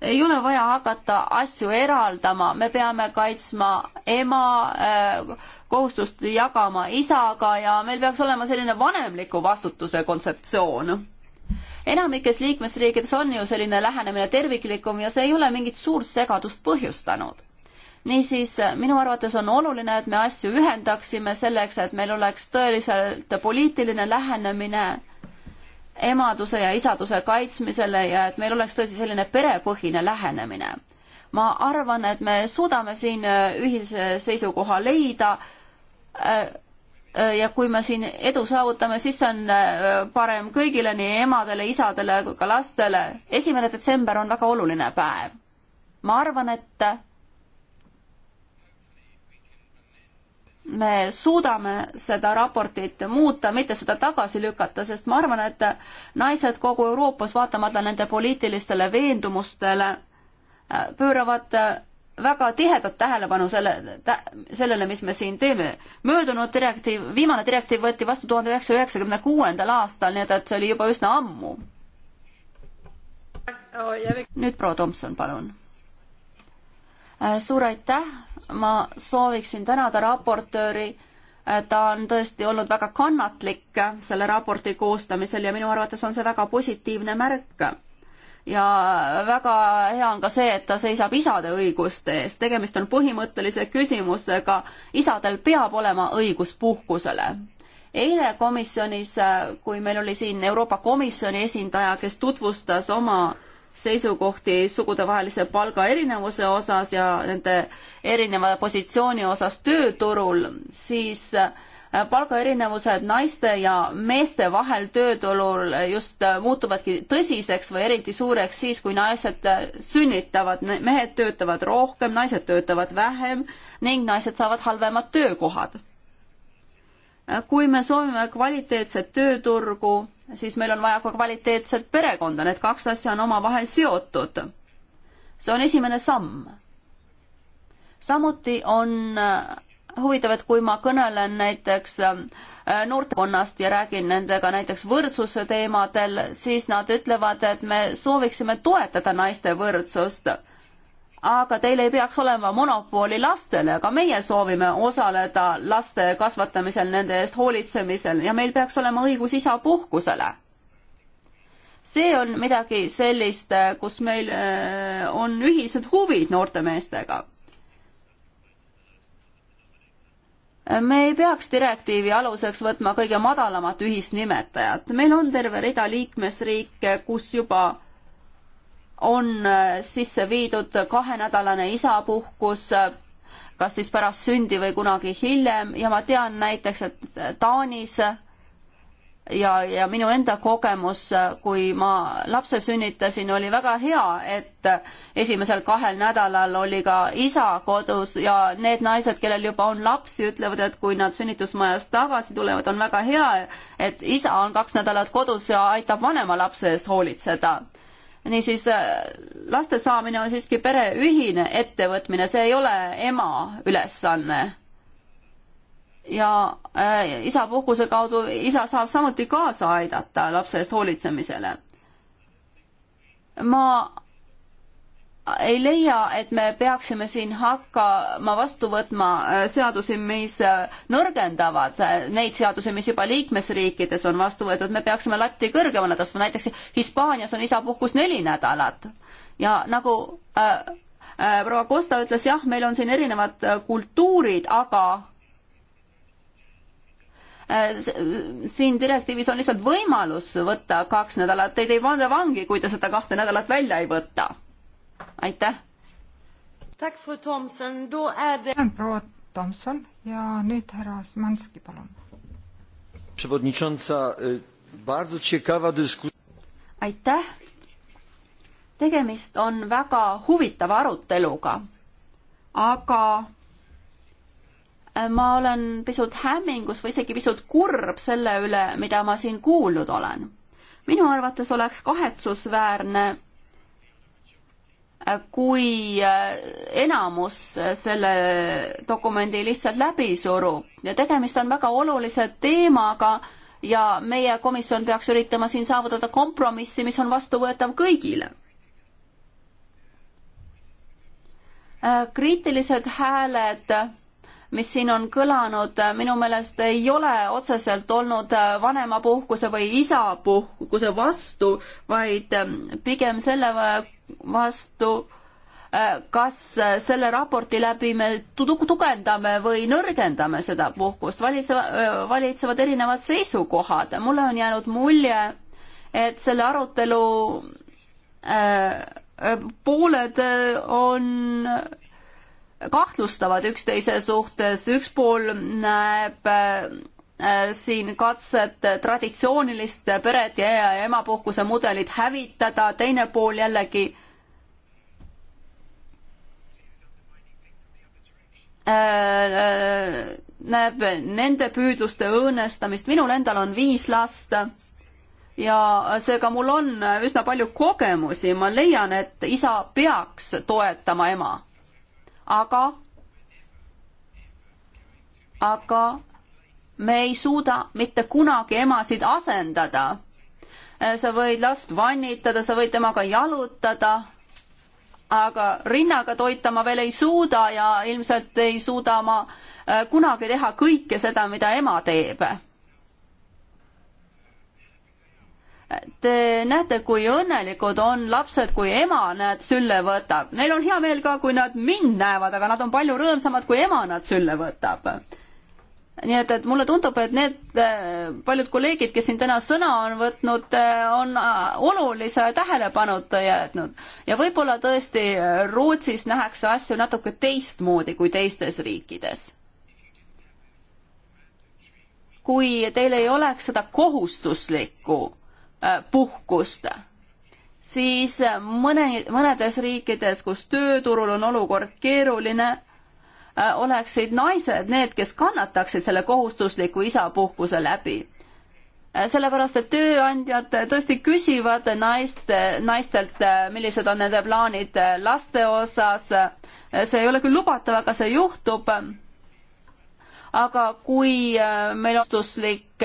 ei ole vaja hakata asju eraldama, me peame kaitsma ema äh, kohustust jagama isaga ja meil peaks olema selline vanemliku vastutuse kontseptsioon. enamikes liikmesriikides on ju selline lähenemine terviklikum ja see ei ole mingit suurt segadust põhjustanud niisiis, minu arvates on oluline, et me asju ühendaksime selleks, et meil oleks tõeliselt poliitiline lähenemine äh, emaduse ja isaduse kaitsmisele ja et meil oleks tõesti selline perepõhine lähenemine. ma arvan, et me suudame siin äh, ühise seisukoha leida. Äh, äh, ja kui me siin edu saavutame, siis see on parem kõigile, nii emadele, isadele kui ka lastele. esimene detsember on väga oluline päev. ma arvan, et me suudame seda raportit muuta, mitte seda tagasi lükata, sest ma arvan, et naised kogu Euroopas, vaatamata nende poliitilistele veendumustele, pööravad väga tihedat tähelepanu selle tä,, sellele, mis me siin teeme. möödunud direktiiv, viimane direktiiv võeti vastu tuhande üheksasaja üheksakümne kuuendal aastal, nii et, et see oli juba üsna ammu. nüüd proua Tomson, palun. suur aitäh ma sooviksin tänada raportööri, ta on tõesti olnud väga kannatlik selle raporti koostamisel ja minu arvates on see väga positiivne märk. ja väga hea on ka see, et ta seisab isade õiguste eest, tegemist on põhimõttelise küsimusega, isadel peab olema õigus puhkusele eile komisjonis, kui meil oli siin Euroopa Komisjoni esindaja, kes tutvustas oma seisukohti sugudevahelise palgaerinevuse osas ja nende erineva positsiooni osas tööturul, siis äh, palgaerinevused naiste ja meeste vahel tööturul just äh, muutuvadki tõsiseks või eriti suureks siis, kui naised äh, sünnitavad, mehed töötavad rohkem, naised töötavad vähem ning naised saavad halvemad töökohad kui me soovime kvaliteetset tööturgu, siis meil on vaja ka kvaliteetset perekonda, need kaks asja on omavahel seotud. see on esimene samm. samuti on äh, huvitav, et kui ma kõnelen näiteks äh, noortekonnast ja räägin nendega näiteks võrdsuse teemadel, siis nad ütlevad, et me sooviksime toetada naiste võrdsust aga teil ei peaks olema monopoli lastele, aga meie soovime osaleda laste kasvatamisel, nende eest hoolitsemisel ja meil peaks olema õigus isapuhkusele. see on midagi sellist, kus meil äh, on ühised huvid noorte meestega me ei peaks direktiivi aluseks võtma kõige madalamat ühisnimetajat. meil on terve rida liikmesriike, kus juba on äh, sisse viidud kahenädalane isapuhkus, äh, kas siis pärast sündi või kunagi hiljem ja ma tean näiteks, et Taanis ja, ja minu enda kogemus, äh, kui ma lapse sünnitasin, oli väga hea, et esimesel kahel nädalal oli ka isa kodus ja need naised, kellel juba on lapsi, ütlevad, et kui nad sünnitusmajast tagasi tulevad, on väga hea, et isa on kaks nädalat kodus ja aitab vanema lapse eest hoolitseda niisiis äh, laste saamine on siiski pere ühine ettevõtmine, see ei ole ema ülesanne. ja äh, isapuhkuse kaudu isa saab samuti kaasa aidata lapse eest hoolitsemisele. ma ei leia, et me peaksime siin hakkama vastu võtma äh, seadusi, mis äh, nõrgendavad äh, neid seadusi, mis juba liikmesriikides on vastu võetud, me peaksime latti kõrgemale tõstma, näiteks Hispaanias on isapuhkus neli nädalat ja nagu äh, äh, proua Costa ütles, jah, meil on siin erinevad kultuurid, aga siin direktiivis on lihtsalt võimalus võtta kaks nädalat, teid ei panda vangi, kui te seda kahte nädalat välja ei võta aitäh! proua Tomson ja nüüd härra Smanski, palun. aitäh! tegemist on väga huvitava aruteluga, aga e, ma olen pisut hämmingus või isegi pisut kurb selle üle, mida ma siin kuulnud olen. minu arvates oleks kahetsusväärne, kui äh, enamus selle dokumendi lihtsalt läbi surub ja tegemist on väga olulise teemaga ja meie komisjon peaks üritama siin saavutada kompromissi, mis on vastuvõetav kõigile. Äh, kriitilised hääled, mis siin on kõlanud, äh, minu meelest ei ole otseselt olnud vanemapuhkuse või isapuhkuse vastu, vaid ähm, pigem selle vastu, äh, kas äh, selle raporti läbi me tugevdame või nõrgendame seda puhkust, valitseva, äh, valitsevad erinevad seisukohad. mulle on jäänud mulje, et selle arutelu pooled on kahtlustavad üksteise suhtes, üks pool näeb Äh, siin katset traditsioonilist peret ja emapuhkuse mudelit hävitada, teine pool jällegi äh, äh, näeb nende püüdluste õõnestamist, minul endal on viis last ja seega mul on üsna palju kogemusi, ma leian, et isa peaks toetama ema. aga, aga me ei suuda mitte kunagi emasid asendada. Äh, sa võid last vannitada, sa võid temaga jalutada, aga rinnaga toita ma veel ei suuda ja ilmselt ei suuda ma äh, kunagi teha kõike seda, mida ema teeb. Te näete, kui õnnelikud on lapsed, kui ema nad sülle võtab. Neil on hea meel ka, kui nad mind näevad, aga nad on palju rõõmsamad, kui ema nad sülle võtab nii et, et mulle tundub, et need äh, paljud kolleegid, kes siin täna sõna on võtnud, äh, on äh, olulise tähelepanuta jätnud ja võib-olla tõesti Rootsis nähakse asju natuke teistmoodi kui teistes riikides. kui teil ei oleks seda kohustuslikku puhkust, siis mõne, mõnedes riikides, kus tööturul on olukord keeruline Äh, oleksid naised need, kes kannataksid selle kohustusliku isapuhkuse läbi. Äh, sellepärast, et tööandjad tõesti küsivad naiste, naistelt, äh, millised on nende plaanid laste osas. see ei ole küll lubatav, aga see juhtub. aga kui meil ostuslik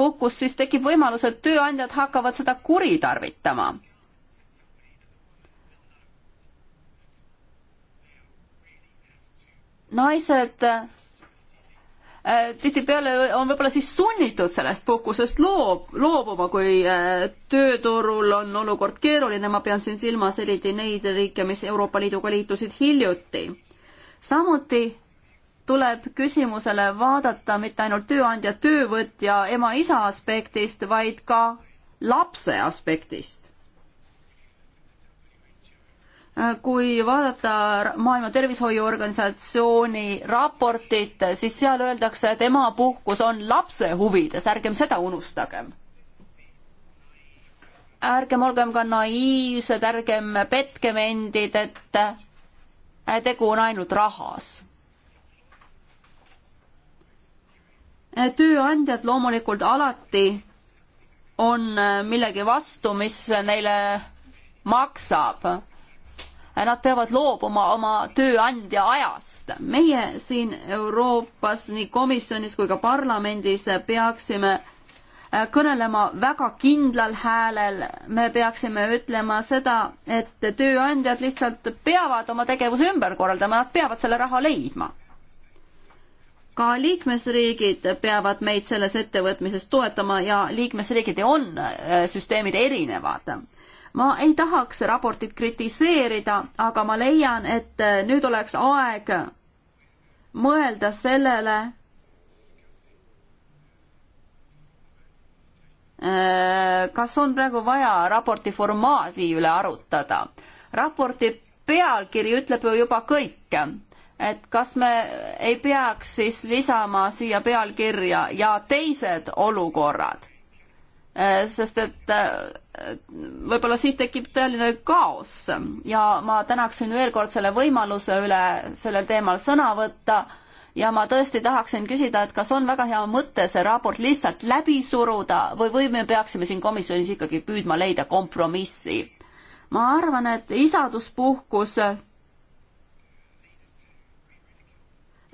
puhkus, siis tekib võimalus, et tööandjad hakkavad seda kuritarvitama naised äh, tihtipeale on võib-olla siis sunnitud sellest puhkusest loob, loobuma, kui äh, tööturul on olukord keeruline, ma pean siin silmas eriti neid riike, mis Euroopa Liiduga liitusid hiljuti. samuti tuleb küsimusele vaadata mitte ainult tööandja, töövõtja, ema-isa aspektist, vaid ka lapse aspektist kui vaadata Maailma Tervishoiuorganisatsiooni raportit, siis seal öeldakse, et emapuhkus on lapse huvides, ärgem seda unustagem. ärgem olgem ka naiivsed, ärgem petkem endid, et tegu on ainult rahas. tööandjad loomulikult alati on millegi vastu, mis neile maksab nad peavad loobuma oma tööandja ajast. meie siin Euroopas, nii komisjonis kui ka parlamendis peaksime äh, kõnelema väga kindlal häälel, me peaksime ütlema seda, et tööandjad lihtsalt peavad oma tegevuse ümber korraldama, nad peavad selle raha leidma. ka liikmesriigid peavad meid selles ettevõtmises toetama ja liikmesriigid on äh, süsteemid erinevad ma ei tahaks raportit kritiseerida, aga ma leian, et äh, nüüd oleks aeg mõelda sellele, äh, kas on praegu vaja raporti formaadi üle arutada. raporti pealkiri ütleb ju juba kõik, et kas me ei peaks siis lisama siia pealkirja ja teised olukorrad Äh, sest et äh, võib-olla siis tekib tõeline kaos ja ma tänaksin veel kord selle võimaluse üle sellel teemal sõna võtta ja ma tõesti tahaksin küsida, et kas on väga hea mõte see raport lihtsalt läbi suruda või, või me peaksime siin komisjonis ikkagi püüdma leida kompromissi? ma arvan, et isaduspuhkus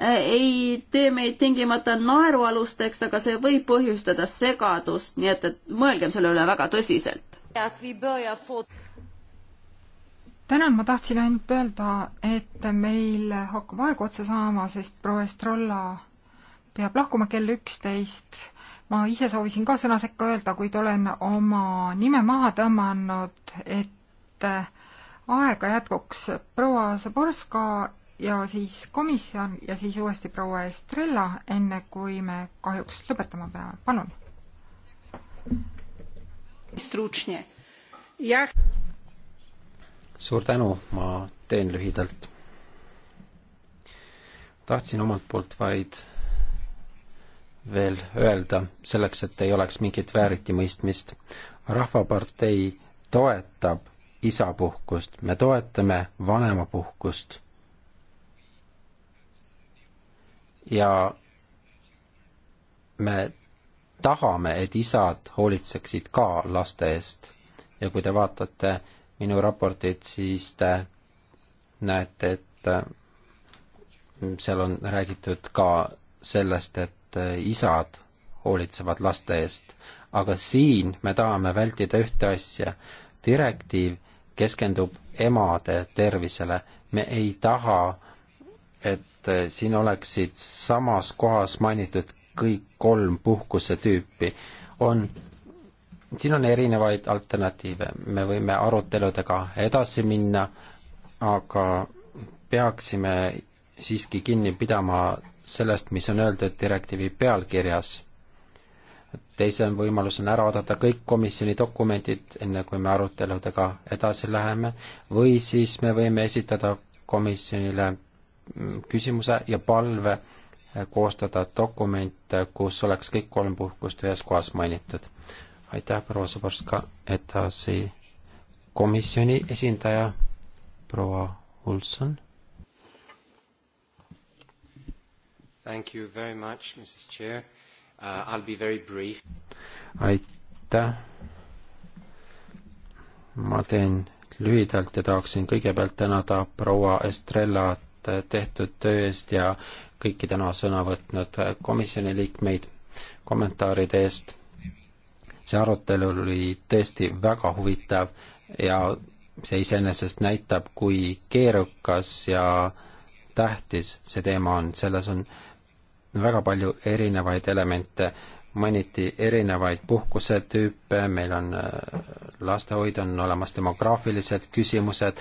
ei tee meid tingimata naerualusteks, aga see võib põhjustada segadust, nii et, et mõelgem selle üle väga tõsiselt. tänan, ma tahtsin ainult öelda, et meil hakkab aeg otsa saama, sest proua Estrolla peab lahkuma kell üksteist. ma ise soovisin ka sõna sekka öelda, kuid olen oma nime maha tõmmanud, et aega jätkuks proua Zaborska ja siis komisjon ja siis uuesti proua Estrella, enne kui me kahjuks lõpetama peame, palun. suur tänu, ma teen lühidalt. tahtsin omalt poolt vaid veel öelda, selleks et ei oleks mingit vääritimõistmist. rahvapartei toetab isapuhkust, me toetame vanemapuhkust ja me tahame, et isad hoolitseksid ka laste eest. ja kui te vaatate minu raportit, siis te näete, et mm, seal on räägitud ka sellest, et äh, isad hoolitsevad laste eest. aga siin me tahame vältida ühte asja. direktiiv keskendub emade tervisele. me ei taha et äh, siin oleksid samas kohas mainitud kõik kolm puhkusetüüpi, on, siin on erinevaid alternatiive, me võime aruteludega edasi minna, aga peaksime siiski kinni pidama sellest, mis on öeldud direktiivi pealkirjas teise võimalusena ära oodata kõik komisjoni dokumendid, enne kui me aruteludega edasi läheme, või siis me võime esitada komisjonile küsimuse ja palve eh, koostada dokument, eh, kus oleks kõik kolm puhkust ühes kohas mainitud. aitäh, proua Sõborska, edasi komisjoni esindaja proua Olson. Thank you very much, Mrs Chair uh,. I will be very brief. aitäh. ma teen lühidalt ja tahaksin kõigepealt tänada proua Estrellat Äh, tehtud töö eest ja kõiki täna sõna võtnud äh, komisjoni liikmeid kommentaaride eest. see arutelu oli tõesti väga huvitav ja see iseenesest näitab, kui keerukas ja tähtis see teema on, selles on väga palju erinevaid elemente, mainiti erinevaid puhkusetüüpe, meil on äh, lastehoid, on olemas demograafilised küsimused,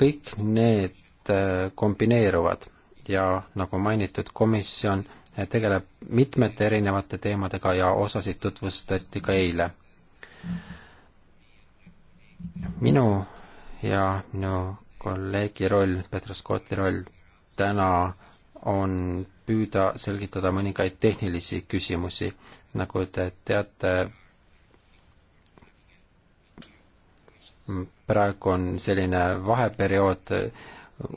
kõik need Äh, kombineeruvad ja nagu mainitud, komisjon äh, tegeleb mitmete erinevate teemadega ja osasid tutvustati ka eile. minu ja minu kolleegi roll, Petra Scotti roll täna on püüda selgitada mõningaid tehnilisi küsimusi. nagu te teate, praegu on selline vaheperiood,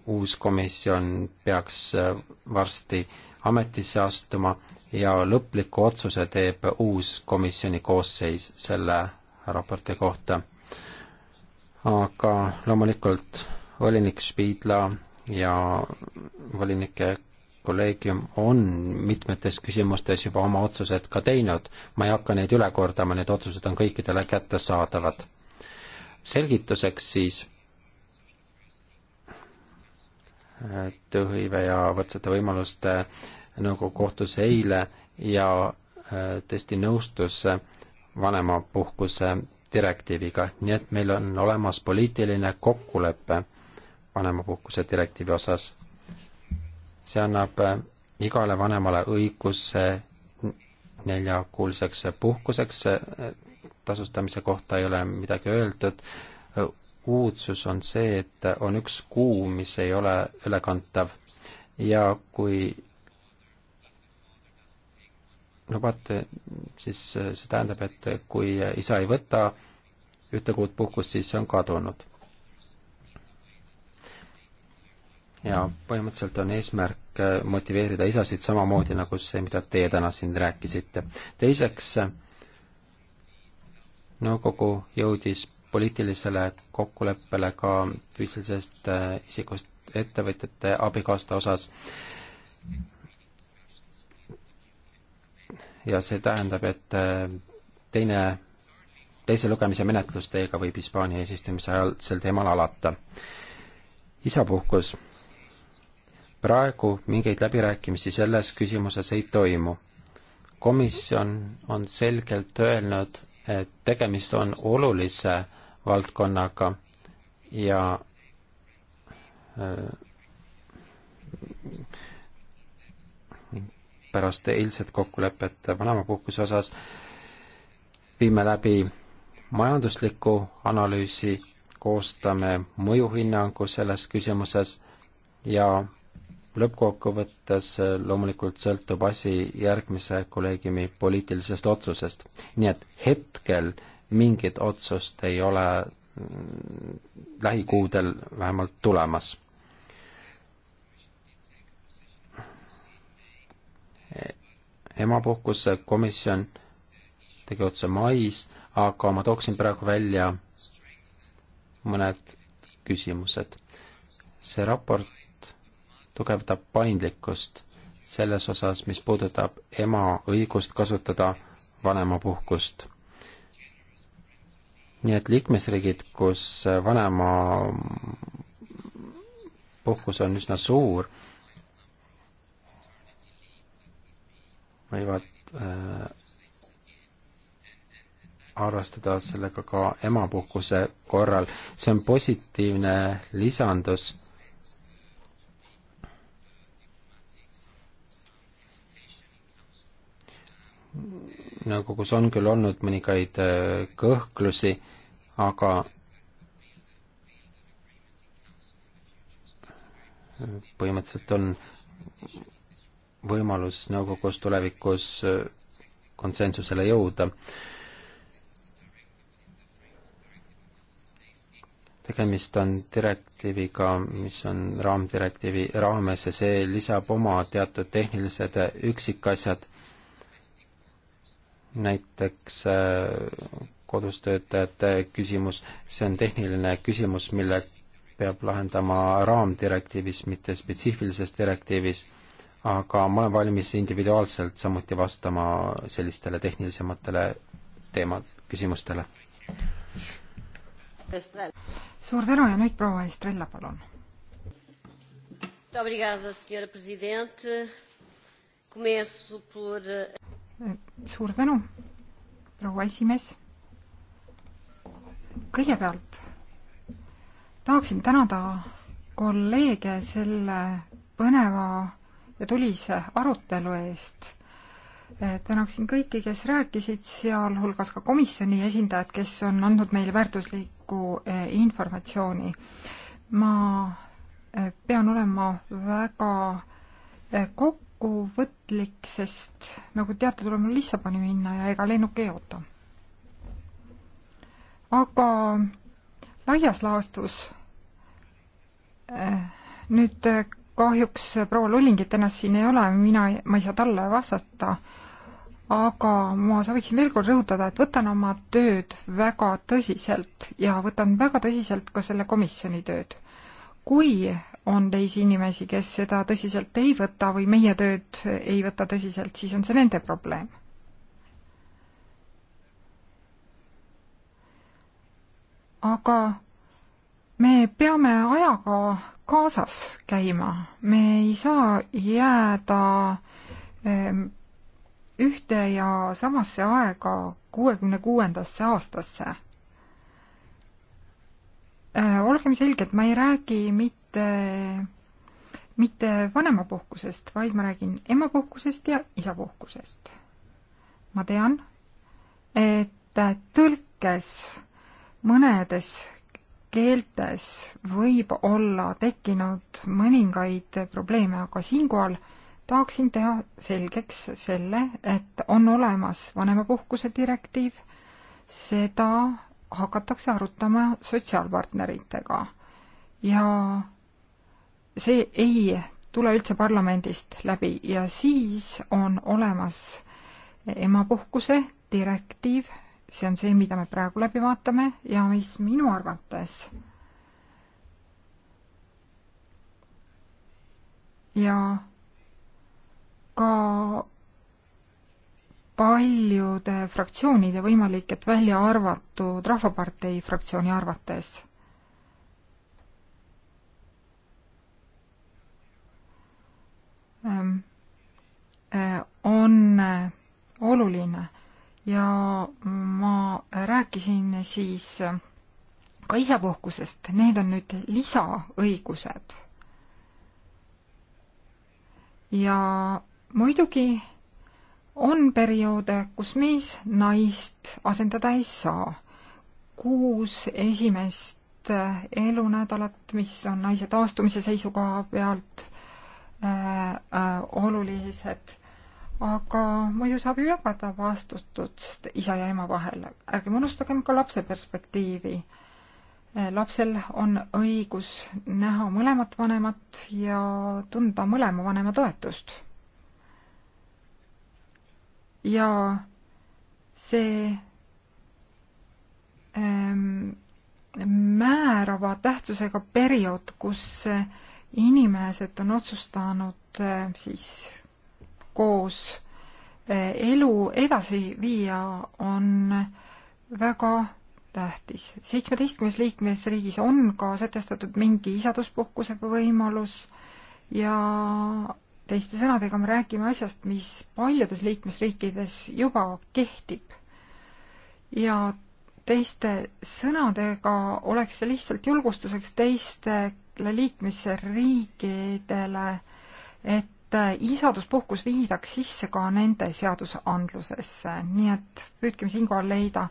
uus komisjon peaks äh, varsti ametisse astuma ja lõpliku otsuse teeb uus komisjoni koosseis selle raporti kohta. aga loomulikult volinik Spiidla ja volinike kolleegium on mitmetes küsimustes juba oma otsused ka teinud. ma ei hakka neid üle kordama, need otsused on kõikidele kättesaadavad. selgituseks siis tööhõive ja võrdsete võimaluste nõukogu kohtus eile ja äh, tõesti nõustus vanemapuhkuse direktiiviga, nii et meil on olemas poliitiline kokkulepe vanemapuhkuse direktiivi osas. see annab äh, igale vanemale õiguse neljakuulseks puhkuseks, äh, tasustamise kohta ei ole midagi öeldud, uudsus on see, et on üks kuu, mis ei ole ülekantav ja kui no vaata, siis see tähendab, et kui isa ei võta ühte kuud puhkust, siis see on kadunud. ja põhimõtteliselt on eesmärk motiveerida isasid samamoodi, nagu see, mida teie täna siin rääkisite. teiseks, nõukogu jõudis poliitilisele kokkuleppele ka füüsilisest äh, isikust ettevõtjate abikaasta osas. ja see tähendab, et äh, teine, teise lugemise menetlus teiega võib Hispaania eesistumise ajal sel teemal alata. isapuhkus. praegu mingeid läbirääkimisi selles küsimuses ei toimu. komisjon on selgelt öelnud, et tegemist on olulise valdkonnaga ja äh, pärast eilset kokkulepet vanemapuhkuse osas viime läbi majandusliku analüüsi, koostame mõjuhinnangu selles küsimuses ja lõppkokkuvõttes loomulikult sõltub asi järgmise kolleegiumi poliitilisest otsusest. nii et hetkel mingit otsust ei ole lähikuudel vähemalt tulemas. emapuhkuse komisjon tegi otse mais, aga ma tooksin praegu välja mõned küsimused. see raport tugevdab paindlikkust selles osas, mis puudutab ema õigust kasutada vanemapuhkust nii et liikmesriigid, kus vanema puhkus on üsna suur, võivad äh, arvestada sellega ka emapuhkuse korral. see on positiivne lisandus nõukogus on küll olnud mõningaid äh, kõhklusi, aga põhimõtteliselt on võimalus nõukogus tulevikus äh, konsensusele jõuda. tegemist on direktiiviga, mis on raamdirektiivi raames ja see lisab oma teatud tehnilised üksikasjad näiteks äh, kodus töötajate küsimus, see on tehniline küsimus, mille peab lahendama raamdirektiivis, mitte spetsiifilises direktiivis, aga ma olen valmis individuaalselt samuti vastama sellistele tehnilisematele teema, küsimustele. suur tänu ja nüüd proua Estrella, palun suur tänu, proua esimees. kõigepealt tahaksin tänada kolleege selle põneva ja tulise arutelu eest. tänaksin kõiki, kes rääkisid, sealhulgas ka komisjoni esindajad, kes on andnud meile väärtuslikku eh, informatsiooni. ma eh, pean olema väga eh, kokku kokkuvõtlik, sest nagu teate, tuleb mul Lissaboni minna ja ega lennuk ei oota. aga laias laastus eh, nüüd eh, kahjuks proua Lullingit ennast siin ei ole, mina, ma ei saa talle vastata, aga ma sooviksin veel kord rõhutada, et võtan oma tööd väga tõsiselt ja võtan väga tõsiselt ka selle komisjoni tööd. kui on teisi inimesi, kes seda tõsiselt ei võta või meie tööd ei võta tõsiselt, siis on see nende probleem. aga me peame ajaga kaasas käima, me ei saa jääda ehm, ühte ja samasse aega kuuekümne kuuendasse aastasse Äh, olgem selged, ma ei räägi mitte, mitte vanemapuhkusest, vaid ma räägin emapuhkusest ja isapuhkusest. ma tean, et tõlkes mõnedes keeltes võib olla tekkinud mõningaid probleeme, aga siinkohal tahaksin teha selgeks selle, et on olemas vanemapuhkuse direktiiv, seda hakatakse arutama sotsiaalpartneritega ja see ei tule üldse parlamendist läbi ja siis on olemas emapuhkuse direktiiv, see on see, mida me praegu läbi vaatame ja mis minu arvates ja ka paljude fraktsioonide võimalik, et välja arvatud Rahvapartei fraktsiooni arvates? Ehm, eh, on oluline ja ma rääkisin siis ka isapuhkusest, need on nüüd lisaõigused. ja muidugi on perioode, kus mees naist asendada ei saa. kuus esimest eh, elunädalat, mis on naise taastumise seisukoha pealt äh, äh, olulised, aga muidu saab ju jagada vastutust isa ja ema vahel. ärgem unustagem ka lapse perspektiivi lapsel on õigus näha mõlemat vanemat ja tunda mõlema vanema toetust ja see ähm, määrava tähtsusega periood, kus äh, inimesed on otsustanud äh, siis koos äh, elu edasi viia, on väga tähtis. seitsmeteistkümnes liikmesriigis on ka sätestatud mingi isaduspuhkuse võimalus ja teiste sõnadega me räägime asjast, mis paljudes liikmesriikides juba kehtib. ja teiste sõnadega oleks see lihtsalt julgustuseks teistele liikmesriikidele, et isaduspuhkus viidaks sisse ka nende seadusandlusesse, nii et püüdkem siinkohal leida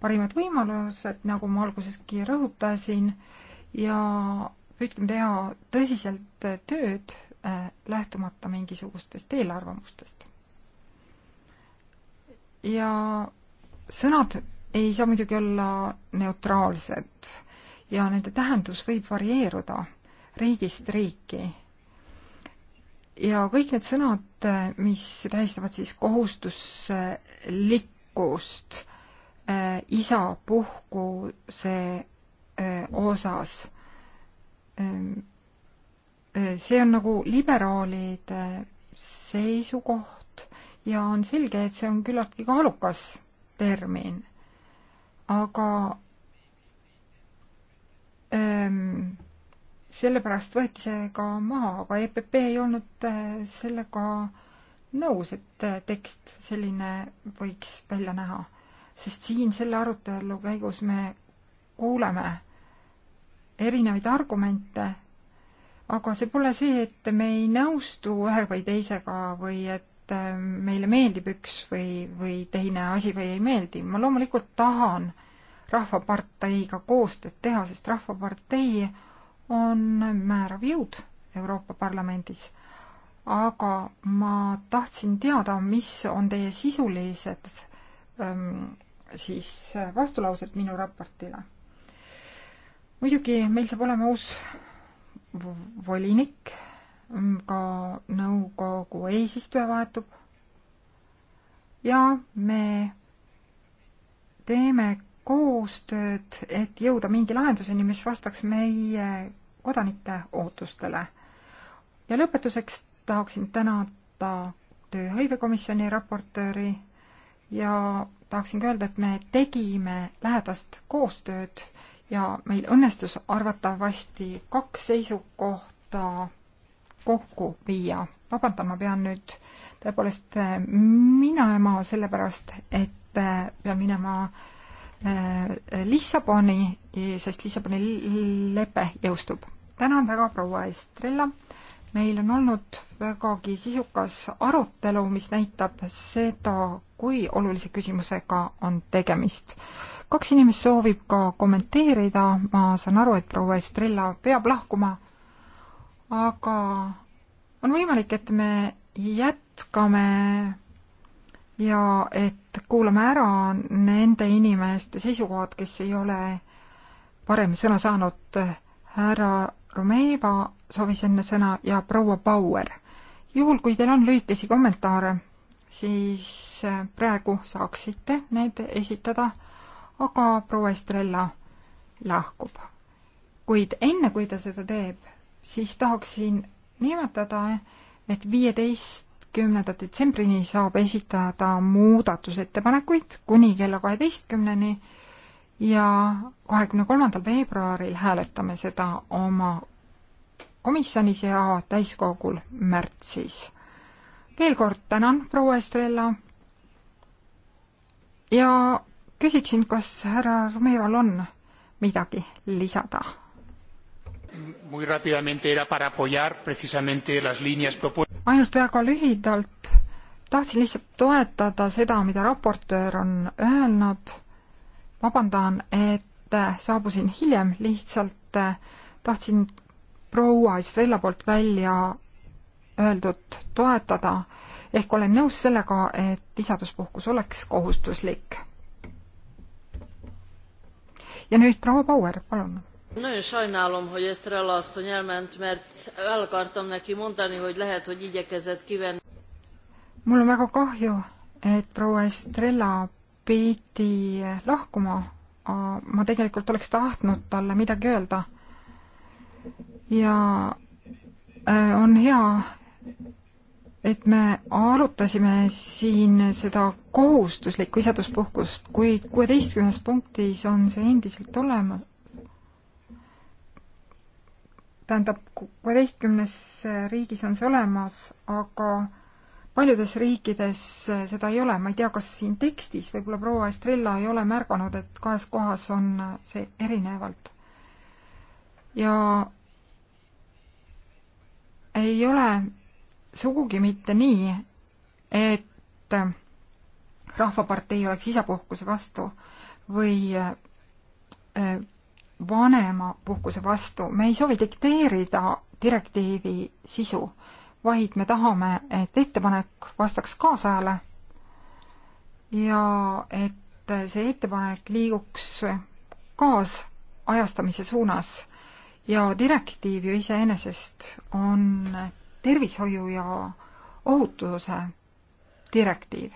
parimad võimalused, nagu ma alguseski rõhutasin, ja püüdkem teha tõsiselt tööd Äh, lähtumata mingisugustest eelarvamustest. ja sõnad ei saa muidugi olla neutraalsed ja nende tähendus võib varieeruda riigist riiki. ja kõik need sõnad, äh, mis tähistavad siis kohustuslikkust äh, isapuhkuse osas, ähm, see on nagu liberaalide seisukoht ja on selge, et see on küllaltki kaalukas termin. aga ähm, sellepärast võeti see ka maha, aga EPP ei olnud eh, sellega nõus, et eh, tekst selline võiks välja näha. sest siin selle arutelu käigus me kuuleme erinevaid argumente, aga see pole see, et me ei nõustu ühe või teisega või et äh, meile meeldib üks või, või teine asi või ei meeldi. ma loomulikult tahan Rahvaparteiga koostööd teha, sest Rahvapartei on määrav jõud Euroopa Parlamendis. aga ma tahtsin teada, mis on teie sisulised ähm, siis äh, vastulaused minu raportile. muidugi meil saab olema uus volinik, mm, ka nõukogu eesistuja vahetub ja me teeme koostööd, et jõuda mingi lahenduseni, mis vastaks meie kodanike ootustele. ja lõpetuseks tahaksin tänada tööhõivekomisjoni raportööri ja tahaksin ka öelda, et me tegime lähedast koostööd ja meil õnnestus arvatavasti kaks seisukohta kokku viia. vabandan, ma pean nüüd tõepoolest äh, minema, sellepärast et äh, pean minema äh, Lissaboni, sest Lissaboni lepe jõustub. tänan väga, proua Estrella. meil on olnud vägagi sisukas arutelu, mis näitab seda, kui olulise küsimusega on tegemist. kaks inimest soovib ka kommenteerida, ma saan aru, et proua Estrella peab lahkuma, aga on võimalik, et me jätkame ja et kuulame ära nende inimeste seisukohad, kes ei ole varem sõna saanud. härra Romeva soovis enne sõna ja proua Bauer. juhul, kui teil on lühikesi kommentaare siis äh, praegu saaksite need esitada, aga proua Estrella lahkub. kuid enne, kui ta seda teeb, siis tahaksin nimetada, et viieteistkümnenda detsembrini saab esitada muudatusettepanekuid kuni kella kaheteistkümneni ja kahekümne kolmandal veebruaril hääletame seda oma komisjonis ja täiskogul märtsis veel kord tänan, proua Estrella. ja küsiksin, kas härra Romeval on midagi lisada? ainult väga lühidalt tahtsin lihtsalt toetada seda, mida raportöör on öelnud. vabandan, et saabusin hiljem, lihtsalt tahtsin proua Estrella poolt välja öeldut toetada, ehk olen nõus sellega, et isaduspuhkus oleks kohustuslik. ja nüüd proua Bauer, palun. Nagyon sajnálom, hogy Estrella asszony elment, mert el akartam neki mondani, hogy lehet, hogy igyekezett kivenni. Mul on väga kahju, et proua Estrella pidi lahkuma. Ma tegelikult oleks tahtnud talle midagi öelda. Ja äh, on hea, et me arutasime siin seda kohustuslikku isaduspuhkust, kuid kuueteistkümnes punktis on see endiselt olemas. tähendab, kuueteistkümnes riigis on see olemas, aga paljudes riikides seda ei ole, ma ei tea, kas siin tekstis võib-olla proua Estrella ei ole märganud, et kahes kohas on see erinevalt. ja ei ole sugugi mitte nii, et Rahvapartei oleks isapuhkuse vastu või äh, vanemapuhkuse vastu, me ei soovi dikteerida direktiivi sisu, vaid me tahame, et ettepanek vastaks kaasajale ja et see ettepanek liiguks kaasajastamise suunas ja direktiiv ju iseenesest on tervishoiu ja ohutuse direktiiv.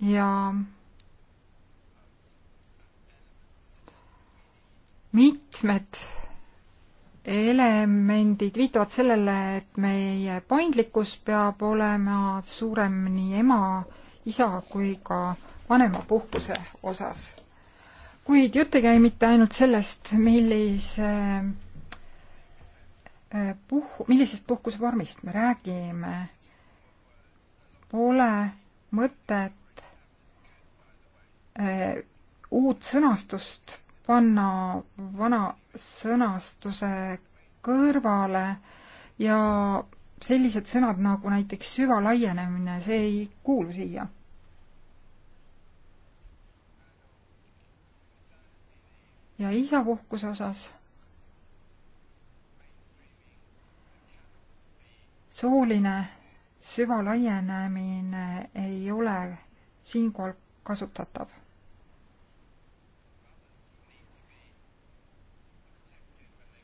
ja mitmed elemendid viitavad sellele, et meie paindlikkus peab olema suurem nii ema, isa kui ka vanemapuhkuse osas. kuid jutt ei käi mitte ainult sellest, millise puh-, millisest puhkusvormist me räägime, pole mõtet äh, uut sõnastust panna vana sõnastuse kõrvale ja sellised sõnad nagu näiteks süvalaienemine, see ei kuulu siia. ja isapuhkuse osas sooline süvalaienemine ei ole siinkohal kasutatav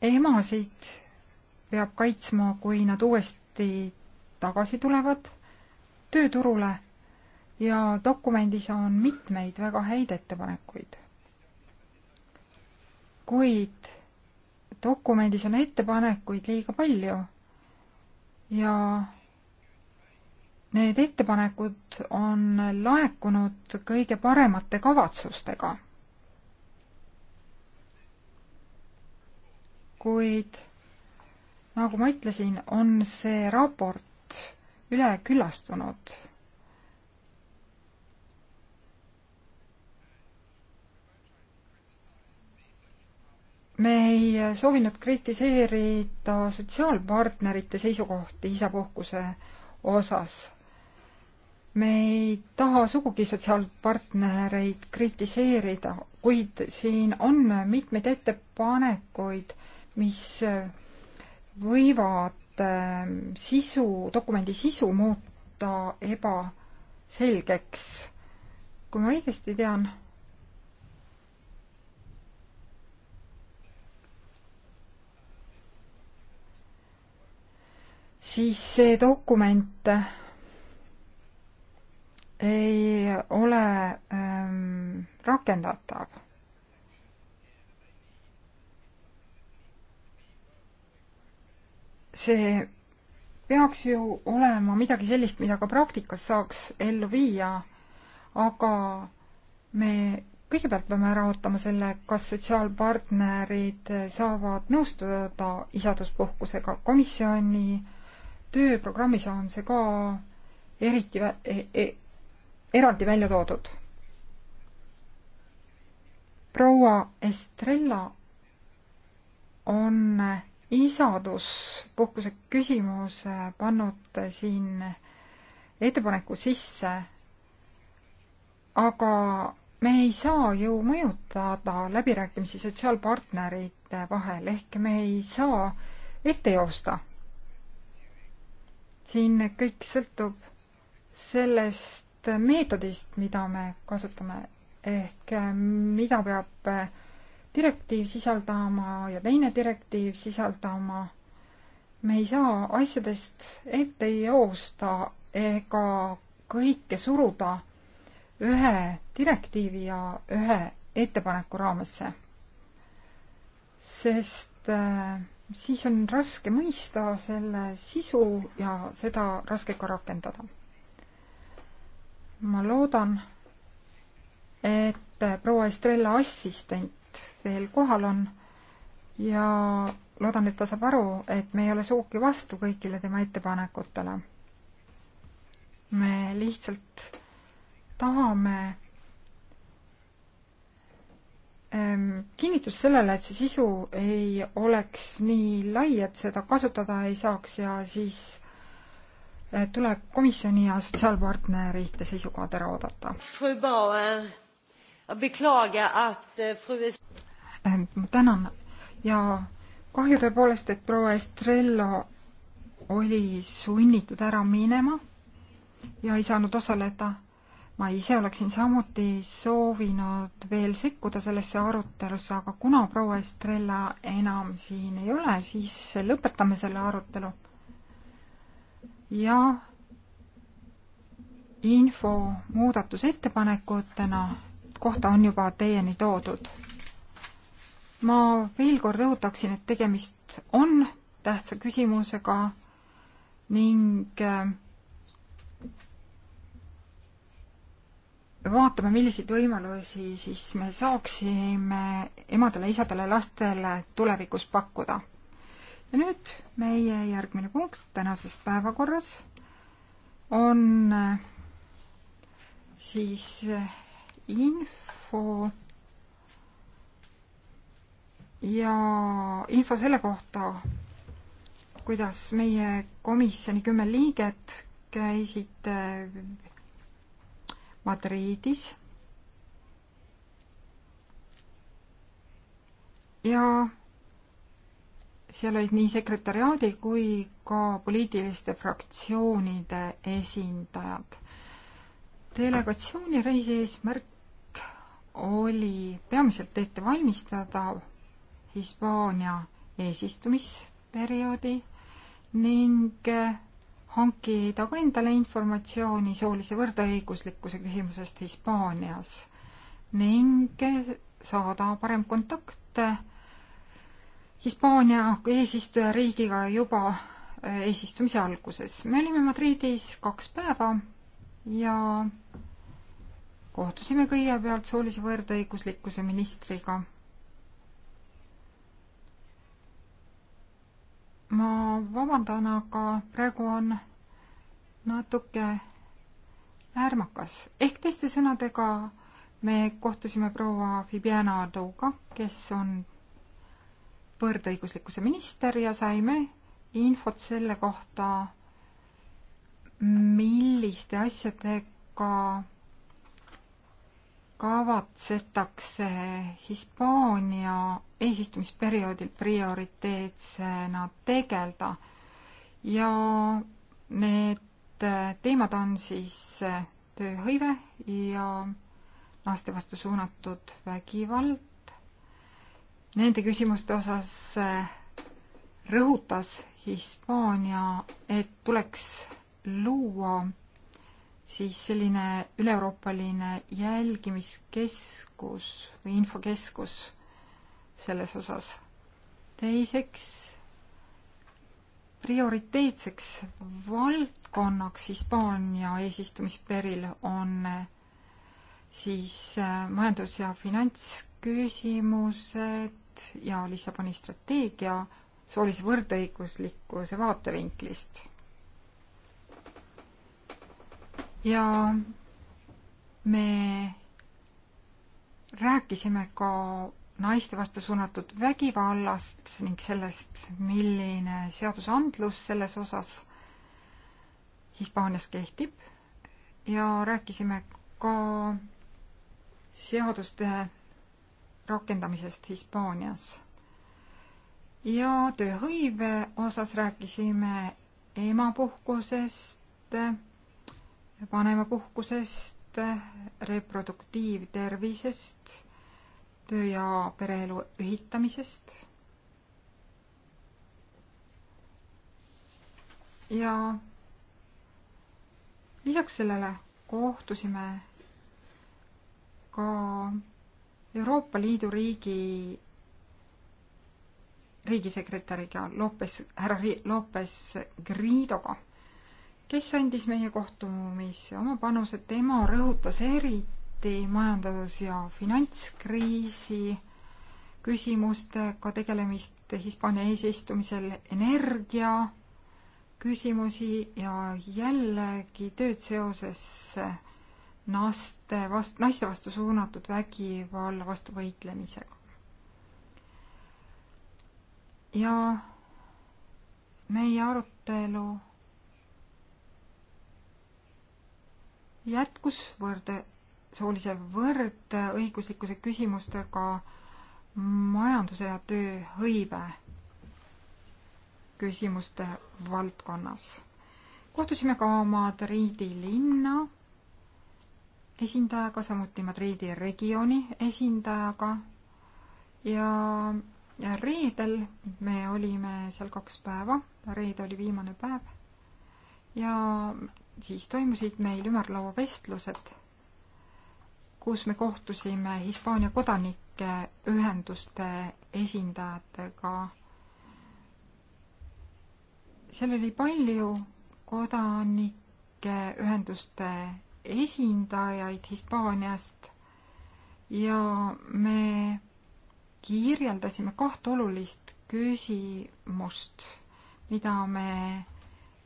emasid peab kaitsma, kui nad uuesti tagasi tulevad tööturule ja dokumendis on mitmeid väga häid ettepanekuid. kuid dokumendis on ettepanekuid liiga palju ja need ettepanekud on laekunud kõige paremate kavatsustega. kuid nagu ma ütlesin, on see raport üle küllastunud me ei soovinud kritiseerida sotsiaalpartnerite seisukohti isapuhkuse osas. me ei taha sugugi sotsiaalpartnereid kritiseerida, kuid siin on mitmeid ettepanekuid, mis võivad ehm, sisu, dokumendi sisu muuta ebaselgeks. kui ma õigesti tean siis see dokument ei ole ähm, rakendatav see peaks ju olema midagi sellist, mida ka praktikas saaks ellu viia, aga me kõigepealt peame ära ootama selle, kas sotsiaalpartnerid saavad nõustuda isaduspuhkusega. komisjoni tööprogrammis on see ka eriti e, e, eraldi välja toodud. proua Estrella on isaduspuhkuse küsimuse pannud siin ettepaneku sisse, aga me ei saa ju mõjutada läbirääkimisi sotsiaalpartnerite vahel, ehk me ei saa ette joosta siin kõik sõltub sellest meetodist, mida me kasutame, ehk eh, mida peab eh, direktiiv sisaldama ja teine direktiiv sisaldama. me ei saa asjadest ette joosta ega kõike suruda ühe direktiivi ja ühe ettepaneku raamesse. sest äh, siis on raske mõista selle sisu ja seda raske ka rakendada. ma loodan, et proua Estrella assistent veel kohal on ja loodan, et ta saab aru, et me ei ole sugugi vastu kõigile tema ettepanekutele. me lihtsalt tahame Ehm, kinnitus sellele, et see sisu ei oleks nii lai, et seda kasutada ei saaks ja siis eh, tuleb komisjoni ja sotsiaalpartnerite seisukohad ära oodata. Eh, ehm, ma tänan ja kahju tõepoolest, et proua Estrello oli sunnitud ära minema ja ei saanud osaleda ma ise oleksin samuti soovinud veel sekkuda sellesse arutelusse, aga kuna proua Estrella enam siin ei ole, siis lõpetame selle arutelu. ja info muudatusettepanekutena kohta on juba teieni toodud. ma veel kord rõhutaksin, et tegemist on tähtsa küsimusega ning äh, vaatame, milliseid võimalusi siis me saaksime emadele, isadele, lastele tulevikus pakkuda. ja nüüd meie järgmine punkt tänases päevakorras on äh, siis äh, info ja info selle kohta, kuidas meie komisjoni kümme liiget käisid äh, Madridis ja seal olid nii sekretariaadi kui ka poliitiliste fraktsioonide esindajad. delegatsiooni reisi eesmärk oli peamiselt ette valmistada Hispaania eesistumisperioodi ning hankida ka endale informatsiooni soolise võrdõiguslikkuse küsimusest Hispaanias ning saada parem kontakt Hispaania eesistujariigiga juba äh, eesistumise alguses. me olime Madridis kaks päeva ja kohtusime kõigepealt soolise võrdõiguslikkuse ministriga ma vabandan, aga praegu on natuke äärmakas. ehk teiste sõnadega, me kohtusime proua Fibiana Douga, kes on võrdõiguslikkuse minister ja saime infot selle kohta, milliste asjadega kavatsetakse Hispaania eesistumisperioodil prioriteetsena tegeleda ja need teemad on siis tööhõive ja laste vastu suunatud vägivald. Nende küsimuste osas rõhutas Hispaania, et tuleks luua siis selline üleeuroopaline jälgimiskeskus või infokeskus selles osas. teiseks prioriteetseks valdkonnaks Hispaania eesistumisperil on siis äh, majandus- ja finantsküsimused ja Lissaboni strateegia soolise võrdõiguslikkuse vaatevinklist. ja me rääkisime ka naiste vastu suunatud vägivallast ning sellest, milline seadusandlus selles osas Hispaanias kehtib ja rääkisime ka seaduste rakendamisest Hispaanias. ja tööhõive osas rääkisime emapuhkusest vanemapuhkusest, reproduktiivtervisest, töö ja pereelu ühitamisest. ja lisaks sellele kohtusime ka Euroopa Liidu riigi riigisekretäriga Lopes, härra Lopes Griidoga kes andis meie kohtumisse oma panuse, tema rõhutas eriti majandus- ja finantskriisi küsimustega tegelemist Hispaania eesistumisel, energia küsimusi ja jällegi tööd seoses naiste vast-, naiste vastu suunatud vägivalla vastu võitlemisega. ja meie arutelu jätkus võrde, soolise võrdõiguslikkuse küsimustega majanduse ja tööhõive küsimuste valdkonnas. kohtusime ka Madridi linna esindajaga, samuti Madridi regiooni esindajaga ja, ja reedel me olime seal kaks päeva, reede oli viimane päev ja siis toimusid meil ümarlauavestlused, kus me kohtusime Hispaania kodanike ühenduste esindajatega. seal oli palju kodanike ühenduste esindajaid Hispaaniast ja me kirjeldasime kahte olulist küsimust, mida me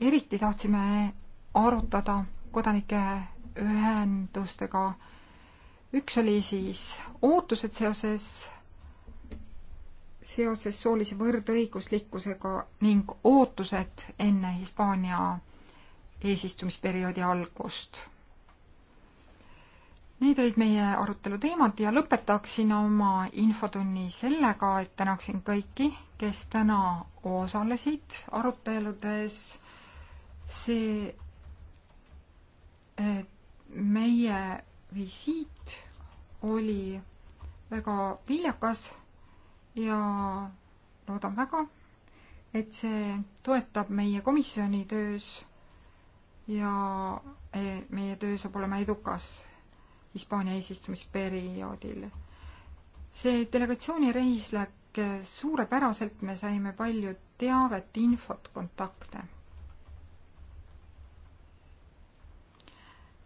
eriti tahtsime arutada kodanike ühendustega. üks oli siis ootused seoses, seoses soolise võrdõiguslikkusega ning ootused enne Hispaania eesistumisperioodi algust. Need olid meie arutelu teemad ja lõpetaksin oma infotunni sellega, et tänaksin kõiki, kes täna osalesid aruteludes. see meie visiit oli väga viljakas ja loodan väga, et see toetab meie komisjoni töös ja e, meie töö saab olema edukas Hispaania eesistumisperioodil. see delegatsioonireis läks suurepäraselt, me saime palju teavet, infot, kontakte.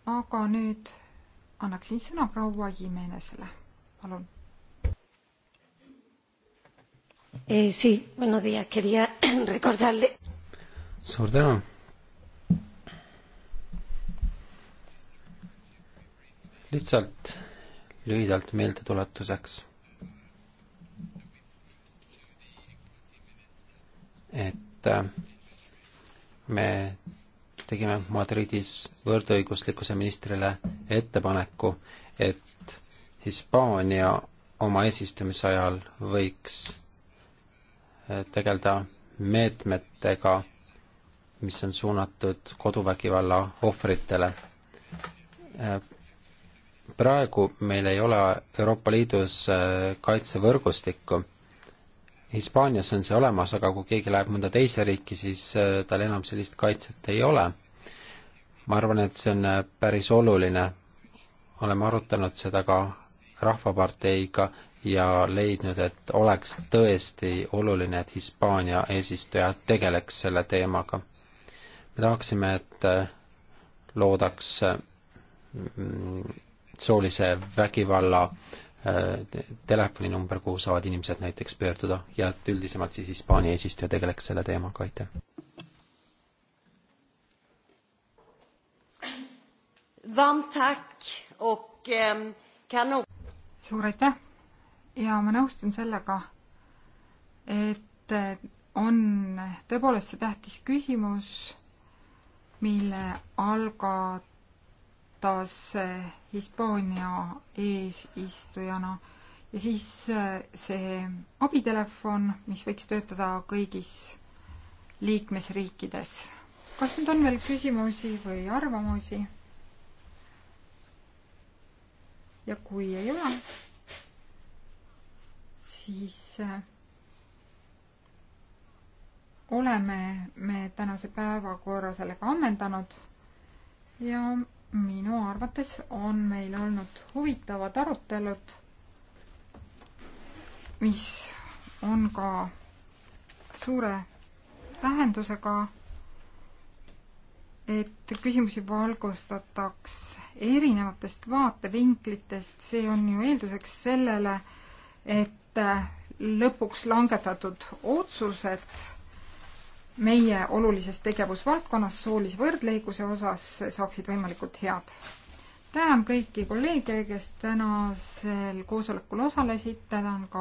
aga nüüd annaksin sõna proua Jimenezele, palun. Eh, suur tänu. lihtsalt lühidalt meeldetuletuseks et äh, me tegime Madridis võrdõiguslikkuse ministrile ettepaneku, et Hispaania oma eesistumise ajal võiks eh, tegeleda meetmetega, mis on suunatud koduvägivalla ohvritele. Eh, praegu meil ei ole Euroopa Liidus eh, kaitsevõrgustikku Hispaanias on see olemas, aga kui keegi läheb mõnda teise riiki, siis äh, tal enam sellist kaitset ei ole. ma arvan, et see on äh, päris oluline. oleme arutanud seda ka Rahvaparteiga ja leidnud, et oleks tõesti oluline, et Hispaania eesistuja tegeleks selle teemaga. me tahaksime, et äh, loodaks mm, soolise vägivalla äh, Äh, telefoninumber, kuhu saavad inimesed näiteks pöörduda ja et üldisemalt siis Hispaania eesistuja tegeleks selle teemaga, aitäh. Ehm, suur aitäh ja ma nõustun sellega, et eh, on tõepoolest see tähtis küsimus, mille algat alustas eh, Hispaania eesistujana ja siis eh, see abitelefon, mis võiks töötada kõigis liikmesriikides. kas nüüd on veel küsimusi või arvamusi? ja kui ei ole, siis eh, oleme me tänase päevakorra sellega ammendanud ja minu arvates on meil olnud huvitavad arutelud, mis on ka suure tähendusega, et küsimusi valgustataks erinevatest vaatevinklitest, see on ju eelduseks sellele, et lõpuks langetatud otsused meie olulises tegevusvaldkonnas soolise võrdleõiguse osas saaksid võimalikult head. tänan kõiki kolleege, kes tänasel koosolekul osalesid, tänan ka